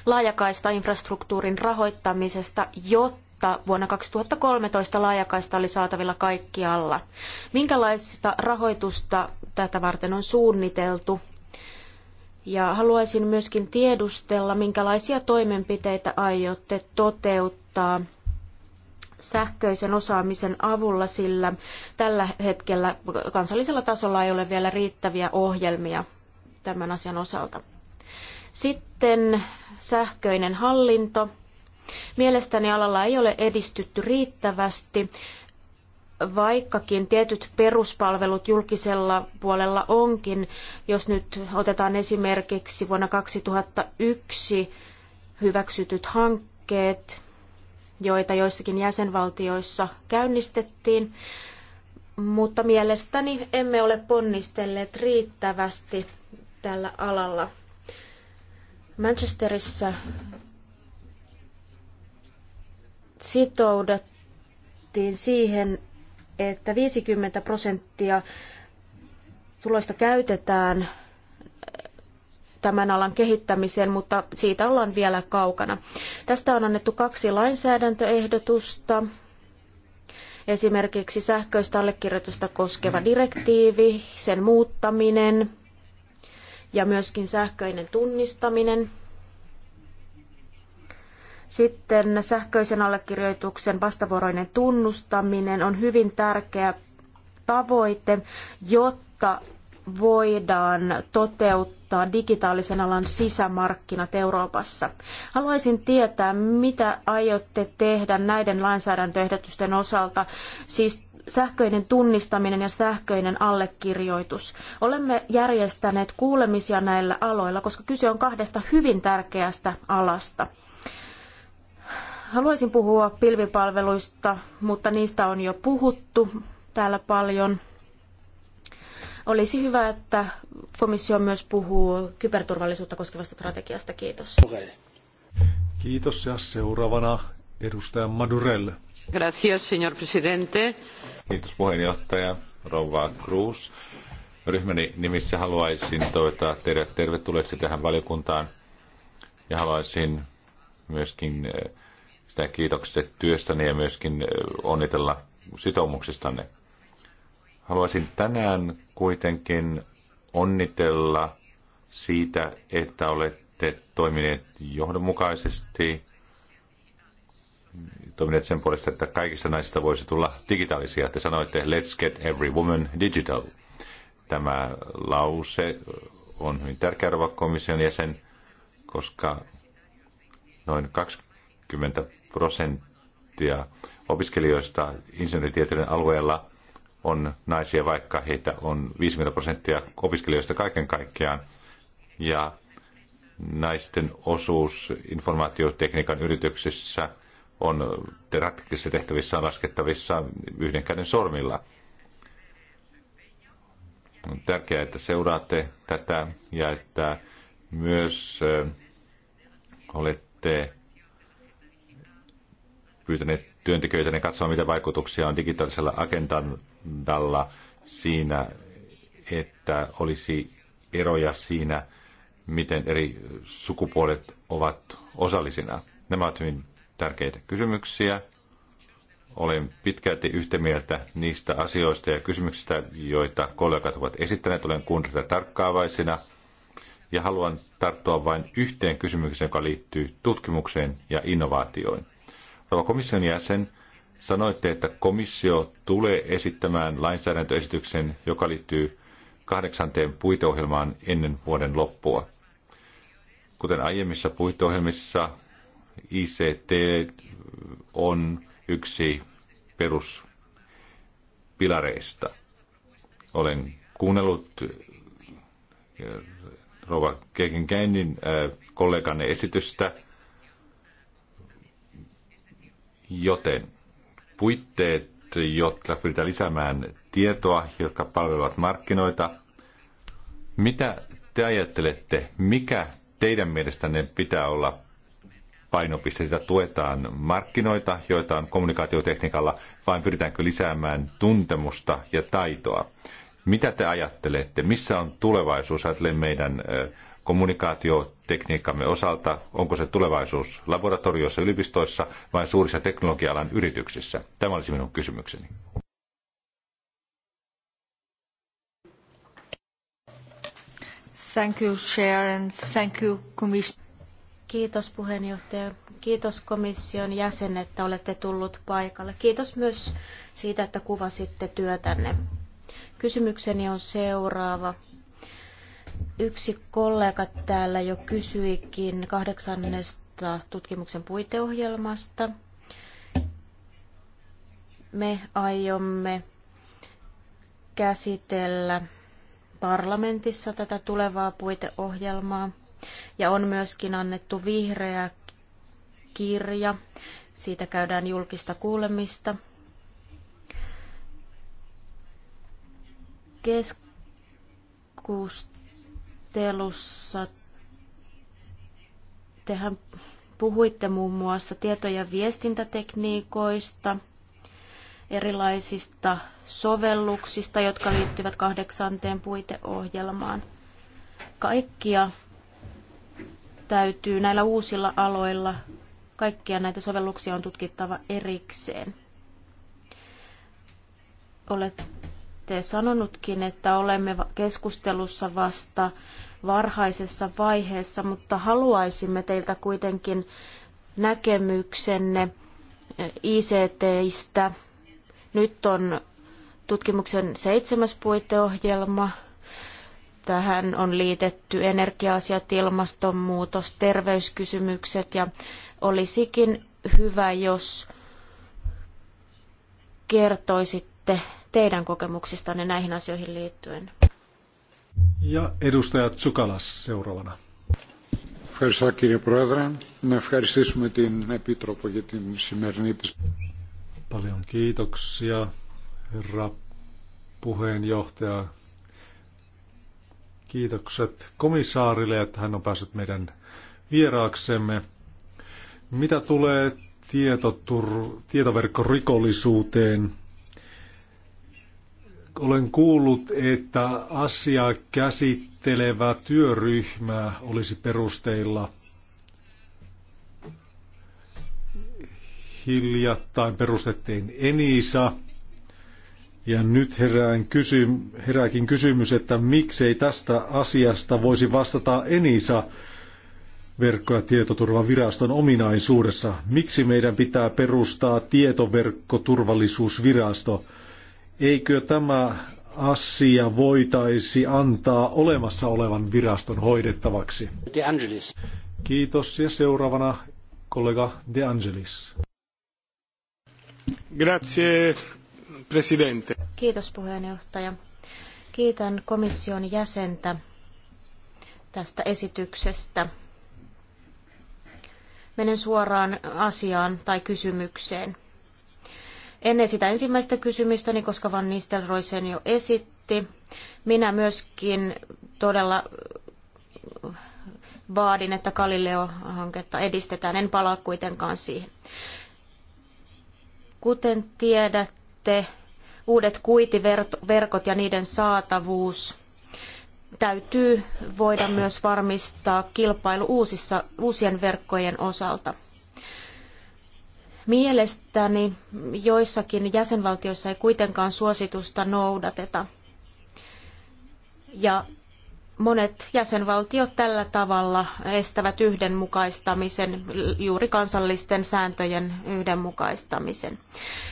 laajakaistainfrastruktuurin infrastruktuurin rahoittamisesta, jotta vuonna 2013 laajakaista oli saatavilla kaikkialla. Minkälaista rahoitusta tätä varten on suunniteltu? Ja haluaisin myöskin tiedustella, minkälaisia toimenpiteitä aiotte toteuttaa sähköisen osaamisen avulla, sillä tällä hetkellä kansallisella tasolla ei ole vielä riittäviä ohjelmia tämän asian osalta. Sitten sähköinen hallinto. Mielestäni alalla ei ole edistytty riittävästi, vaikkakin tietyt peruspalvelut julkisella puolella onkin. Jos nyt otetaan esimerkiksi vuonna 2001 hyväksytyt hankkeet, joita joissakin jäsenvaltioissa käynnistettiin, mutta mielestäni emme ole ponnistelleet riittävästi tällä alalla. Manchesterissa sitouduttiin siihen, että 50 prosenttia tuloista käytetään äh, tämän alan kehittämiseen, mutta siitä ollaan vielä kaukana. Tästä on annettu kaksi lainsäädäntöehdotusta. Esimerkiksi sähköistä allekirjoitusta koskeva direktiivi, sen muuttaminen – ja myöskin sähköinen tunnistaminen. Sitten sähköisen allekirjoituksen vastavuoroinen tunnustaminen on hyvin tärkeä tavoite, jotta voidaan toteuttaa digitaalisen alan sisämarkkinat Euroopassa. Haluaisin tietää, mitä aiotte tehdä näiden lainsäädäntöehdotusten osalta, siis sähköinen tunnistaminen ja sähköinen allekirjoitus. Olemme järjestäneet kuulemisia näillä aloilla, koska kyse on kahdesta hyvin tärkeästä alasta. Haluaisin puhua pilvipalveluista, mutta niistä on jo puhuttu täällä paljon. Olisi hyvä, että komissio myös puhuu kyberturvallisuutta koskevasta strategiasta. Kiitos. Kiitos ja seuraavana edustaja Madurelle. Gracias, señor presidente. Kiitos puheenjohtaja Rouva Cruz. Ryhmäni nimissä haluaisin toivottaa teidät tervetulleeksi tähän valiokuntaan ja haluaisin myöskin eh, sitä kiitokset työstäni ja myöskin eh, onnitella sitoumuksistanne. Haluaisin tänään kuitenkin onnitella siitä, että olette toimineet johdonmukaisesti toimineet sen puolesta, että kaikista naisista voisi tulla digitaalisia. Te sanoitte, let's get every woman digital. Tämä lause on hyvin tärkeä arvoa komission jäsen, koska noin 20 prosenttia opiskelijoista insinööritieteiden alueella on naisia, vaikka heitä on 50 prosenttia opiskelijoista kaiken kaikkiaan. Ja naisten osuus informaatiotekniikan yrityksissä – on ratkaisissa tehtävissä laskettavissa yhden käden sormilla. On tärkeää, että seuraatte tätä ja että myös olette pyytäneet työntekijöitä ne katsomaan, mitä vaikutuksia on digitaalisella agendalla siinä, että olisi eroja siinä, miten eri sukupuolet ovat osallisina. Nämä ovat hyvin tärkeitä kysymyksiä. Olen pitkälti yhtä mieltä niistä asioista ja kysymyksistä, joita kollegat ovat esittäneet. Olen kuunnellut tarkkaavaisina ja haluan tarttua vain yhteen kysymykseen, joka liittyy tutkimukseen ja innovaatioon. Rova komission jäsen, sanoitte, että komissio tulee esittämään lainsäädäntöesityksen, joka liittyy kahdeksanteen puiteohjelmaan ennen vuoden loppua. Kuten aiemmissa puiteohjelmissa, ICT on yksi peruspilareista. Olen kuunnellut Rova Kekenkäinnin kollegan esitystä, joten puitteet, jotka pyritään lisäämään tietoa, jotka palvelevat markkinoita. Mitä te ajattelette, mikä teidän mielestänne pitää olla Painopisteitä tuetaan markkinoita, joita on kommunikaatiotekniikalla, vai pyritäänkö lisäämään tuntemusta ja taitoa? Mitä te ajattelette? Missä on tulevaisuus? ajatellen meidän kommunikaatiotekniikkamme osalta. Onko se tulevaisuus laboratorioissa, yliopistoissa vai suurissa teknologialan yrityksissä? Tämä olisi minun kysymykseni. Thank you, Chair, and thank you, Commissioner. Kiitos puheenjohtaja. Kiitos komission jäsen, että olette tullut paikalle. Kiitos myös siitä, että kuvasitte työtänne. Kysymykseni on seuraava. Yksi kollega täällä jo kysyikin kahdeksannesta tutkimuksen puiteohjelmasta. Me aiomme käsitellä parlamentissa tätä tulevaa puiteohjelmaa – ja on myöskin annettu vihreä kirja. Siitä käydään julkista kuulemista. Keskustelussa tehän puhuitte muun muassa tieto- ja viestintätekniikoista, erilaisista sovelluksista, jotka liittyvät kahdeksanteen puiteohjelmaan. Kaikkia täytyy näillä uusilla aloilla kaikkia näitä sovelluksia on tutkittava erikseen. Olette sanonutkin, että olemme keskustelussa vasta varhaisessa vaiheessa, mutta haluaisimme teiltä kuitenkin näkemyksenne eh, ICTistä. Nyt on tutkimuksen seitsemäs puiteohjelma Tähän on liitetty energia-asiat, ilmastonmuutos, terveyskysymykset ja olisikin hyvä, jos kertoisitte teidän kokemuksistanne näihin asioihin liittyen. Ja edustaja Tsukalas seuraavana. Paljon kiitoksia, herra puheenjohtaja. Kiitokset komissaarille, että hän on päässyt meidän vieraaksemme. Mitä tulee tietotur- tietoverkkorikollisuuteen, olen kuullut, että asiaa käsittelevä työryhmä olisi perusteilla hiljattain perustettiin Enisa – ja nyt herään kysy, herääkin kysymys, että miksei tästä asiasta voisi vastata Enisa verkko- ja tietoturvaviraston ominaisuudessa. Miksi meidän pitää perustaa tietoverkkoturvallisuusvirasto? Eikö tämä asia voitaisi antaa olemassa olevan viraston hoidettavaksi? De Angelis. Kiitos ja seuraavana kollega De Angelis. Grazie, Presidente. Kiitos puheenjohtaja. Kiitän komission jäsentä tästä esityksestä. Menen suoraan asiaan tai kysymykseen. En esitä ensimmäistä kysymystäni, koska Van Nistelrooy sen jo esitti. Minä myöskin todella vaadin, että Galileo-hanketta edistetään. En palaa kuitenkaan siihen. Kuten tiedät, puhuitte, uudet kuitiverkot ja niiden saatavuus täytyy voida myös varmistaa kilpailu uusissa, uusien verkkojen osalta. Mielestäni joissakin jäsenvaltioissa ei kuitenkaan suositusta noudateta. Ja monet jäsenvaltiot tällä tavalla estävät yhdenmukaistamisen, juuri kansallisten sääntöjen yhdenmukaistamisen.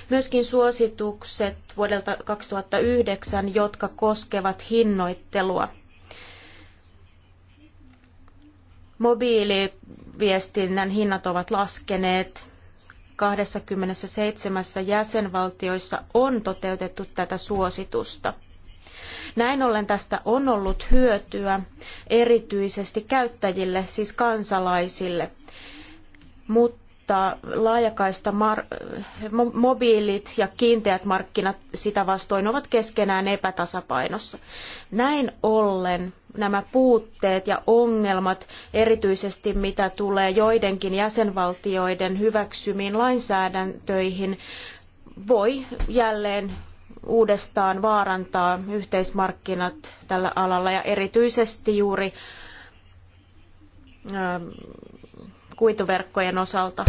Myöskin suositukset vuodelta 2009, jotka koskevat hinnoittelua. Mobiiliviestinnän hinnat ovat laskeneet. 27 jäsenvaltioissa on toteutettu tätä suositusta – näin ollen tästä on ollut hyötyä erityisesti käyttäjille, siis kansalaisille. Mutta laajakaista mar- mobiilit ja kiinteät markkinat sitä vastoin ovat keskenään epätasapainossa. Näin ollen nämä puutteet ja ongelmat, erityisesti mitä tulee joidenkin jäsenvaltioiden hyväksymiin lainsäädäntöihin, voi jälleen uudestaan vaarantaa yhteismarkkinat tällä alalla ja erityisesti juuri ähm, kuituverkkojen osalta,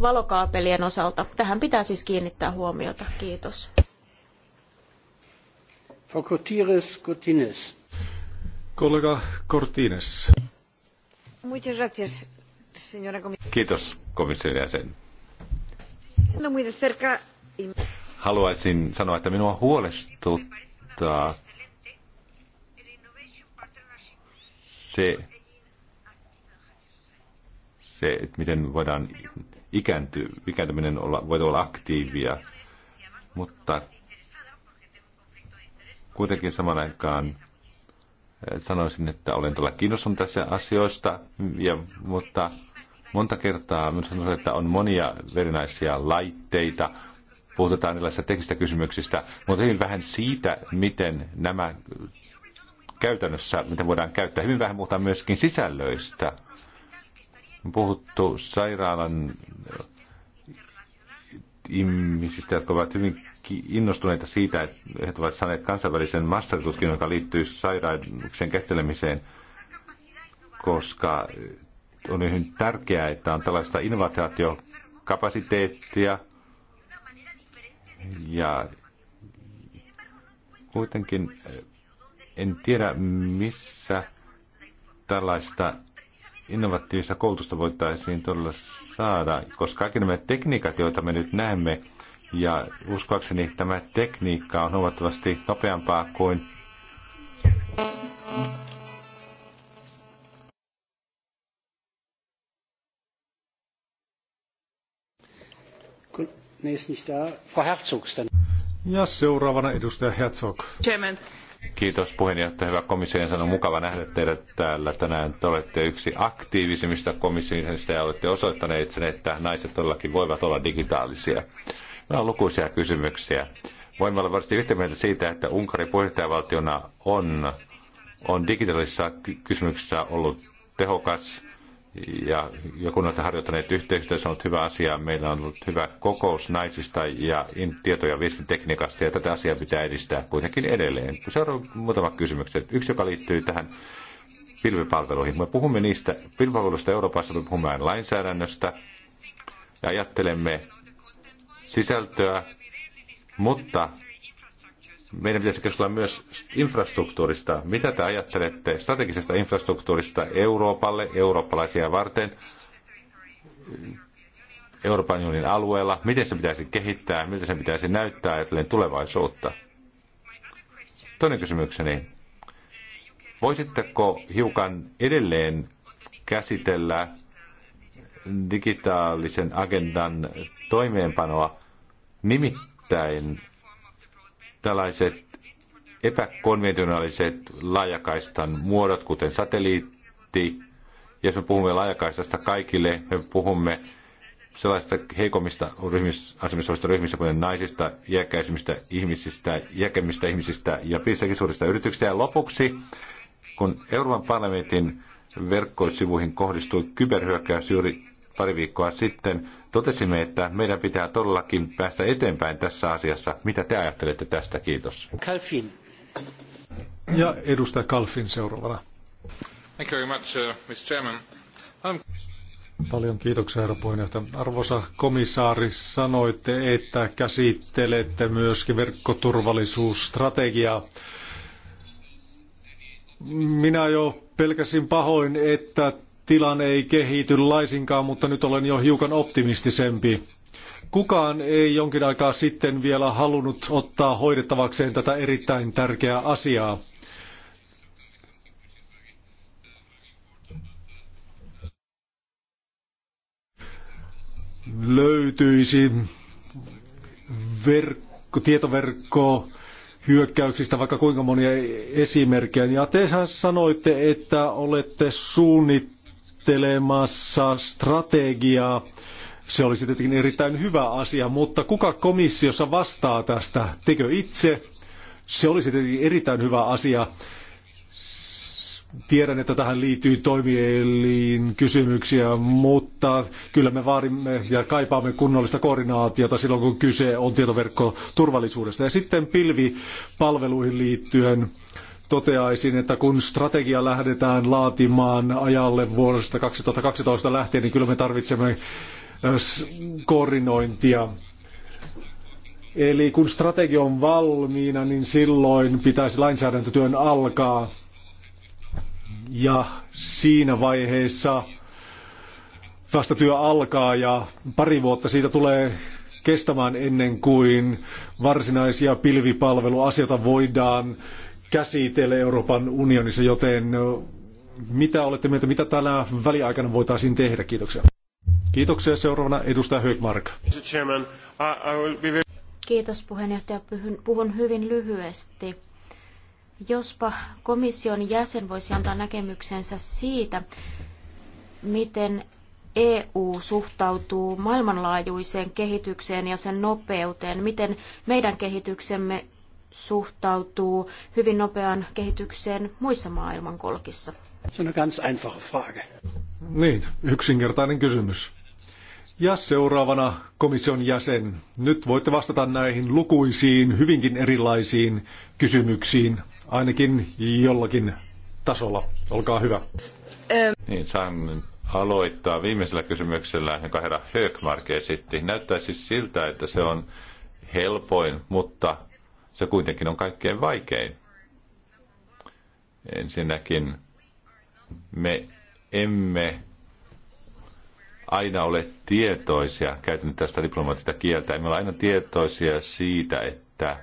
valokaapelien osalta. Tähän pitää siis kiinnittää huomiota. Kiitos. Frau Cortines, Cortines. Kollega Cortines. Muchas gracias, señora Kiitos komission jäsen. No, muy de cerca haluaisin sanoa, että minua huolestuttaa se, se että miten voidaan ikääntyä, ikääntyminen olla, voi olla aktiivia, mutta kuitenkin saman aikaan eh, sanoisin, että olen todella kiinnostunut tässä asioista, ja, mutta monta kertaa sanoisin, että on monia verinäisiä laitteita, puhutetaan erilaisista teknisistä kysymyksistä, mutta hyvin vähän siitä, miten nämä käytännössä, miten voidaan käyttää. Hyvin vähän puhutaan myöskin sisällöistä. On puhuttu sairaalan ihmisistä, jotka ovat hyvin innostuneita siitä, että he ovat saaneet kansainvälisen masteritutkinnon, joka liittyy sairauksen käsittelemiseen, koska on hyvin tärkeää, että on tällaista innovaatiokapasiteettia – ja kuitenkin eh, en tiedä, missä tällaista innovatiivista koulutusta voitaisiin todella saada, koska kaikki nämä tekniikat, joita me nyt näemme, ja uskoakseni tämä tekniikka on huomattavasti nopeampaa kuin Nee, ist nicht da. Frau Herzog. Ja seuraavana edustaja Herzog. Chairman. Kiitos puheenjohtaja, hyvä komission jäsen. On mukava nähdä teidät täällä tänään. Te olette yksi aktiivisimmista komission jäsenistä ja olette osoittaneet sen, että naiset todellakin voivat olla digitaalisia. Meillä on lukuisia kysymyksiä. Voimme olla varmasti yhtä mieltä siitä, että Unkari puheenjohtajavaltiona on, on digitaalisissa kysymyksissä ollut tehokas ja, ja kun olette harjoittaneet yhteistyötä, se on ollut hyvä asia. Meillä on ollut hyvä kokous naisista ja tieto- ja viestintekniikasta, ja tätä asiaa pitää edistää kuitenkin edelleen. Seuraava muutama kysymys. Yksi, joka liittyy tähän pilvipalveluihin. Me puhumme niistä pilvipalveluista Euroopassa, me puhumme lainsäädännöstä ja ajattelemme sisältöä, mutta meidän pitäisi keskustella myös infrastruktuurista. Mitä te ajattelette strategisesta infrastruktuurista Euroopalle, eurooppalaisia varten, Euroopan unionin alueella? Miten se pitäisi kehittää, miltä se pitäisi näyttää ajatellen tulevaisuutta? Toinen kysymykseni. Voisitteko hiukan edelleen käsitellä digitaalisen agendan toimeenpanoa, nimittäin tällaiset epäkonventionaaliset laajakaistan muodot, kuten satelliitti, jos me puhumme laajakaistasta kaikille, me puhumme sellaista heikommista ryhmissä, olevista ryhmistä, kuten naisista, iäkäisimmistä ihmisistä, iäkemmistä ihmisistä ja pienistäkin suurista yrityksistä. Ja lopuksi, kun Euroopan parlamentin verkkosivuihin kohdistui kyberhyökkäys juuri pari viikkoa sitten, totesimme, että meidän pitää todellakin päästä eteenpäin tässä asiassa. Mitä te ajattelette tästä? Kiitos. Kalfin. Ja edustaja Kalfin seuraavana. Thank you very much, uh, Mr. Chairman. I'm... Um, Paljon kiitoksia, herra puheenjohtaja. Arvoisa komissaari, sanoitte, että käsittelette myöskin verkkoturvallisuusstrategiaa. Minä jo pelkäsin pahoin, että tilanne ei kehity laisinkaan, mutta nyt olen jo hiukan optimistisempi. Kukaan ei jonkin aikaa sitten vielä halunnut ottaa hoidettavakseen tätä erittäin tärkeää asiaa. Löytyisi verkko, tietoverkko, hyökkäyksistä vaikka kuinka monia esimerkkejä. Ja te sanoitte, että olette suunnit valmistelemassa strategiaa. Se olisi tietenkin erittäin hyvä asia, mutta kuka komissiossa vastaa tästä? Tekö itse? Se olisi tietenkin erittäin hyvä asia. Tiedän, että tähän liittyy toimielin kysymyksiä, mutta kyllä me vaadimme ja kaipaamme kunnollista koordinaatiota silloin, kun kyse on tietoverkkoturvallisuudesta. Ja sitten pilvipalveluihin liittyen toteaisin, että kun strategia lähdetään laatimaan ajalle vuodesta 2012 lähtien, niin kyllä me tarvitsemme koordinointia. Eli kun strategia on valmiina, niin silloin pitäisi lainsäädäntötyön alkaa. Ja siinä vaiheessa vasta työ alkaa ja pari vuotta siitä tulee kestämään ennen kuin varsinaisia pilvipalveluasioita voidaan käsitellä Euroopan unionissa, joten mitä olette mieltä, mitä tällä väliaikana voitaisiin tehdä? Kiitoksia. Kiitoksia. Seuraavana edustaja Högmark. Kiitos puheenjohtaja. Puhun hyvin lyhyesti. Jospa komission jäsen voisi antaa näkemyksensä siitä, miten EU suhtautuu maailmanlaajuiseen kehitykseen ja sen nopeuteen, miten meidän kehityksemme suhtautuu hyvin nopeaan kehitykseen muissa maailmankolkissa? Se on ganz einfache Frage. Niin, yksinkertainen kysymys. Ja seuraavana komission jäsen. Nyt voitte vastata näihin lukuisiin, hyvinkin erilaisiin kysymyksiin, ainakin jollakin tasolla. Olkaa hyvä. Ähm. Niin, saan aloittaa viimeisellä kysymyksellä, jonka herra Högmark esitti. Näyttää siis siltä, että se on helpoin, mutta se kuitenkin on kaikkein vaikein. Ensinnäkin me emme aina ole tietoisia, käytän tästä diplomaattista kieltä, emme ole aina tietoisia siitä, että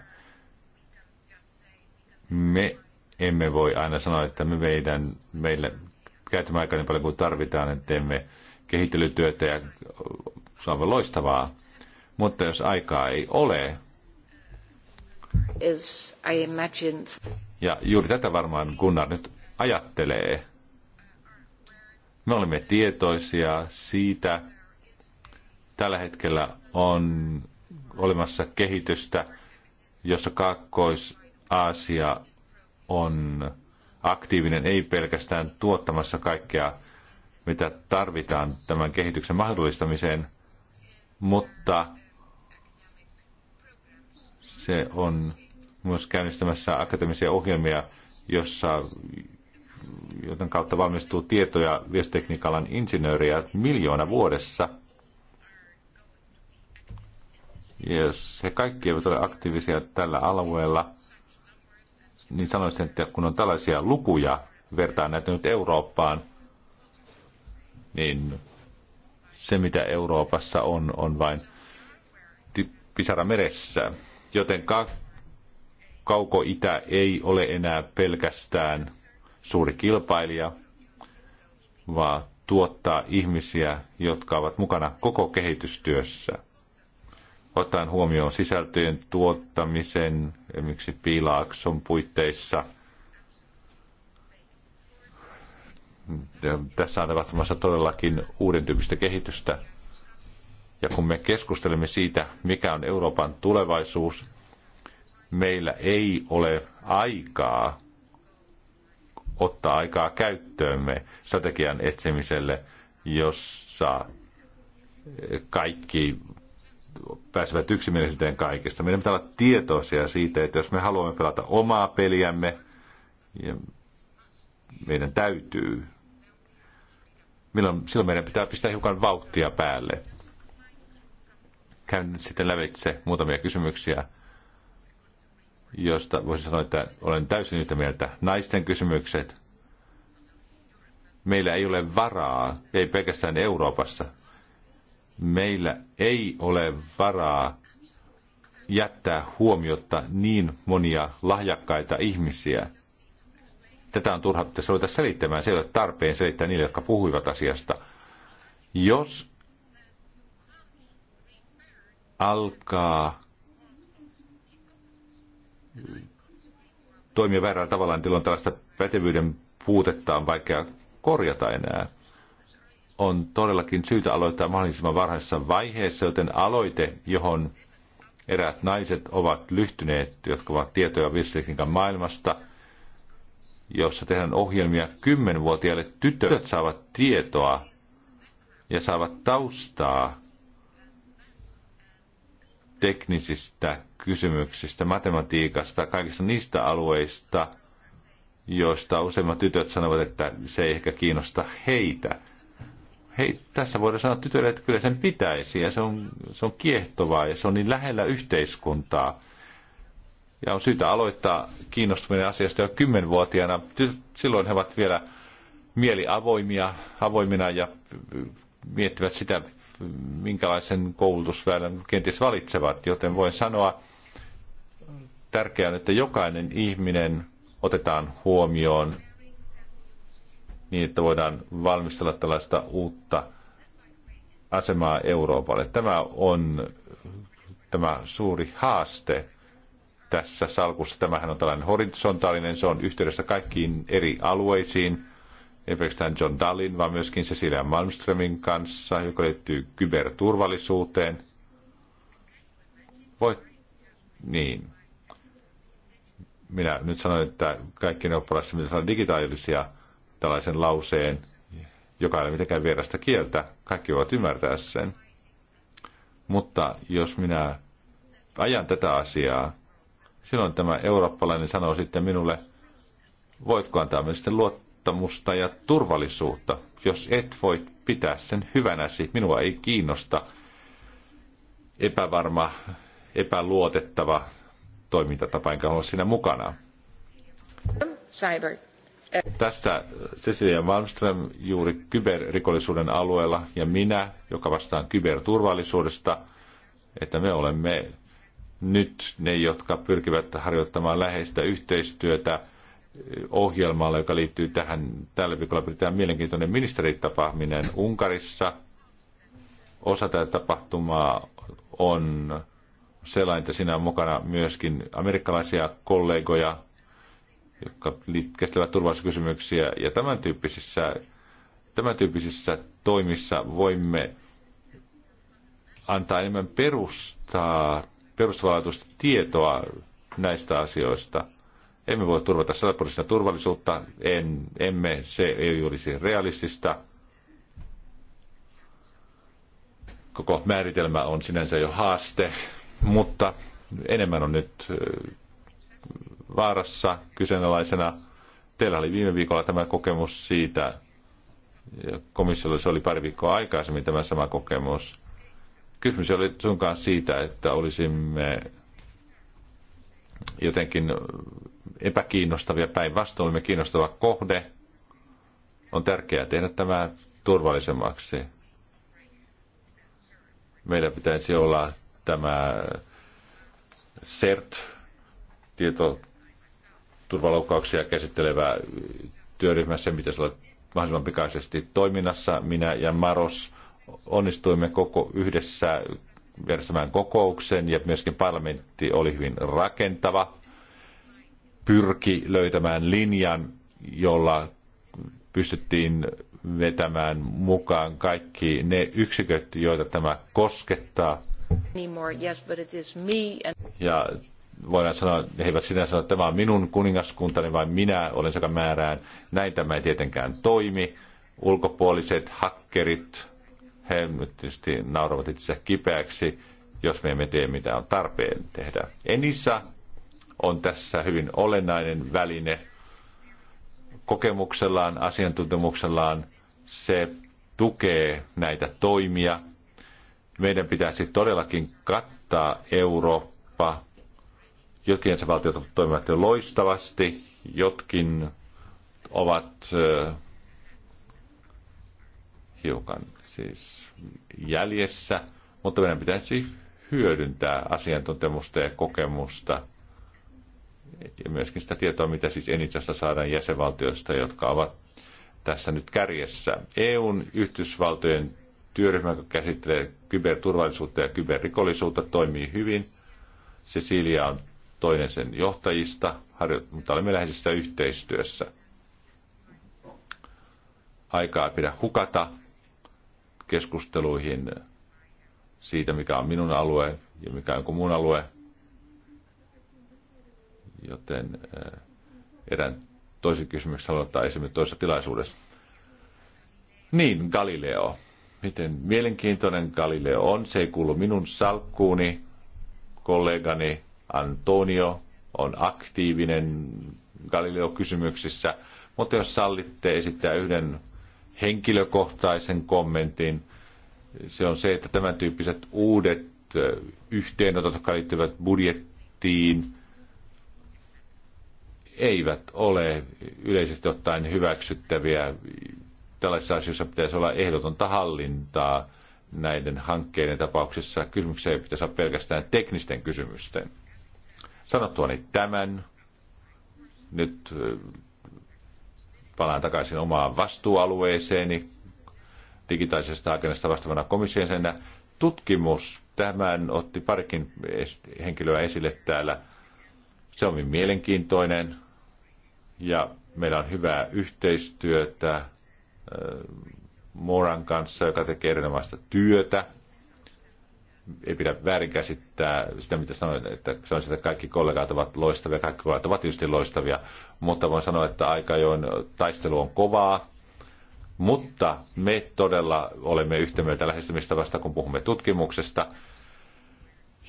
me emme voi aina sanoa, että me meidän, meille käytämme aikaa niin paljon kuin tarvitaan, että teemme kehittelytyötä ja saamme loistavaa. Mutta jos aikaa ei ole, As I Ja juuri tätä varmaan Gunnar nyt ajattelee. Me olemme tietoisia siitä, tällä hetkellä on olemassa kehitystä, jossa Kaakkois-Aasia on aktiivinen, ei pelkästään tuottamassa kaikkea, mitä tarvitaan tämän kehityksen mahdollistamiseen, mutta se on myös käynnistämässä akateemisia ohjelmia, jossa joten kautta valmistuu tietoja ja viestitekniikalan insinööriä miljoona vuodessa. Ja jos he kaikki eivät ole aktiivisia tällä alueella, niin sanoisin, että kun on tällaisia lukuja, vertaan näitä nyt Eurooppaan, niin se mitä Euroopassa on, on vain pisara meressä joten kauko-itä ei ole enää pelkästään suuri kilpailija, vaan tuottaa ihmisiä, jotka ovat mukana koko kehitystyössä. Ottaen huomioon sisältöjen tuottamisen, esimerkiksi piilaakson puitteissa. Ja tässä on tapahtumassa todellakin uuden tyyppistä kehitystä. Ja kun me keskustelemme siitä, mikä on Euroopan tulevaisuus, meillä ei ole aikaa ottaa aikaa käyttöömme strategian etsimiselle, jossa kaikki pääsevät yksimielisyyteen kaikesta. Meidän pitää olla tietoisia siitä, että jos me haluamme pelata omaa peliämme, meidän täytyy. Milloin, silloin meidän pitää pistää hiukan vauhtia päälle käyn nyt sitten lävitse muutamia kysymyksiä, josta voisin sanoa, että olen täysin yhtä mieltä. Naisten kysymykset. Meillä ei ole varaa, ei pelkästään Euroopassa. Meillä ei ole varaa jättää huomiotta niin monia lahjakkaita ihmisiä. Tätä on turha tässä ruveta selittämään. Se ei ole tarpeen selittää niille, jotka puhuivat asiasta. Jos alkaa toimia väärällä tavalla, niin silloin tällaista pätevyyden puutetta on vaikea korjata enää. On todellakin syytä aloittaa mahdollisimman varhaisessa vaiheessa, joten aloite, johon eräät naiset ovat lyhtyneet, jotka ovat tietoja virsitekniikan maailmasta, jossa tehdään ohjelmia kymmenvuotiaille tytöt saavat tietoa ja saavat taustaa teknisistä kysymyksistä, matematiikasta, kaikista niistä alueista, joista useimmat tytöt sanovat, että se ei ehkä kiinnosta heitä. Hei, tässä voidaan sanoa tytölle, että kyllä sen pitäisi ja se on, se on kiehtovaa ja se on niin lähellä yhteiskuntaa. Ja on syytä aloittaa kiinnostuminen asiasta jo kymmenvuotiaana. Silloin he ovat vielä mieli avoimia, avoimina ja miettivät sitä, minkälaisen koulutusväylän kenties valitsevat, joten voin sanoa, tärkeää on, että jokainen ihminen otetaan huomioon niin, että voidaan valmistella tällaista uutta asemaa Euroopalle. Tämä on tämä suuri haaste tässä salkussa. Tämähän on tällainen horisontaalinen, se on yhteydessä kaikkiin eri alueisiin – ei pelkästään John Dallin, vaan myöskin Cecilia Malmströmin kanssa, joka liittyy kyberturvallisuuteen. Voit, niin. Minä nyt sanoin, että kaikki oppilaiset mitä on digitaalisia tällaisen lauseen, joka ei ole mitenkään vierasta kieltä. Kaikki voivat ymmärtää sen. Mutta jos minä ajan tätä asiaa, silloin tämä eurooppalainen sanoo sitten minulle, voitko antaa minulle sitten luottaa luottamusta ja turvallisuutta. Jos et voi pitää sen hyvänäsi, minua ei kiinnosta epävarma, epäluotettava toimintatapa, enkä ole siinä mukana. Cyber. Tässä Cecilia Malmström juuri kyberrikollisuuden alueella ja minä, joka vastaan kyberturvallisuudesta, että me olemme nyt ne, jotka pyrkivät harjoittamaan läheistä yhteistyötä – ohjelmalla, joka liittyy tähän. Tällä viikolla pitää mielenkiintoinen ministeritapaaminen Unkarissa. Osa tätä tapahtumaa on sellainen, että siinä on mukana myöskin amerikkalaisia kollegoja, jotka käsittelevät turvallisuuskysymyksiä. Ja tämän tyyppisissä, tämän tyyppisissä toimissa voimme antaa enemmän perustaa, perustavaa tietoa näistä asioista – emme voi turvata sataprosenttista turvallisuutta, en, emme, se ei olisi realistista. Koko määritelmä on sinänsä jo haaste, mutta enemmän on nyt vaarassa kyseenalaisena. Teillä oli viime viikolla tämä kokemus siitä, ja komissiolla se oli pari viikkoa aikaisemmin tämä sama kokemus. Kysymys oli sunkaan siitä, että olisimme jotenkin epäkiinnostavia päinvastoin, me kiinnostava kohde. On tärkeää tehdä tämä turvallisemmaksi. Meillä pitäisi olla tämä CERT, tietoturvaloukkauksia käsittelevä työryhmä, se mitä se mahdollisimman pikaisesti toiminnassa. Minä ja Maros onnistuimme koko yhdessä järjestämään kokouksen ja myöskin parlamentti oli hyvin rakentava pyrki löytämään linjan, jolla pystyttiin vetämään mukaan kaikki ne yksiköt, joita tämä koskettaa. Ja voidaan sanoa, he eivät sinä sano, että tämä on minun kuningaskuntani, vaan minä olen sekä määrään. Näin tämä ei tietenkään toimi. Ulkopuoliset hakkerit, he nyt tietysti nauravat itse kipeäksi, jos me emme tee mitä on tarpeen tehdä. Enissä on tässä hyvin olennainen väline. Kokemuksellaan, asiantuntemuksellaan se tukee näitä toimia. Meidän pitäisi todellakin kattaa Eurooppa. Jotkin jäsenvaltiot toimivat jo loistavasti, jotkin ovat hiukan siis jäljessä, mutta meidän pitäisi hyödyntää asiantuntemusta ja kokemusta – ja myöskin sitä tietoa, mitä siis Enitsasta saadaan jäsenvaltioista, jotka ovat tässä nyt kärjessä. EUn Yhdysvaltojen työryhmä, joka käsittelee kyberturvallisuutta ja kyberrikollisuutta, toimii hyvin. Cecilia on toinen sen johtajista, mutta olemme läheisessä yhteistyössä. Aikaa pidä hukata keskusteluihin siitä, mikä on minun alue ja mikä on jonkun muun alue, joten erään toisen kysymyksen haluan ottaa esimerkiksi toisessa tilaisuudessa. Niin, Galileo. Miten mielenkiintoinen Galileo on. Se ei kuulu minun salkkuuni. Kollegani Antonio on aktiivinen Galileo-kysymyksissä. Mutta jos sallitte esittää yhden henkilökohtaisen kommentin, se on se, että tämän tyyppiset uudet yhteenotot, jotka liittyvät budjettiin, eivät ole yleisesti ottaen hyväksyttäviä. Tällaisissa asioissa pitäisi olla ehdotonta hallintaa näiden hankkeiden tapauksessa. Kysymyksiä ei pitäisi olla pelkästään teknisten kysymysten. Sanottuani tämän, nyt palaan takaisin omaan vastuualueeseeni digitaalisesta agendasta vastaavana komissiosena. Tutkimus, tämän otti parikin henkilöä esille täällä. Se on mielenkiintoinen ja meillä on hyvää yhteistyötä äh, Moran kanssa, joka tekee erinomaista työtä. Ei pidä väärinkäsittää sitä, mitä sanoin, että sanoin, että kaikki kollegat ovat loistavia, kaikki kollegat ovat tietysti loistavia, mutta voin sanoa, että aika join taistelu on kovaa, mutta me todella olemme yhtä mieltä lähestymistavasta, kun puhumme tutkimuksesta.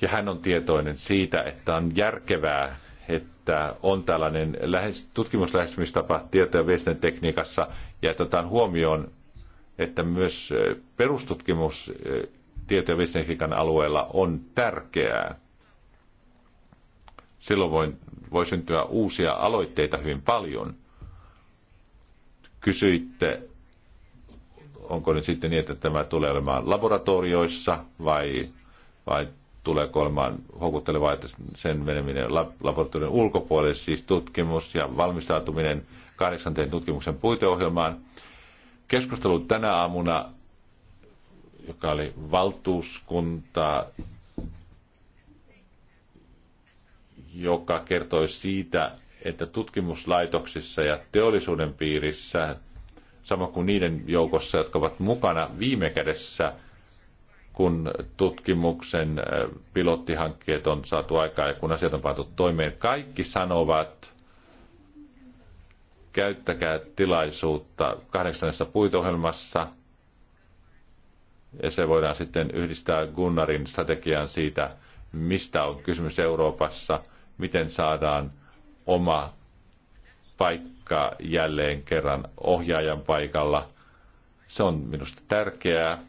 Ja hän on tietoinen siitä, että on järkevää että on tällainen lähes, tutkimuslähestymistapa tieto- ja viestintätekniikassa ja että otetaan huomioon, että myös perustutkimus tieto- ja viestintätekniikan alueella on tärkeää. Silloin voi, voi syntyä uusia aloitteita hyvin paljon. Kysyitte, onko nyt sitten niin, että tämä tulee olemaan laboratorioissa vai, vai tulee olemaan houkuttelevaa, että sen meneminen laboratorion ulkopuolelle, siis tutkimus ja valmistautuminen kahdeksanteen tutkimuksen puiteohjelmaan. Keskustelu tänä aamuna, joka oli valtuuskunta, joka kertoi siitä, että tutkimuslaitoksissa ja teollisuuden piirissä, sama kuin niiden joukossa, jotka ovat mukana viime kädessä – kun tutkimuksen äh, pilottihankkeet on saatu aikaan ja kun asiat on pantu toimeen. Kaikki sanovat, käyttäkää tilaisuutta kahdeksannessa puitohjelmassa – ja se voidaan sitten yhdistää Gunnarin strategiaan siitä, mistä on kysymys Euroopassa, miten saadaan oma paikka jälleen kerran ohjaajan paikalla. Se on minusta tärkeää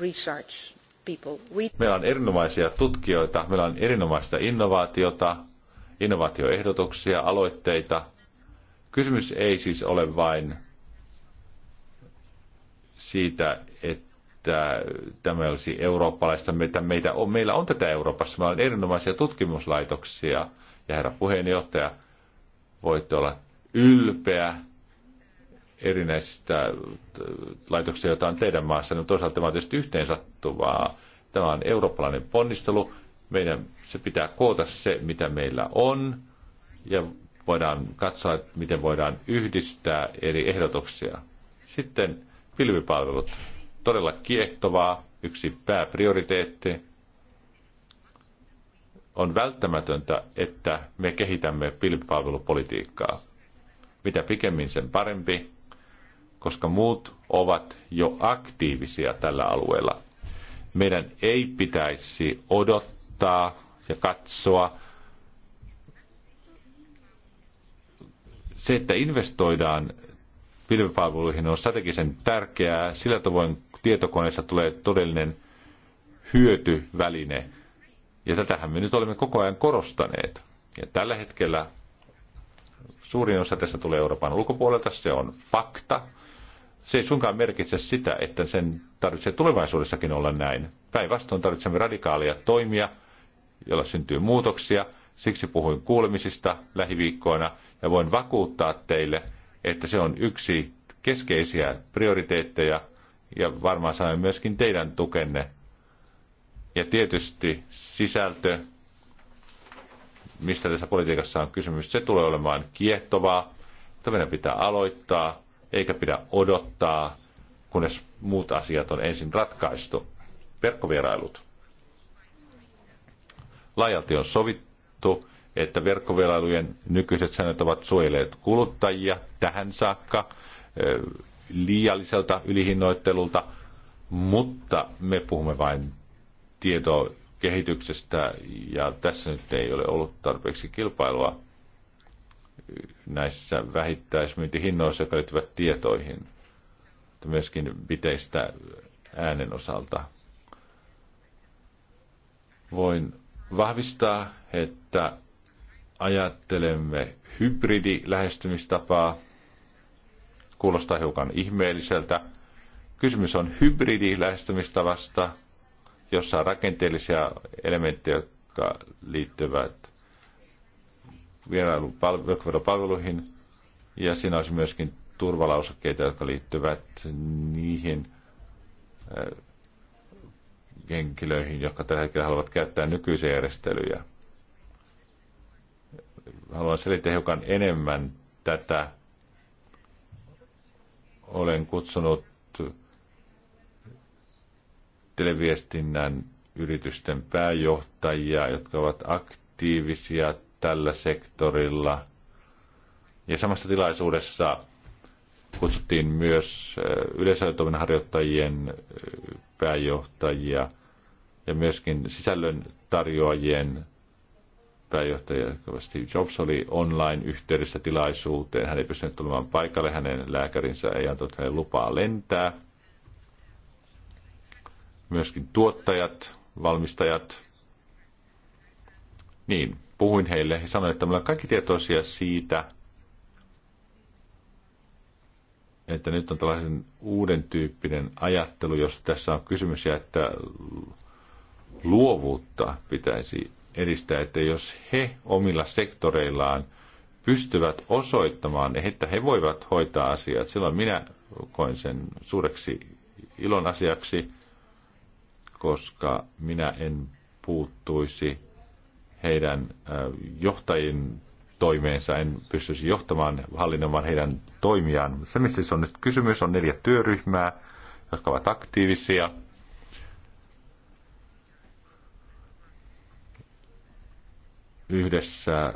research people. We... Meillä on erinomaisia tutkijoita, meillä on erinomaista innovaatiota, innovaatioehdotuksia, aloitteita. Kysymys ei siis ole vain siitä, että tämä olisi eurooppalaista, meitä, meitä on, meillä on tätä Euroopassa, meillä on erinomaisia tutkimuslaitoksia, ja herra puheenjohtaja, voitte olla ylpeä erinäisistä laitoksista, joita on teidän maassa, niin toisaalta tämä on tietysti yhteen sattuvaa. Tämä on eurooppalainen ponnistelu. Meidän se pitää koota se, mitä meillä on, ja voidaan katsoa, miten voidaan yhdistää eri ehdotuksia. Sitten pilvipalvelut. Todella kiehtovaa, yksi pääprioriteetti. On välttämätöntä, että me kehitämme pilvipalvelupolitiikkaa. Mitä pikemmin sen parempi koska muut ovat jo aktiivisia tällä alueella. Meidän ei pitäisi odottaa ja katsoa. Se, että investoidaan pilvipalveluihin on strategisen tärkeää. Sillä tavoin tietokoneessa tulee todellinen hyötyväline. Ja tätähän me nyt olemme koko ajan korostaneet. Ja tällä hetkellä suurin osa tästä tulee Euroopan ulkopuolelta, se on fakta se ei suinkaan merkitse sitä, että sen tarvitsee tulevaisuudessakin olla näin. Päinvastoin tarvitsemme radikaalia toimia, joilla syntyy muutoksia. Siksi puhuin kuulemisista lähiviikkoina ja voin vakuuttaa teille, että se on yksi keskeisiä prioriteetteja ja varmaan saamme myöskin teidän tukenne. Ja tietysti sisältö, mistä tässä politiikassa on kysymys, se tulee olemaan kiehtovaa, mutta meidän pitää aloittaa eikä pidä odottaa, kunnes muut asiat on ensin ratkaistu. Verkkovierailut. Laajalti on sovittu, että verkkovierailujen nykyiset säännöt ovat suojelleet kuluttajia tähän saakka liialliselta ylihinnoittelulta, mutta me puhumme vain tietoa kehityksestä ja tässä nyt ei ole ollut tarpeeksi kilpailua näissä vähittäismyyntihinnoissa, jotka liittyvät tietoihin, mutta myöskin biteistä äänen osalta. Voin vahvistaa, että ajattelemme hybridilähestymistapaa. Kuulostaa hiukan ihmeelliseltä. Kysymys on hybridilähestymistavasta, jossa on rakenteellisia elementtejä, jotka liittyvät vierailun palveluihin, ja siinä olisi myöskin turvalausakkeita, jotka liittyvät niihin äh, henkilöihin, jotka tällä hetkellä haluavat käyttää nykyisiä järjestelyjä. Haluan selittää hiukan enemmän tätä. Olen kutsunut televiestinnän yritysten pääjohtajia, jotka ovat aktiivisia tällä sektorilla. Ja samassa tilaisuudessa kutsuttiin myös äh, yleisötoiminnan harjoittajien äh, pääjohtajia ja myöskin sisällön tarjoajien pääjohtaja Steve Jobs oli online-yhteydessä tilaisuuteen. Hän ei pystynyt tulemaan paikalle, hänen lääkärinsä ei antanut hänelle lupaa lentää. Myöskin tuottajat, valmistajat. Niin, puhuin heille, he sanoivat, että me ollaan kaikki tietoisia siitä, että nyt on tällaisen uuden tyyppinen ajattelu, jossa tässä on kysymys ja että luovuutta pitäisi edistää, että jos he omilla sektoreillaan pystyvät osoittamaan, että he voivat hoitaa asiat, silloin minä koen sen suureksi ilon asiaksi, koska minä en puuttuisi heidän johtajien toimeensa, en pystyisi johtamaan, hallinnoimaan heidän toimiaan. Se, mistä se on nyt kysymys, on neljä työryhmää, jotka ovat aktiivisia. Yhdessä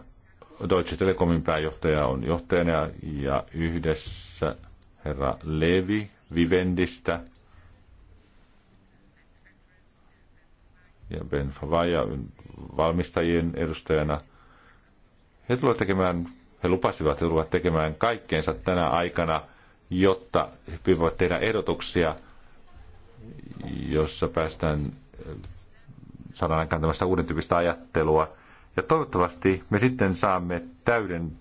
Deutsche Telekomin pääjohtaja on johtajana ja yhdessä herra Levi Vivendistä – ja Ben Favaja valmistajien edustajana. He tulevat tekemään, he lupasivat, että he tulevat tekemään kaikkeensa tänä aikana, jotta he voivat tehdä ehdotuksia, jossa päästään saadaan aikaan tämmöistä uuden tyyppistä ajattelua. Ja toivottavasti me sitten saamme täyden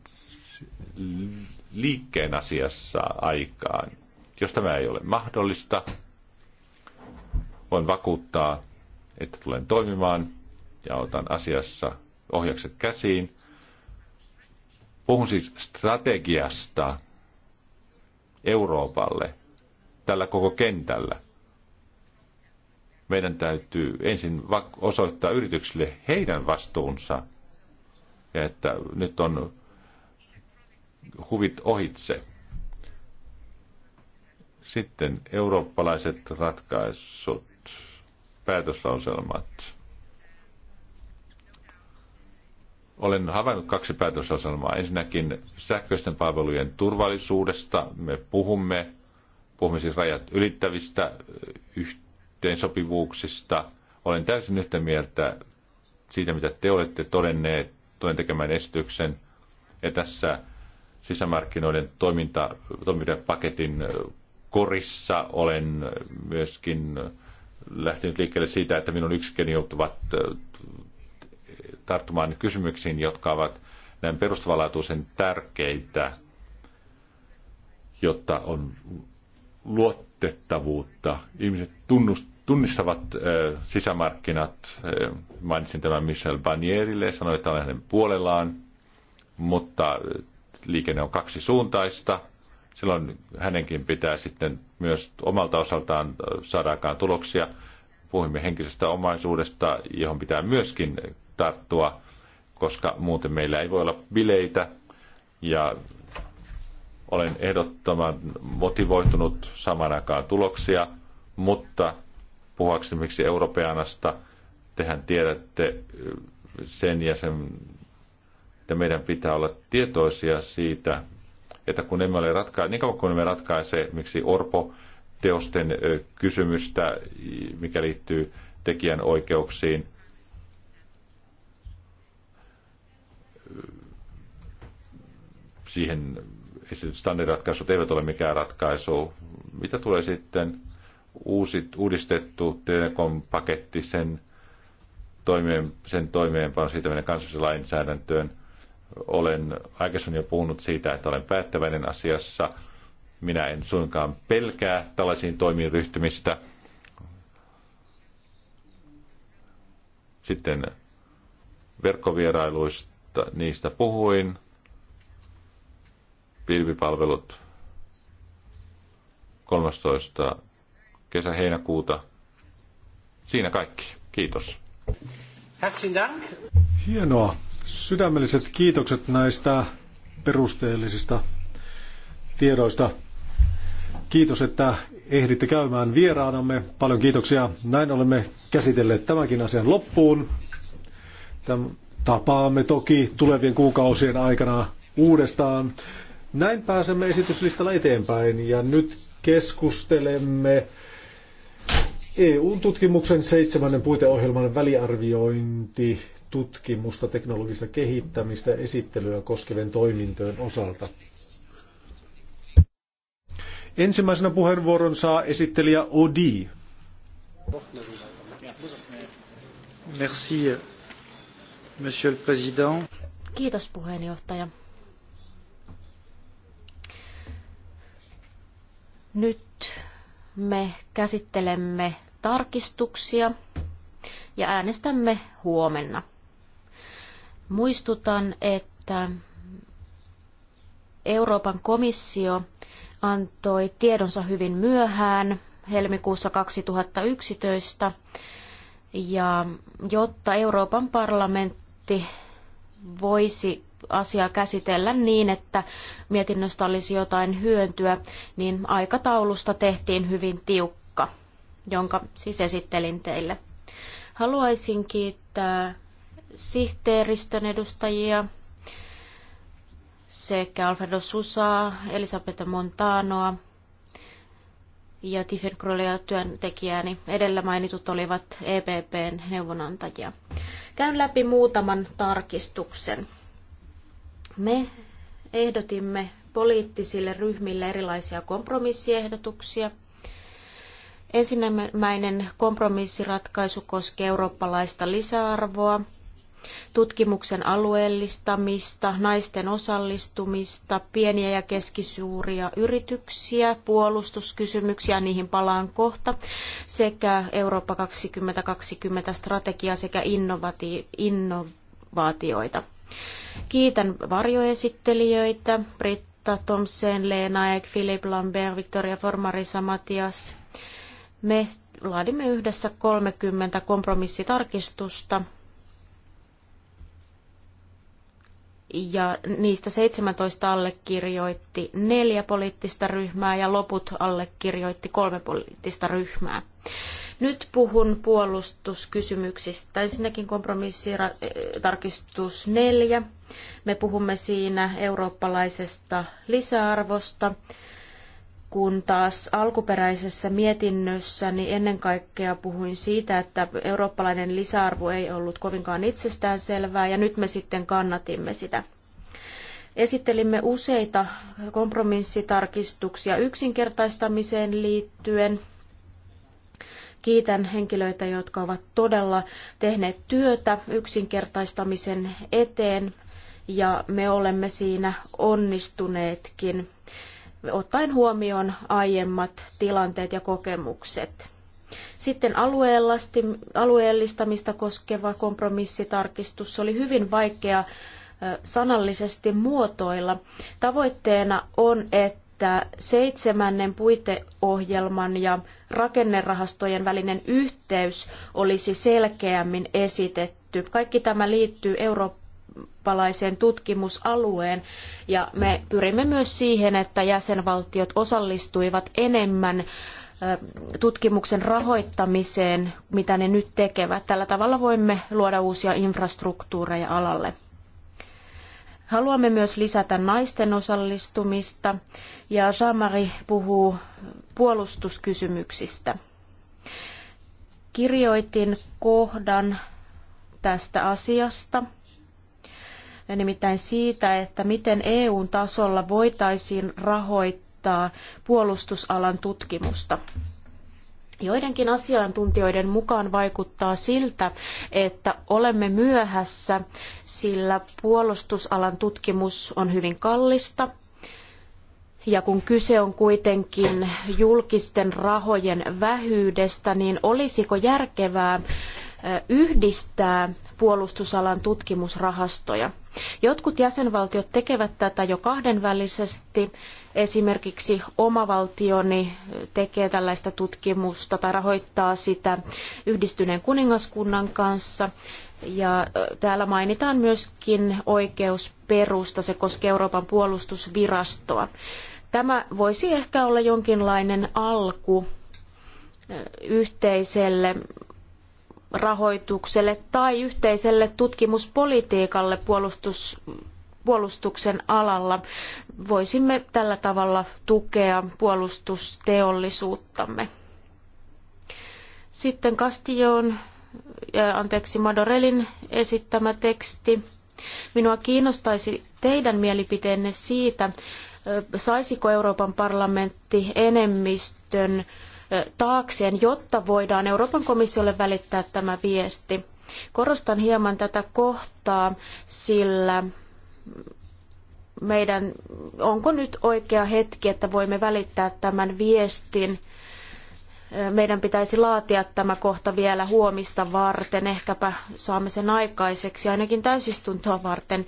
liikkeen asiassa aikaan. Jos tämä ei ole mahdollista, voin vakuuttaa että tulen toimimaan ja otan asiassa ohjakset käsiin. Puhun siis strategiasta Euroopalle tällä koko kentällä. Meidän täytyy ensin osoittaa yrityksille heidän vastuunsa ja että nyt on huvit ohitse. Sitten eurooppalaiset ratkaisut päätöslauselmat. Olen havainnut kaksi päätöslauselmaa. Ensinnäkin sähköisten palvelujen turvallisuudesta me puhumme. Puhumme siis rajat ylittävistä yhteensopivuuksista. Olen täysin yhtä mieltä siitä, mitä te olette todenneet, toden tekemään esityksen. Ja tässä sisämarkkinoiden toiminta, toimintapaketin korissa olen myöskin nyt liikkeelle siitä, että minun yksikköni joutuvat äh, tarttumaan kysymyksiin, jotka ovat näin perustavanlaatuisen tärkeitä, jotta on luotettavuutta. Ihmiset tunnistavat äh, sisämarkkinat. Äh, mainitsin tämän Michel Barnierille, sanoin, että olen hänen puolellaan, mutta liikenne on kaksisuuntaista – silloin hänenkin pitää sitten myös omalta osaltaan äh, saadaakaan tuloksia. puhumme henkisestä omaisuudesta, johon pitää myöskin tarttua, koska muuten meillä ei voi olla bileitä. Ja olen ehdottoman motivoitunut aikaan tuloksia, mutta puhuakseni miksi europeanasta, tehän tiedätte äh, sen ja sen, että meidän pitää olla tietoisia siitä, että kun emme ole ratka- niin kauan kuin emme ratkaise, miksi Orpo teosten kysymystä, mikä liittyy tekijän oikeuksiin, siihen standardiratkaisut eivät ole mikään ratkaisu. Mitä tulee sitten uusit, uudistettu Telekom-paketti, sen, toimeen, sen toimeenpano kansallisen kansalliseen lainsäädäntöön – olen aikaisemmin jo puhunut siitä, että olen päättäväinen asiassa. Minä en suinkaan pelkää tällaisiin toimiin ryhtymistä. Sitten verkkovierailuista, niistä puhuin. Pilvipalvelut 13. kesä-heinäkuuta. Siinä kaikki. Kiitos. Herzlichen Dank. Hienoa. Sydämelliset kiitokset näistä perusteellisista tiedoista. Kiitos, että ehditte käymään vieraanamme. Paljon kiitoksia. Näin olemme käsitelleet tämänkin asian loppuun. Täm, tapaamme toki tulevien kuukausien aikana uudestaan. Näin pääsemme esityslistalla eteenpäin ja nyt keskustelemme eu tutkimuksen seitsemännen puiteohjelman väliarviointi tutkimusta, teknologista kehittämistä ja esittelyä koskevien toimintojen osalta. Ensimmäisenä puheenvuoron saa esittelijä Odi. Merci, monsieur le président. Kiitos puheenjohtaja. Nyt me käsittelemme tarkistuksia ja äänestämme huomenna. Muistutan, että Euroopan komissio antoi tiedonsa hyvin myöhään helmikuussa 2011 ja jotta Euroopan parlamentti voisi asiaa käsitellä niin, että mietinnöstä olisi jotain hyötyä, niin aikataulusta tehtiin hyvin tiukka, jonka siis esittelin teille. Haluaisin kiittää sihteeristön edustajia sekä Alfredo Susaa, Elisabetta Montanoa ja Tiffen Krollia työntekijääni. Edellä mainitut olivat EPPn neuvonantajia. Käyn läpi muutaman tarkistuksen. Me ehdotimme poliittisille ryhmille erilaisia kompromissiehdotuksia. Ensimmäinen kompromissiratkaisu koskee eurooppalaista lisäarvoa – tutkimuksen alueellistamista, naisten osallistumista, pieniä ja keskisuuria yrityksiä, puolustuskysymyksiä, niihin palaan kohta, sekä Eurooppa 2020 strategiaa sekä innovati- innovaatioita. Kiitän varjoesittelijöitä, Britta Thomsen, Leena Ek, Philip Lambert, Victoria Formarisa, Matias. Me laadimme yhdessä 30 kompromissitarkistusta ja niistä 17 allekirjoitti neljä poliittista ryhmää ja loput allekirjoitti kolme poliittista ryhmää. Nyt puhun puolustuskysymyksistä. Ensinnäkin kompromissitarkistus eh, neljä. Me puhumme siinä eurooppalaisesta lisäarvosta kun taas alkuperäisessä mietinnössäni ennen kaikkea puhuin siitä, että eurooppalainen lisäarvo ei ollut kovinkaan itsestään selvää ja nyt me sitten kannatimme sitä. Esittelimme useita kompromissitarkistuksia yksinkertaistamiseen liittyen. Kiitän henkilöitä, jotka ovat todella tehneet työtä yksinkertaistamisen eteen ja me olemme siinä onnistuneetkin ottaen huomioon aiemmat tilanteet ja kokemukset. Sitten alueellistamista koskeva kompromissitarkistus oli hyvin vaikea sanallisesti muotoilla. Tavoitteena on, että seitsemännen puiteohjelman ja rakennerahastojen välinen yhteys olisi selkeämmin esitetty. Kaikki tämä liittyy Eurooppaan eurooppalaiseen tutkimusalueen ja me pyrimme myös siihen, että jäsenvaltiot osallistuivat enemmän tutkimuksen rahoittamiseen, mitä ne nyt tekevät. Tällä tavalla voimme luoda uusia infrastruktuureja alalle. Haluamme myös lisätä naisten osallistumista ja Jean-Marie puhuu puolustuskysymyksistä. Kirjoitin kohdan tästä asiasta – ja nimittäin siitä, että miten EUn tasolla voitaisiin rahoittaa puolustusalan tutkimusta. Joidenkin asiantuntijoiden mukaan vaikuttaa siltä, että olemme myöhässä, sillä puolustusalan tutkimus on hyvin kallista. Ja kun kyse on kuitenkin julkisten rahojen vähyydestä, niin olisiko järkevää yhdistää puolustusalan tutkimusrahastoja. Jotkut jäsenvaltiot tekevät tätä jo kahdenvälisesti. Esimerkiksi oma valtioni tekee tällaista tutkimusta tai rahoittaa sitä yhdistyneen kuningaskunnan kanssa. Ja täällä mainitaan myöskin oikeusperusta, se koskee Euroopan puolustusvirastoa. Tämä voisi ehkä olla jonkinlainen alku yhteiselle rahoitukselle tai yhteiselle tutkimuspolitiikalle puolustus, puolustuksen alalla. Voisimme tällä tavalla tukea puolustusteollisuuttamme. Sitten Castillon, anteeksi Madorelin esittämä teksti. Minua kiinnostaisi teidän mielipiteenne siitä, saisiko Euroopan parlamentti enemmistön taakseen, jotta voidaan Euroopan komissiolle välittää tämä viesti. Korostan hieman tätä kohtaa, sillä meidän, onko nyt oikea hetki, että voimme välittää tämän viestin. Meidän pitäisi laatia tämä kohta vielä huomista varten, ehkäpä saamme sen aikaiseksi, ainakin täysistuntoa varten.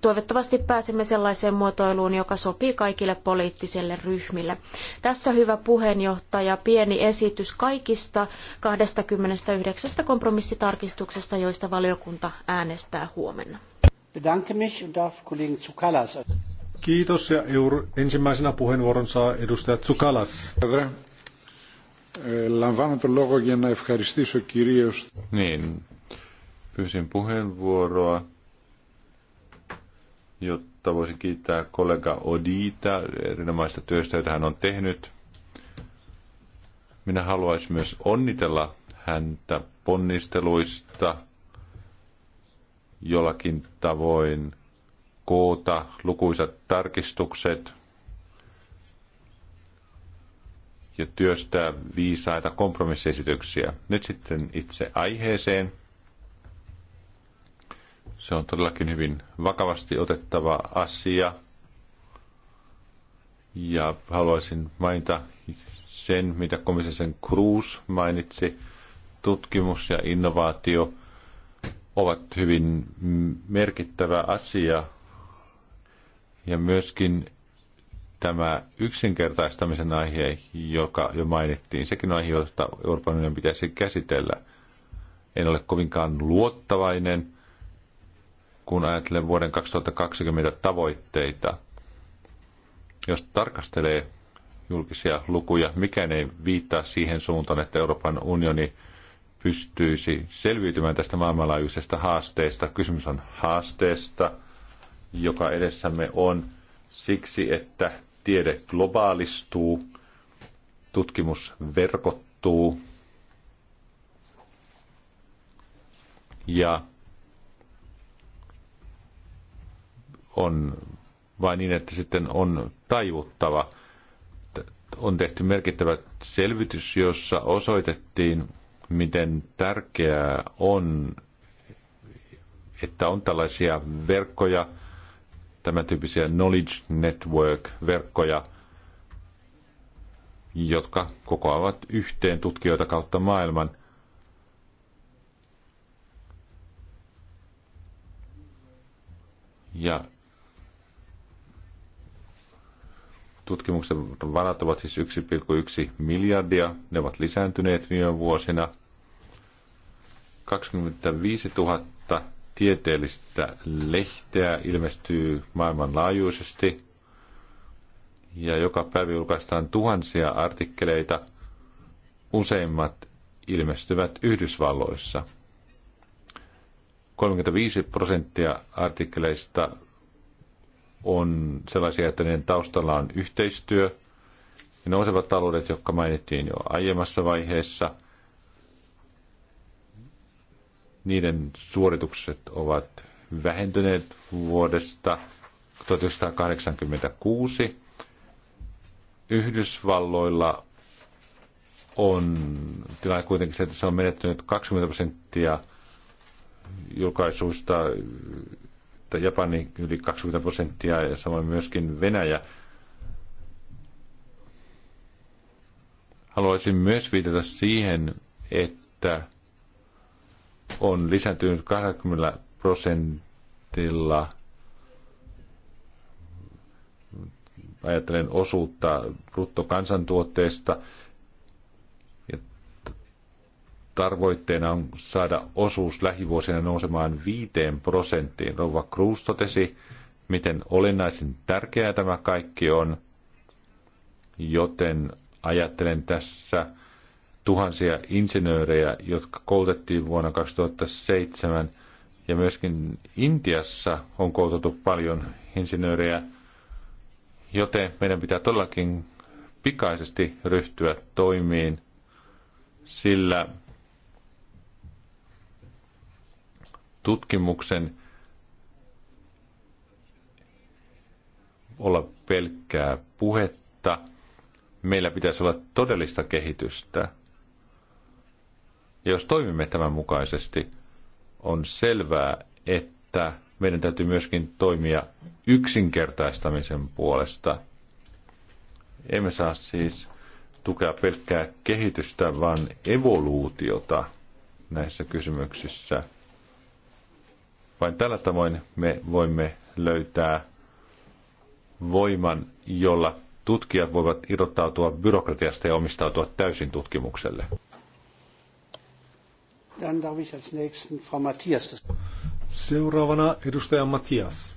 Toivottavasti pääsemme sellaiseen muotoiluun, joka sopii kaikille poliittisille ryhmille. Tässä hyvä puheenjohtaja, pieni esitys kaikista 29 kompromissitarkistuksesta, joista valiokunta äänestää huomenna. Kiitos ja euro, ensimmäisenä puheenvuoron saa edustaja Tsukalas. Λαμβάνω τον λόγο για να ευχαριστήσω κυρίως... Niin, pyysin puheenvuoroa jotta voisin kiittää kollega Odita erinomaista työstä, jota hän on tehnyt. Minä haluaisin myös onnitella häntä ponnisteluista jollakin tavoin koota lukuisat tarkistukset ja työstää viisaita kompromissiesityksiä. Nyt sitten itse aiheeseen. Se on todellakin hyvin vakavasti otettava asia. Ja haluaisin mainita sen, mitä komisen Cruz mainitsi. Tutkimus ja innovaatio ovat hyvin merkittävä asia. Ja myöskin tämä yksinkertaistamisen aihe, joka jo mainittiin, sekin aihe, jota Euroopan unionin pitäisi käsitellä. En ole kovinkaan luottavainen – kun ajattelen vuoden 2020 tavoitteita. Jos tarkastelee julkisia lukuja, mikään ei viittaa siihen suuntaan, että Euroopan unioni pystyisi selviytymään tästä maailmanlaajuisesta haasteesta. Kysymys on haasteesta, joka edessämme on siksi, että tiede globaalistuu, tutkimus verkottuu ja on vain niin, että sitten on taivuttava. On tehty merkittävä selvitys, jossa osoitettiin, miten tärkeää on, että on tällaisia verkkoja, tämän tyyppisiä knowledge network-verkkoja, jotka kokoavat yhteen tutkijoita kautta maailman. Ja tutkimuksen varat ovat siis 1,1 miljardia. Ne ovat lisääntyneet viime vuosina. 25 000 tieteellistä lehteä ilmestyy maailmanlaajuisesti. Ja joka päivä julkaistaan tuhansia artikkeleita. Useimmat ilmestyvät Yhdysvalloissa. 35 prosenttia artikkeleista on sellaisia, että niiden taustalla on yhteistyö. Ne nousevat taloudet, jotka mainittiin jo aiemmassa vaiheessa, niiden suoritukset ovat vähentyneet vuodesta 1986. Yhdysvalloilla on tilanne kuitenkin se, että se on menettänyt 20 prosenttia julkaisuista että Japani yli 20 prosenttia ja samoin myöskin Venäjä. Haluaisin myös viitata siihen, että on lisääntynyt 20 prosentilla ajattelen osuutta bruttokansantuotteesta Tarvoitteena on saada osuus lähivuosina nousemaan 5 prosenttiin. Rouva Cruz totesi, miten olennaisen tärkeää tämä kaikki on, joten ajattelen tässä tuhansia insinöörejä, jotka koulutettiin vuonna 2007, ja myöskin Intiassa on koulutettu paljon insinöörejä, joten meidän pitää todellakin pikaisesti ryhtyä toimiin, sillä tutkimuksen olla pelkkää puhetta. Meillä pitäisi olla todellista kehitystä. Ja jos toimimme tämän mukaisesti, on selvää, että meidän täytyy myöskin toimia yksinkertaistamisen puolesta. Emme saa siis tukea pelkkää kehitystä, vaan evoluutiota näissä kysymyksissä – vain tällä tavoin me voimme löytää voiman, jolla tutkijat voivat irrottautua byrokratiasta ja omistautua täysin tutkimukselle. Matthias. Seuraavana edustaja Matias.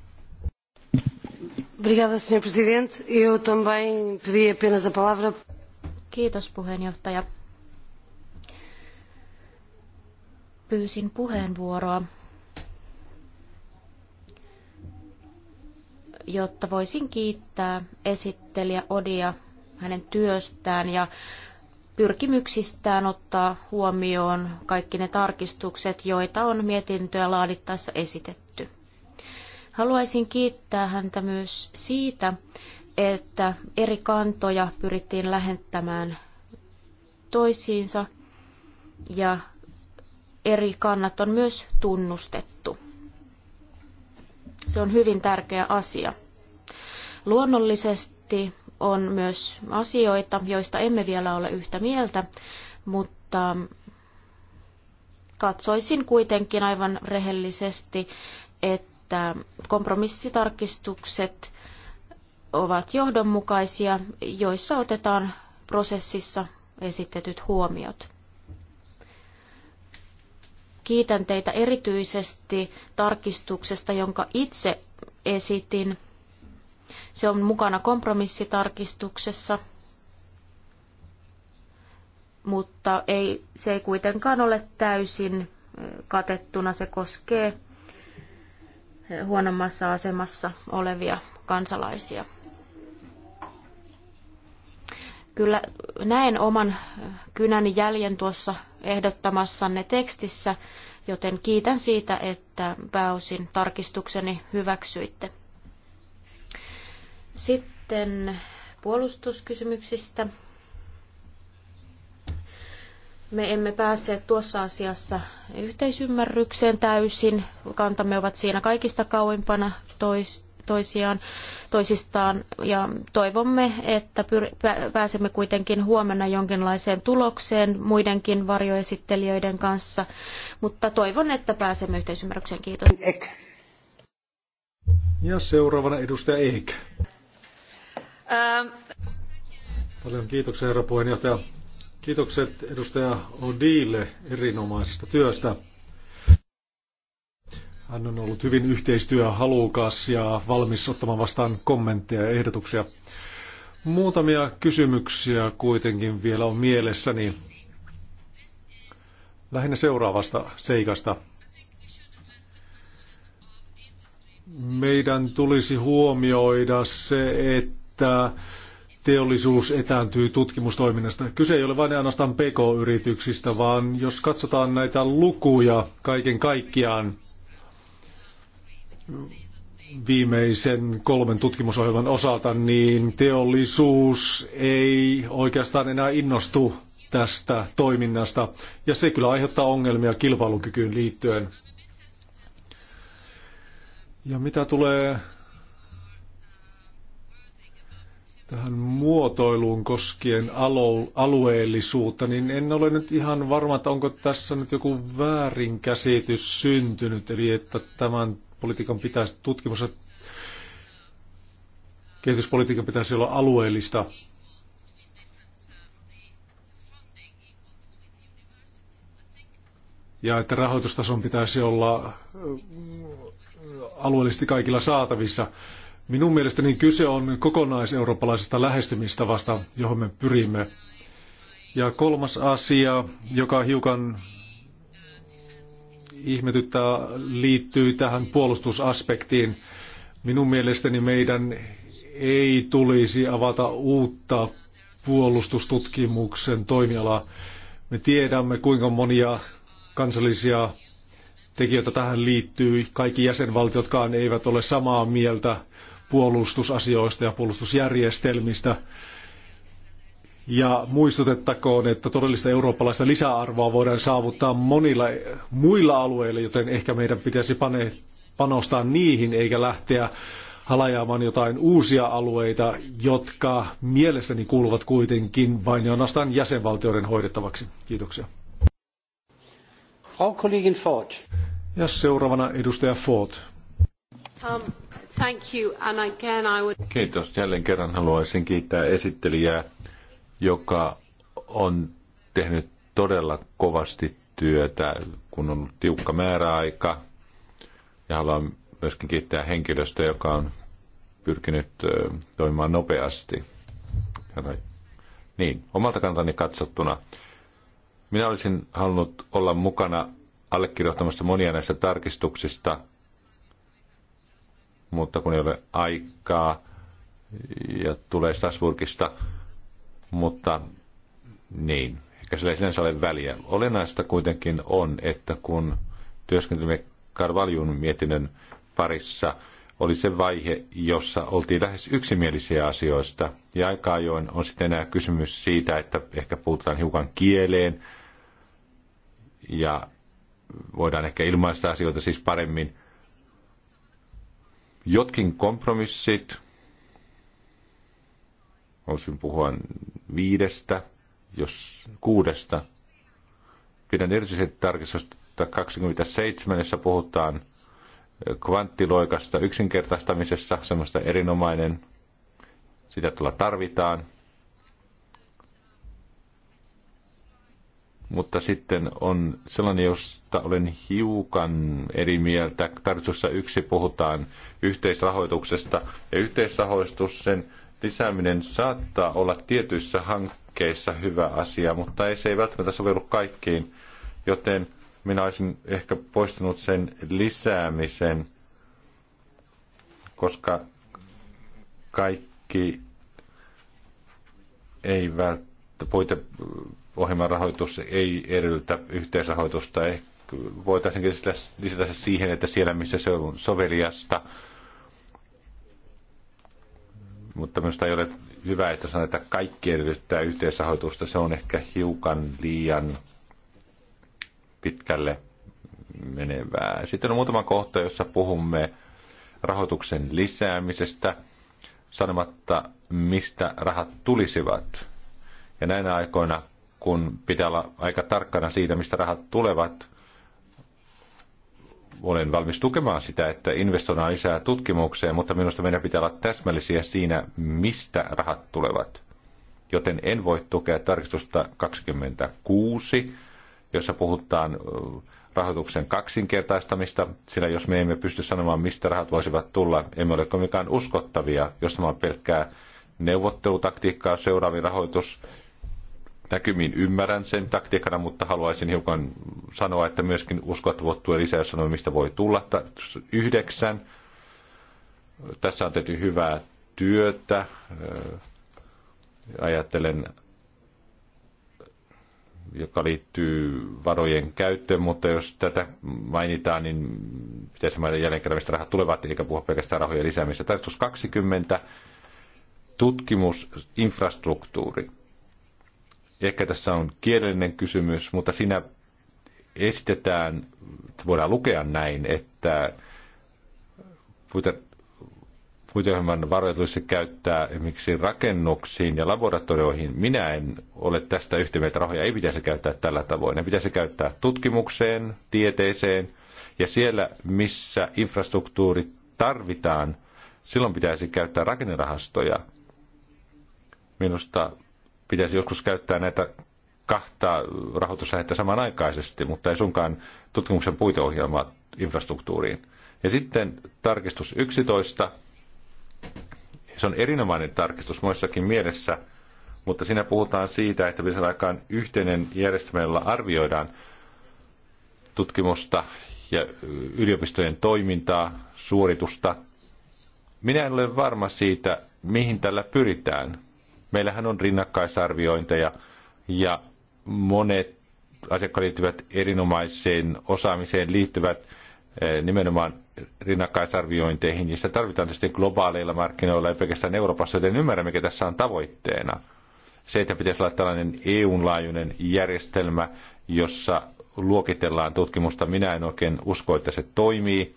Kiitos, puheenjohtaja. Pyysin puheenvuoroa jotta voisin kiittää esittelijä Odia hänen työstään ja pyrkimyksistään ottaa huomioon kaikki ne tarkistukset, joita on mietintöä laadittaessa esitetty. Haluaisin kiittää häntä myös siitä, että eri kantoja pyrittiin lähentämään toisiinsa ja eri kannat on myös tunnustettu. Se on hyvin tärkeä asia. Luonnollisesti on myös asioita, joista emme vielä ole yhtä mieltä, mutta katsoisin kuitenkin aivan rehellisesti, että kompromissitarkistukset ovat johdonmukaisia, joissa otetaan prosessissa esitetyt huomiot. Kiitän teitä erityisesti tarkistuksesta, jonka itse esitin. Se on mukana kompromissitarkistuksessa, mutta ei, se ei kuitenkaan ole täysin katettuna. Se koskee huonommassa asemassa olevia kansalaisia. Kyllä näen oman kynäni jäljen tuossa ehdottamassanne tekstissä, joten kiitän siitä, että pääosin tarkistukseni hyväksyitte. Sitten puolustuskysymyksistä. Me emme päässeet tuossa asiassa yhteisymmärrykseen täysin. Kantamme ovat siinä kaikista kauimpana toista toisiaan, toisistaan ja toivomme, että pääsemme kuitenkin huomenna jonkinlaiseen tulokseen muidenkin varjoesittelijöiden kanssa, mutta toivon, että pääsemme yhteisymmärrykseen. Kiitos. Ek. Ja seuraavana edustaja Eik. Ähm. Paljon kiitoksia herra puheenjohtaja. Kiitokset edustaja Odille erinomaisesta työstä. Hän on ollut hyvin yhteistyöhalukas ja valmis ottamaan vastaan kommentteja ja ehdotuksia. Muutamia kysymyksiä kuitenkin vielä on mielessäni. Lähinnä seuraavasta seikasta. Meidän tulisi huomioida se, että teollisuus etääntyy tutkimustoiminnasta. Kyse ei ole vain ainoastaan PK-yrityksistä, vaan jos katsotaan näitä lukuja kaiken kaikkiaan, viimeisen kolmen tutkimusohjelman osalta, niin teollisuus ei oikeastaan enää innostu tästä toiminnasta, ja se kyllä aiheuttaa ongelmia kilpailukykyyn liittyen. Ja mitä tulee tähän muotoiluun koskien alueellisuutta, niin en ole nyt ihan varma, että onko tässä nyt joku väärinkäsitys syntynyt, eli että tämän politiikan pitäisi, tutkimus ja kehityspolitiikan pitäisi olla alueellista. Ja että rahoitustason pitäisi olla äh, alueellisesti kaikilla saatavissa. Minun mielestäni kyse on kokonaiseurooppalaisesta lähestymistavasta, johon me pyrimme. Ja kolmas asia, joka hiukan ihmetyttää liittyy tähän puolustusaspektiin. Minun mielestäni meidän ei tulisi avata uutta puolustustutkimuksen toimialaa. Me tiedämme, kuinka monia kansallisia tekijöitä tähän liittyy. Kaikki jäsenvaltiotkaan eivät ole samaa mieltä puolustusasioista ja puolustusjärjestelmistä. Ja muistutettakoon, että todellista eurooppalaista lisäarvoa voidaan saavuttaa monilla muilla alueilla, joten ehkä meidän pitäisi pane, panostaa niihin eikä lähteä halajaamaan jotain uusia alueita, jotka mielestäni kuuluvat kuitenkin vain ja ainoastaan jäsenvaltioiden hoidettavaksi. Kiitoksia. Frau Kollegin Ford. Ja seuraavana edustaja Ford. Um, thank you. And again I would... Kiitos. Jälleen kerran haluaisin kiittää esittelijää joka on tehnyt todella kovasti työtä, kun on ollut tiukka määräaika. Ja haluan myöskin kiittää henkilöstöä, joka on pyrkinyt toimimaan nopeasti. Niin, omalta kantani katsottuna. Minä olisin halunnut olla mukana allekirjoittamassa monia näistä tarkistuksista, mutta kun ei ole aikaa ja tulee Strasburgista mutta niin, eikä sillä ei sinänsä ole väliä. Olennaista kuitenkin on, että kun työskentelimme karvaljun mietinnön parissa, oli se vaihe, jossa oltiin lähes yksimielisiä asioista. Ja aika ajoin on sitten enää kysymys siitä, että ehkä puututaan hiukan kieleen ja voidaan ehkä ilmaista asioita siis paremmin. Jotkin kompromissit, Voisin puhua viidestä, jos kuudesta. Pidän erityisesti tarkistusta 27, jossa puhutaan eh, kvanttiloikasta yksinkertaistamisessa, semmoista erinomainen, sitä tulla tarvitaan. Mutta sitten on sellainen, josta olen hiukan eri mieltä. Tarkoituksessa yksi puhutaan yhteisrahoituksesta ja yhteisrahoitus sen lisääminen saattaa olla tietyissä hankkeissa hyvä asia, mutta ei se ei välttämättä sovellu kaikkiin, joten minä olisin ehkä poistanut sen lisäämisen, koska kaikki ei välttämättä, puiteohjelman rahoitus ei edellytä yhteisrahoitusta. Ehkä voitaisiin lisätä se siihen, että siellä missä se on soveliasta, mutta minusta ei ole hyvä, että sanotaan, että kaikki edellyttää yhteisrahoitusta. Se on ehkä hiukan liian pitkälle menevää. Sitten on muutama kohta, jossa puhumme rahoituksen lisäämisestä, sanomatta mistä rahat tulisivat. Ja näinä aikoina, kun pitää olla aika tarkkana siitä, mistä rahat tulevat, olen valmis tukemaan sitä, että investoidaan lisää tutkimukseen, mutta minusta meidän pitää olla täsmällisiä siinä, mistä rahat tulevat. Joten en voi tukea tarkistusta 26, jossa puhutaan rahoituksen kaksinkertaistamista, sillä jos me emme pysty sanomaan, mistä rahat voisivat tulla, emme ole kovinkaan uskottavia, jos tämä on pelkkää neuvottelutaktiikkaa seuraavi rahoitus, näkymiin ymmärrän sen taktiikana, mutta haluaisin hiukan sanoa, että myöskin uskottavuutta tulee lisää, sanoa, mistä voi tulla. Yhdeksän. Tässä on tehty hyvää työtä. Ajattelen, joka liittyy varojen käyttöön, mutta jos tätä mainitaan, niin pitäisi mainita jälleen kerran, mistä rahat tulevat, eikä puhua pelkästään rahojen lisäämistä. Tarkoitus 20. Tutkimusinfrastruktuuri Ehkä tässä on kielellinen kysymys, mutta siinä esitetään, että voidaan lukea näin, että puiteohjelman varoja tulisi käyttää esimerkiksi rakennuksiin ja laboratorioihin. Minä en ole tästä yhtä mieltä. Rahoja ei pitäisi käyttää tällä tavoin. Ne pitäisi käyttää tutkimukseen, tieteeseen ja siellä, missä infrastruktuuri tarvitaan, silloin pitäisi käyttää rakennerahastoja. Minusta Pitäisi joskus käyttää näitä kahta rahoituslähettä samanaikaisesti, mutta ei sunkaan tutkimuksen puiteohjelmaa infrastruktuuriin. Ja sitten tarkistus 11. Se on erinomainen tarkistus muissakin mielessä, mutta siinä puhutaan siitä, että pitäisi aikaan yhteinen järjestelmä, jolla arvioidaan tutkimusta ja yliopistojen toimintaa, suoritusta. Minä en ole varma siitä, mihin tällä pyritään. Meillähän on rinnakkaisarviointeja ja monet asiakkaan liittyvät erinomaiseen osaamiseen liittyvät eh, nimenomaan rinnakkaisarviointeihin. Niistä tarvitaan tietysti globaaleilla markkinoilla, ei pelkästään Euroopassa, joten ymmärrä, mikä tässä on tavoitteena. Se, että pitäisi olla tällainen EU-laajuinen järjestelmä, jossa luokitellaan tutkimusta, minä en oikein usko, että se toimii.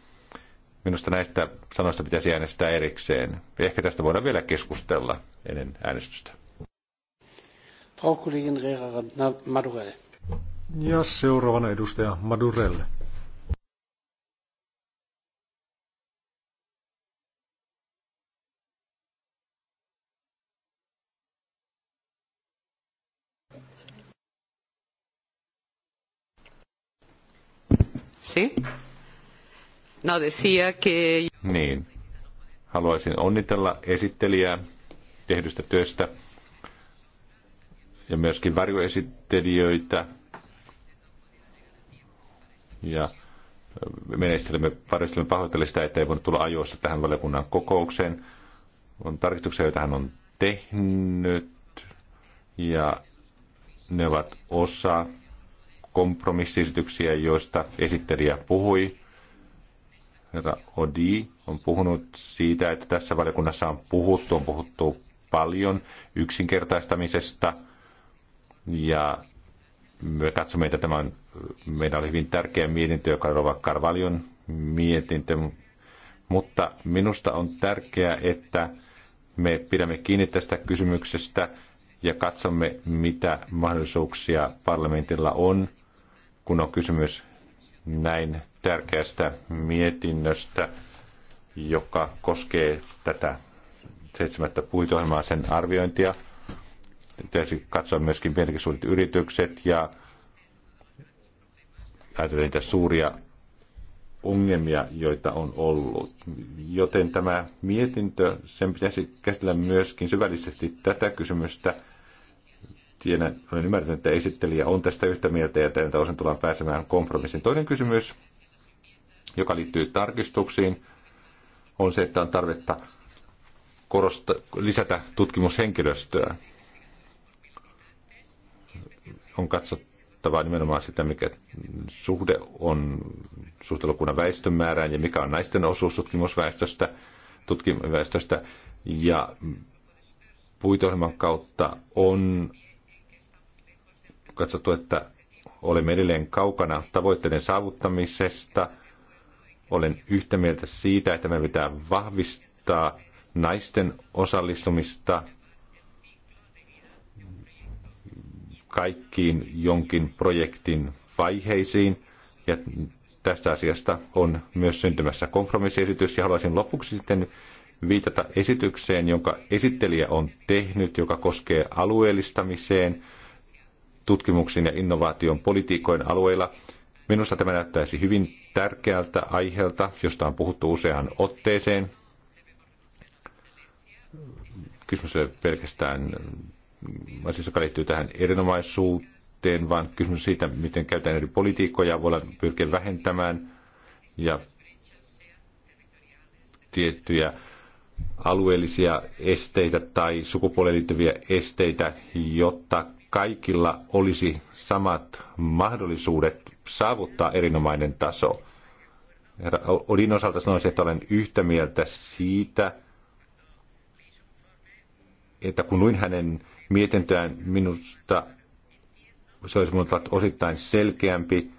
Minusta näistä sanoista pitäisi äänestää erikseen. Ehkä tästä voidaan vielä keskustella ennen äänestystä. Frau Kollegin Madurell. Ja seuraavana edustaja Madurelle. Sí. No, niin. Haluaisin onnitella esittelijää tehdystä työstä ja myöskin varjoesittelijöitä. Ja menestelemme paristelemme pahoittelista, sitä, että ei voinut tulla ajoissa tähän valiokunnan kokoukseen. On tarkistuksia, joita hän on tehnyt ja ne ovat osa kompromissiesityksiä, joista esittelijä puhui herra Odi on puhunut siitä, että tässä valiokunnassa on puhuttu, on puhuttu paljon yksinkertaistamisesta ja me katsomme, että tämä on, meidän oli hyvin tärkeä mietintö, joka on Karvalion mietintö, mutta minusta on tärkeää, että me pidämme kiinni tästä kysymyksestä ja katsomme, mitä mahdollisuuksia parlamentilla on, kun on kysymys näin tärkeästä mietinnöstä, joka koskee tätä seitsemättä puitohjelmaa, sen arviointia. Tietysti katsoa myöskin pienikisuudet yritykset ja ajatellaan niitä suuria ongelmia, joita on ollut. Joten tämä mietintö, sen pitäisi käsitellä myöskin syvällisesti tätä kysymystä. Tiedän, olen ymmärtänyt, että esittelijä on tästä yhtä mieltä ja tältä osin tullaan pääsemään kompromissiin. Toinen kysymys joka liittyy tarkistuksiin, on se, että on tarvetta korosta, lisätä tutkimushenkilöstöä. On katsottava nimenomaan sitä, mikä suhde on suhtelukunnan väestön määrään ja mikä on naisten osuus tutkimusväestöstä, tutkimusväestöstä ja puitohjelman kautta on katsottu, että olemme edelleen kaukana tavoitteiden saavuttamisesta – olen yhtä mieltä siitä, että meidän pitää vahvistaa naisten osallistumista kaikkiin jonkin projektin vaiheisiin. Ja tästä asiasta on myös syntymässä kompromissiesitys. Ja haluaisin lopuksi sitten viitata esitykseen, jonka esittelijä on tehnyt, joka koskee alueellistamiseen, tutkimuksiin ja innovaation politiikoin alueilla. Minusta tämä näyttäisi hyvin tärkeältä aiheelta, josta on puhuttu useaan otteeseen. Kysymys ei ole pelkästään asiassa, joka liittyy tähän erinomaisuuteen, vaan kysymys siitä, miten käytetään eri politiikkoja, voidaan pyrkiä vähentämään ja tiettyjä alueellisia esteitä tai sukupuoleen liittyviä esteitä, jotta kaikilla olisi samat mahdollisuudet saavuttaa erinomainen taso. Odin osalta sanoisin, että olen yhtä mieltä siitä, että kun luin hänen mietintöään, minusta se olisi minulta osittain selkeämpi.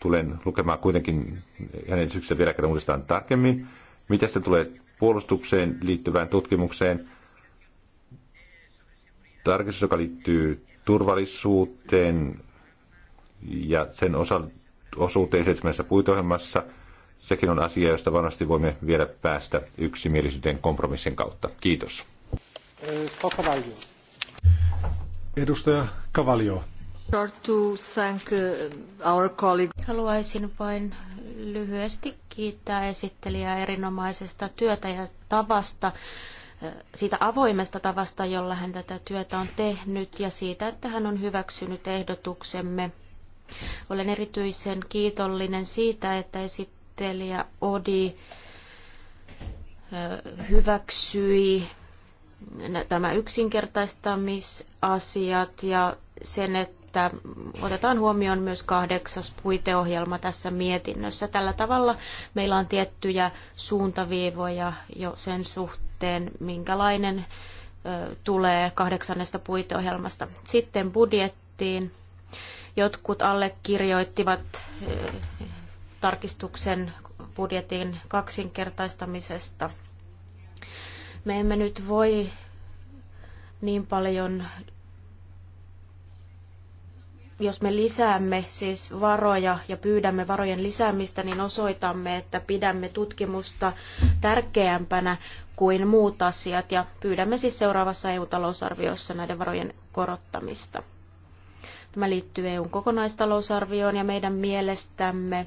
Tulen lukemaan kuitenkin hänen syksyllä vielä kerran uudestaan tarkemmin. Mitä se tulee puolustukseen liittyvään tutkimukseen? Tarkistus, joka liittyy turvallisuuteen ja sen osa, osuuteen seitsemässä puitohjelmassa. Sekin on asia, josta varmasti voimme vielä päästä yksimielisyyteen kompromissin kautta. Kiitos. Edustaja Kavalio. Uh, Haluaisin vain lyhyesti kiittää esittelijää erinomaisesta työtä ja tavasta siitä avoimesta tavasta, jolla hän tätä työtä on tehnyt ja siitä, että hän on hyväksynyt ehdotuksemme. Olen erityisen kiitollinen siitä, että esittelijä Odi hyväksyi tämä yksinkertaistamisasiat ja sen, että otetaan huomioon myös kahdeksas puiteohjelma tässä mietinnössä. Tällä tavalla meillä on tiettyjä suuntaviivoja jo sen suhteen suhteen, minkälainen tulee kahdeksannesta puiteohjelmasta. Sitten budjettiin. Jotkut allekirjoittivat tarkistuksen budjetin kaksinkertaistamisesta. Me emme nyt voi niin paljon, jos me lisäämme siis varoja ja pyydämme varojen lisäämistä, niin osoitamme, että pidämme tutkimusta tärkeämpänä kuin muut asiat ja pyydämme siis seuraavassa EU-talousarviossa näiden varojen korottamista. Tämä liittyy EUn kokonaistalousarvioon ja meidän mielestämme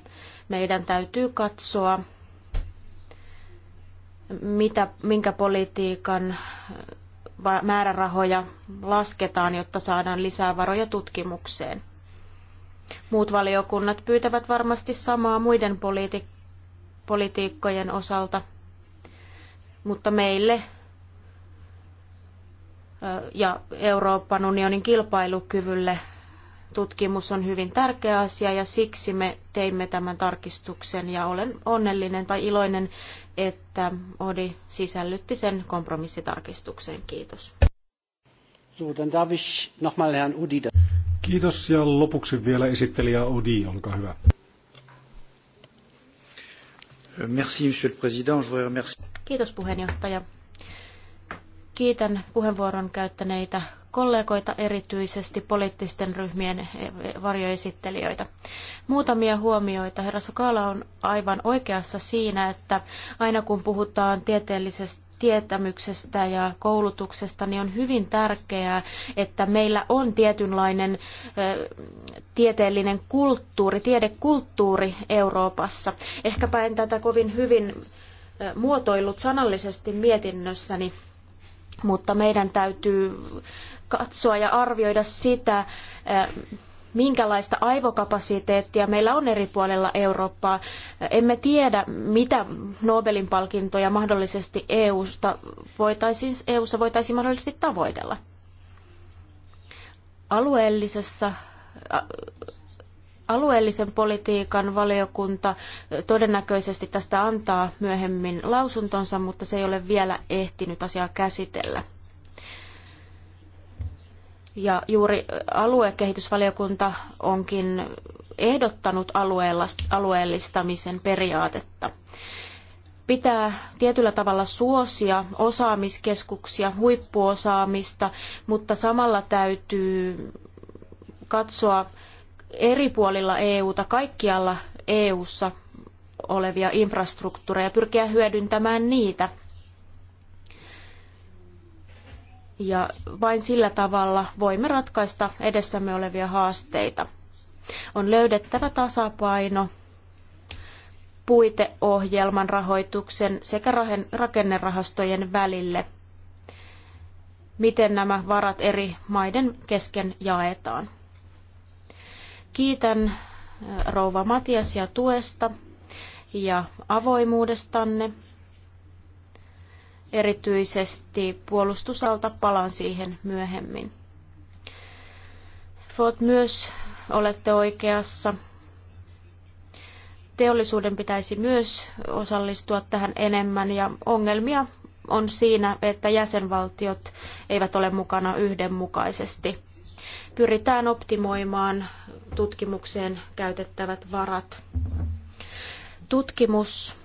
meidän täytyy katsoa, mitä, minkä politiikan määrärahoja lasketaan, jotta saadaan lisää varoja tutkimukseen. Muut valiokunnat pyytävät varmasti samaa muiden politi- politiikkojen osalta, mutta meille ja Euroopan unionin kilpailukyvylle tutkimus on hyvin tärkeä asia ja siksi me teimme tämän tarkistuksen ja olen onnellinen tai iloinen, että Odi sisällytti sen kompromissitarkistukseen. Kiitos. Kiitos ja lopuksi vielä esittelijä Odi, olkaa hyvä. Euh, merci, Monsieur le Président. Je voudrais remercier. Kiitos puheenjohtaja. Kiitän puheenvuoron käyttäneitä kollegoita, erityisesti poliittisten ryhmien varjoesittelijöitä. Muutamia huomioita. Herra Sokala on aivan oikeassa siinä, että aina kun puhutaan tieteellisestä tietämyksestä ja koulutuksesta, niin on hyvin tärkeää, että meillä on tietynlainen tieteellinen kulttuuri, tiedekulttuuri Euroopassa. Ehkäpä en tätä kovin hyvin muotoillut sanallisesti mietinnössäni, mutta meidän täytyy katsoa ja arvioida sitä, minkälaista aivokapasiteettia meillä on eri puolilla Eurooppaa. Emme tiedä, mitä Nobelin palkintoja mahdollisesti EU-sta voitaisiin, EU-ssa voitaisiin mahdollisesti tavoitella. Alueellisessa alueellisen politiikan valiokunta todennäköisesti tästä antaa myöhemmin lausuntonsa, mutta se ei ole vielä ehtinyt asiaa käsitellä. Ja juuri aluekehitysvaliokunta onkin ehdottanut alueellistamisen periaatetta. Pitää tietyllä tavalla suosia osaamiskeskuksia, huippuosaamista, mutta samalla täytyy katsoa eri puolilla EUta, kaikkialla EUssa olevia infrastruktuureja, pyrkiä hyödyntämään niitä – ja vain sillä tavalla voimme ratkaista edessämme olevia haasteita. On löydettävä tasapaino puiteohjelman rahoituksen sekä rakennerahastojen välille, miten nämä varat eri maiden kesken jaetaan. Kiitän rouva Matiasia tuesta ja avoimuudestanne erityisesti puolustusalta, palaan siihen myöhemmin. Voit myös olette oikeassa. Teollisuuden pitäisi myös osallistua tähän enemmän ja ongelmia on siinä, että jäsenvaltiot eivät ole mukana yhdenmukaisesti. Pyritään optimoimaan tutkimukseen käytettävät varat. Tutkimus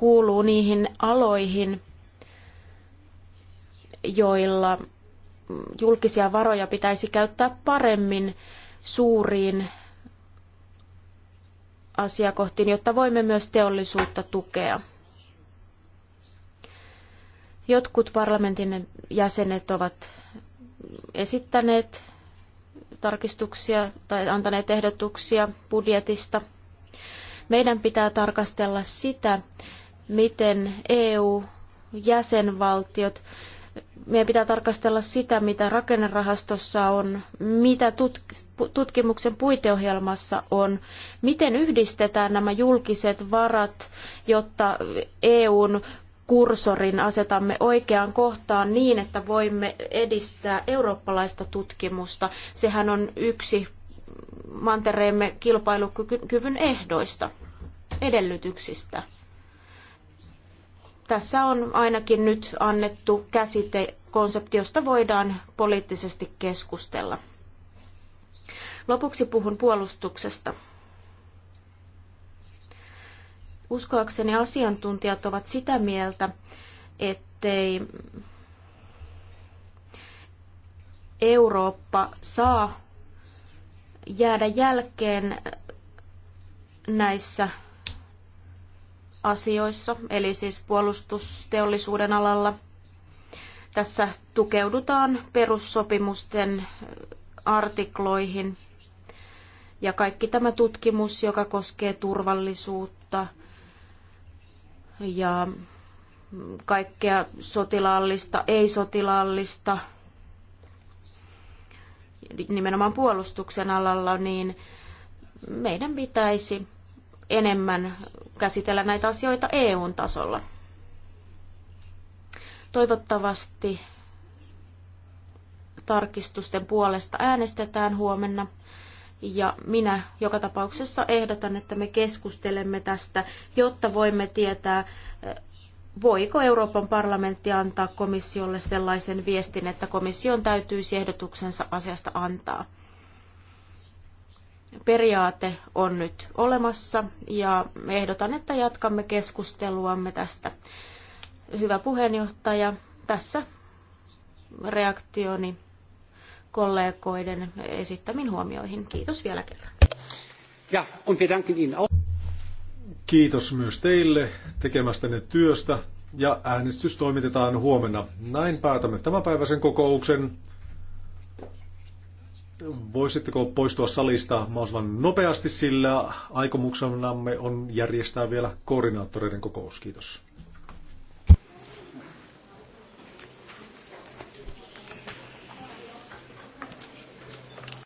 kuuluu niihin aloihin, joilla julkisia varoja pitäisi käyttää paremmin suuriin asiakohtiin, jotta voimme myös teollisuutta tukea. Jotkut parlamentin jäsenet ovat esittäneet tarkistuksia tai antaneet ehdotuksia budjetista. Meidän pitää tarkastella sitä, miten EU-jäsenvaltiot, meidän pitää tarkastella sitä, mitä rakennerahastossa on, mitä tutkimuksen puiteohjelmassa on, miten yhdistetään nämä julkiset varat, jotta EUn kursorin asetamme oikeaan kohtaan niin, että voimme edistää eurooppalaista tutkimusta. Sehän on yksi mantereemme kilpailukyvyn ehdoista, edellytyksistä tässä on ainakin nyt annettu käsite, konsepti, josta voidaan poliittisesti keskustella. Lopuksi puhun puolustuksesta. Uskoakseni asiantuntijat ovat sitä mieltä, ettei Eurooppa saa jäädä jälkeen näissä asioissa, eli siis puolustusteollisuuden alalla. Tässä tukeudutaan perussopimusten äh, artikloihin ja kaikki tämä tutkimus, joka koskee turvallisuutta ja kaikkea sotilaallista, ei-sotilaallista, nimenomaan puolustuksen alalla, niin meidän pitäisi enemmän käsitellä näitä asioita EUn tasolla. Toivottavasti tarkistusten puolesta äänestetään huomenna. Ja minä joka tapauksessa ehdotan, että me keskustelemme tästä, jotta voimme tietää, voiko Euroopan parlamentti antaa komissiolle sellaisen viestin, että komission täytyisi ehdotuksensa asiasta antaa periaate on nyt olemassa ja ehdotan, että jatkamme keskusteluamme tästä. Hyvä puheenjohtaja, tässä reaktioni kollegoiden esittämin huomioihin. Kiitos vielä kerran. Ja, und wir danken Ihnen auch. Kiitos myös teille tekemästänne työstä ja äänestys toimitetaan huomenna. Näin päätämme tämänpäiväisen kokouksen. Voisitteko poistua salista mahdollisimman nopeasti, sillä aikomuksenamme on järjestää vielä koordinaattoreiden kokous. Kiitos.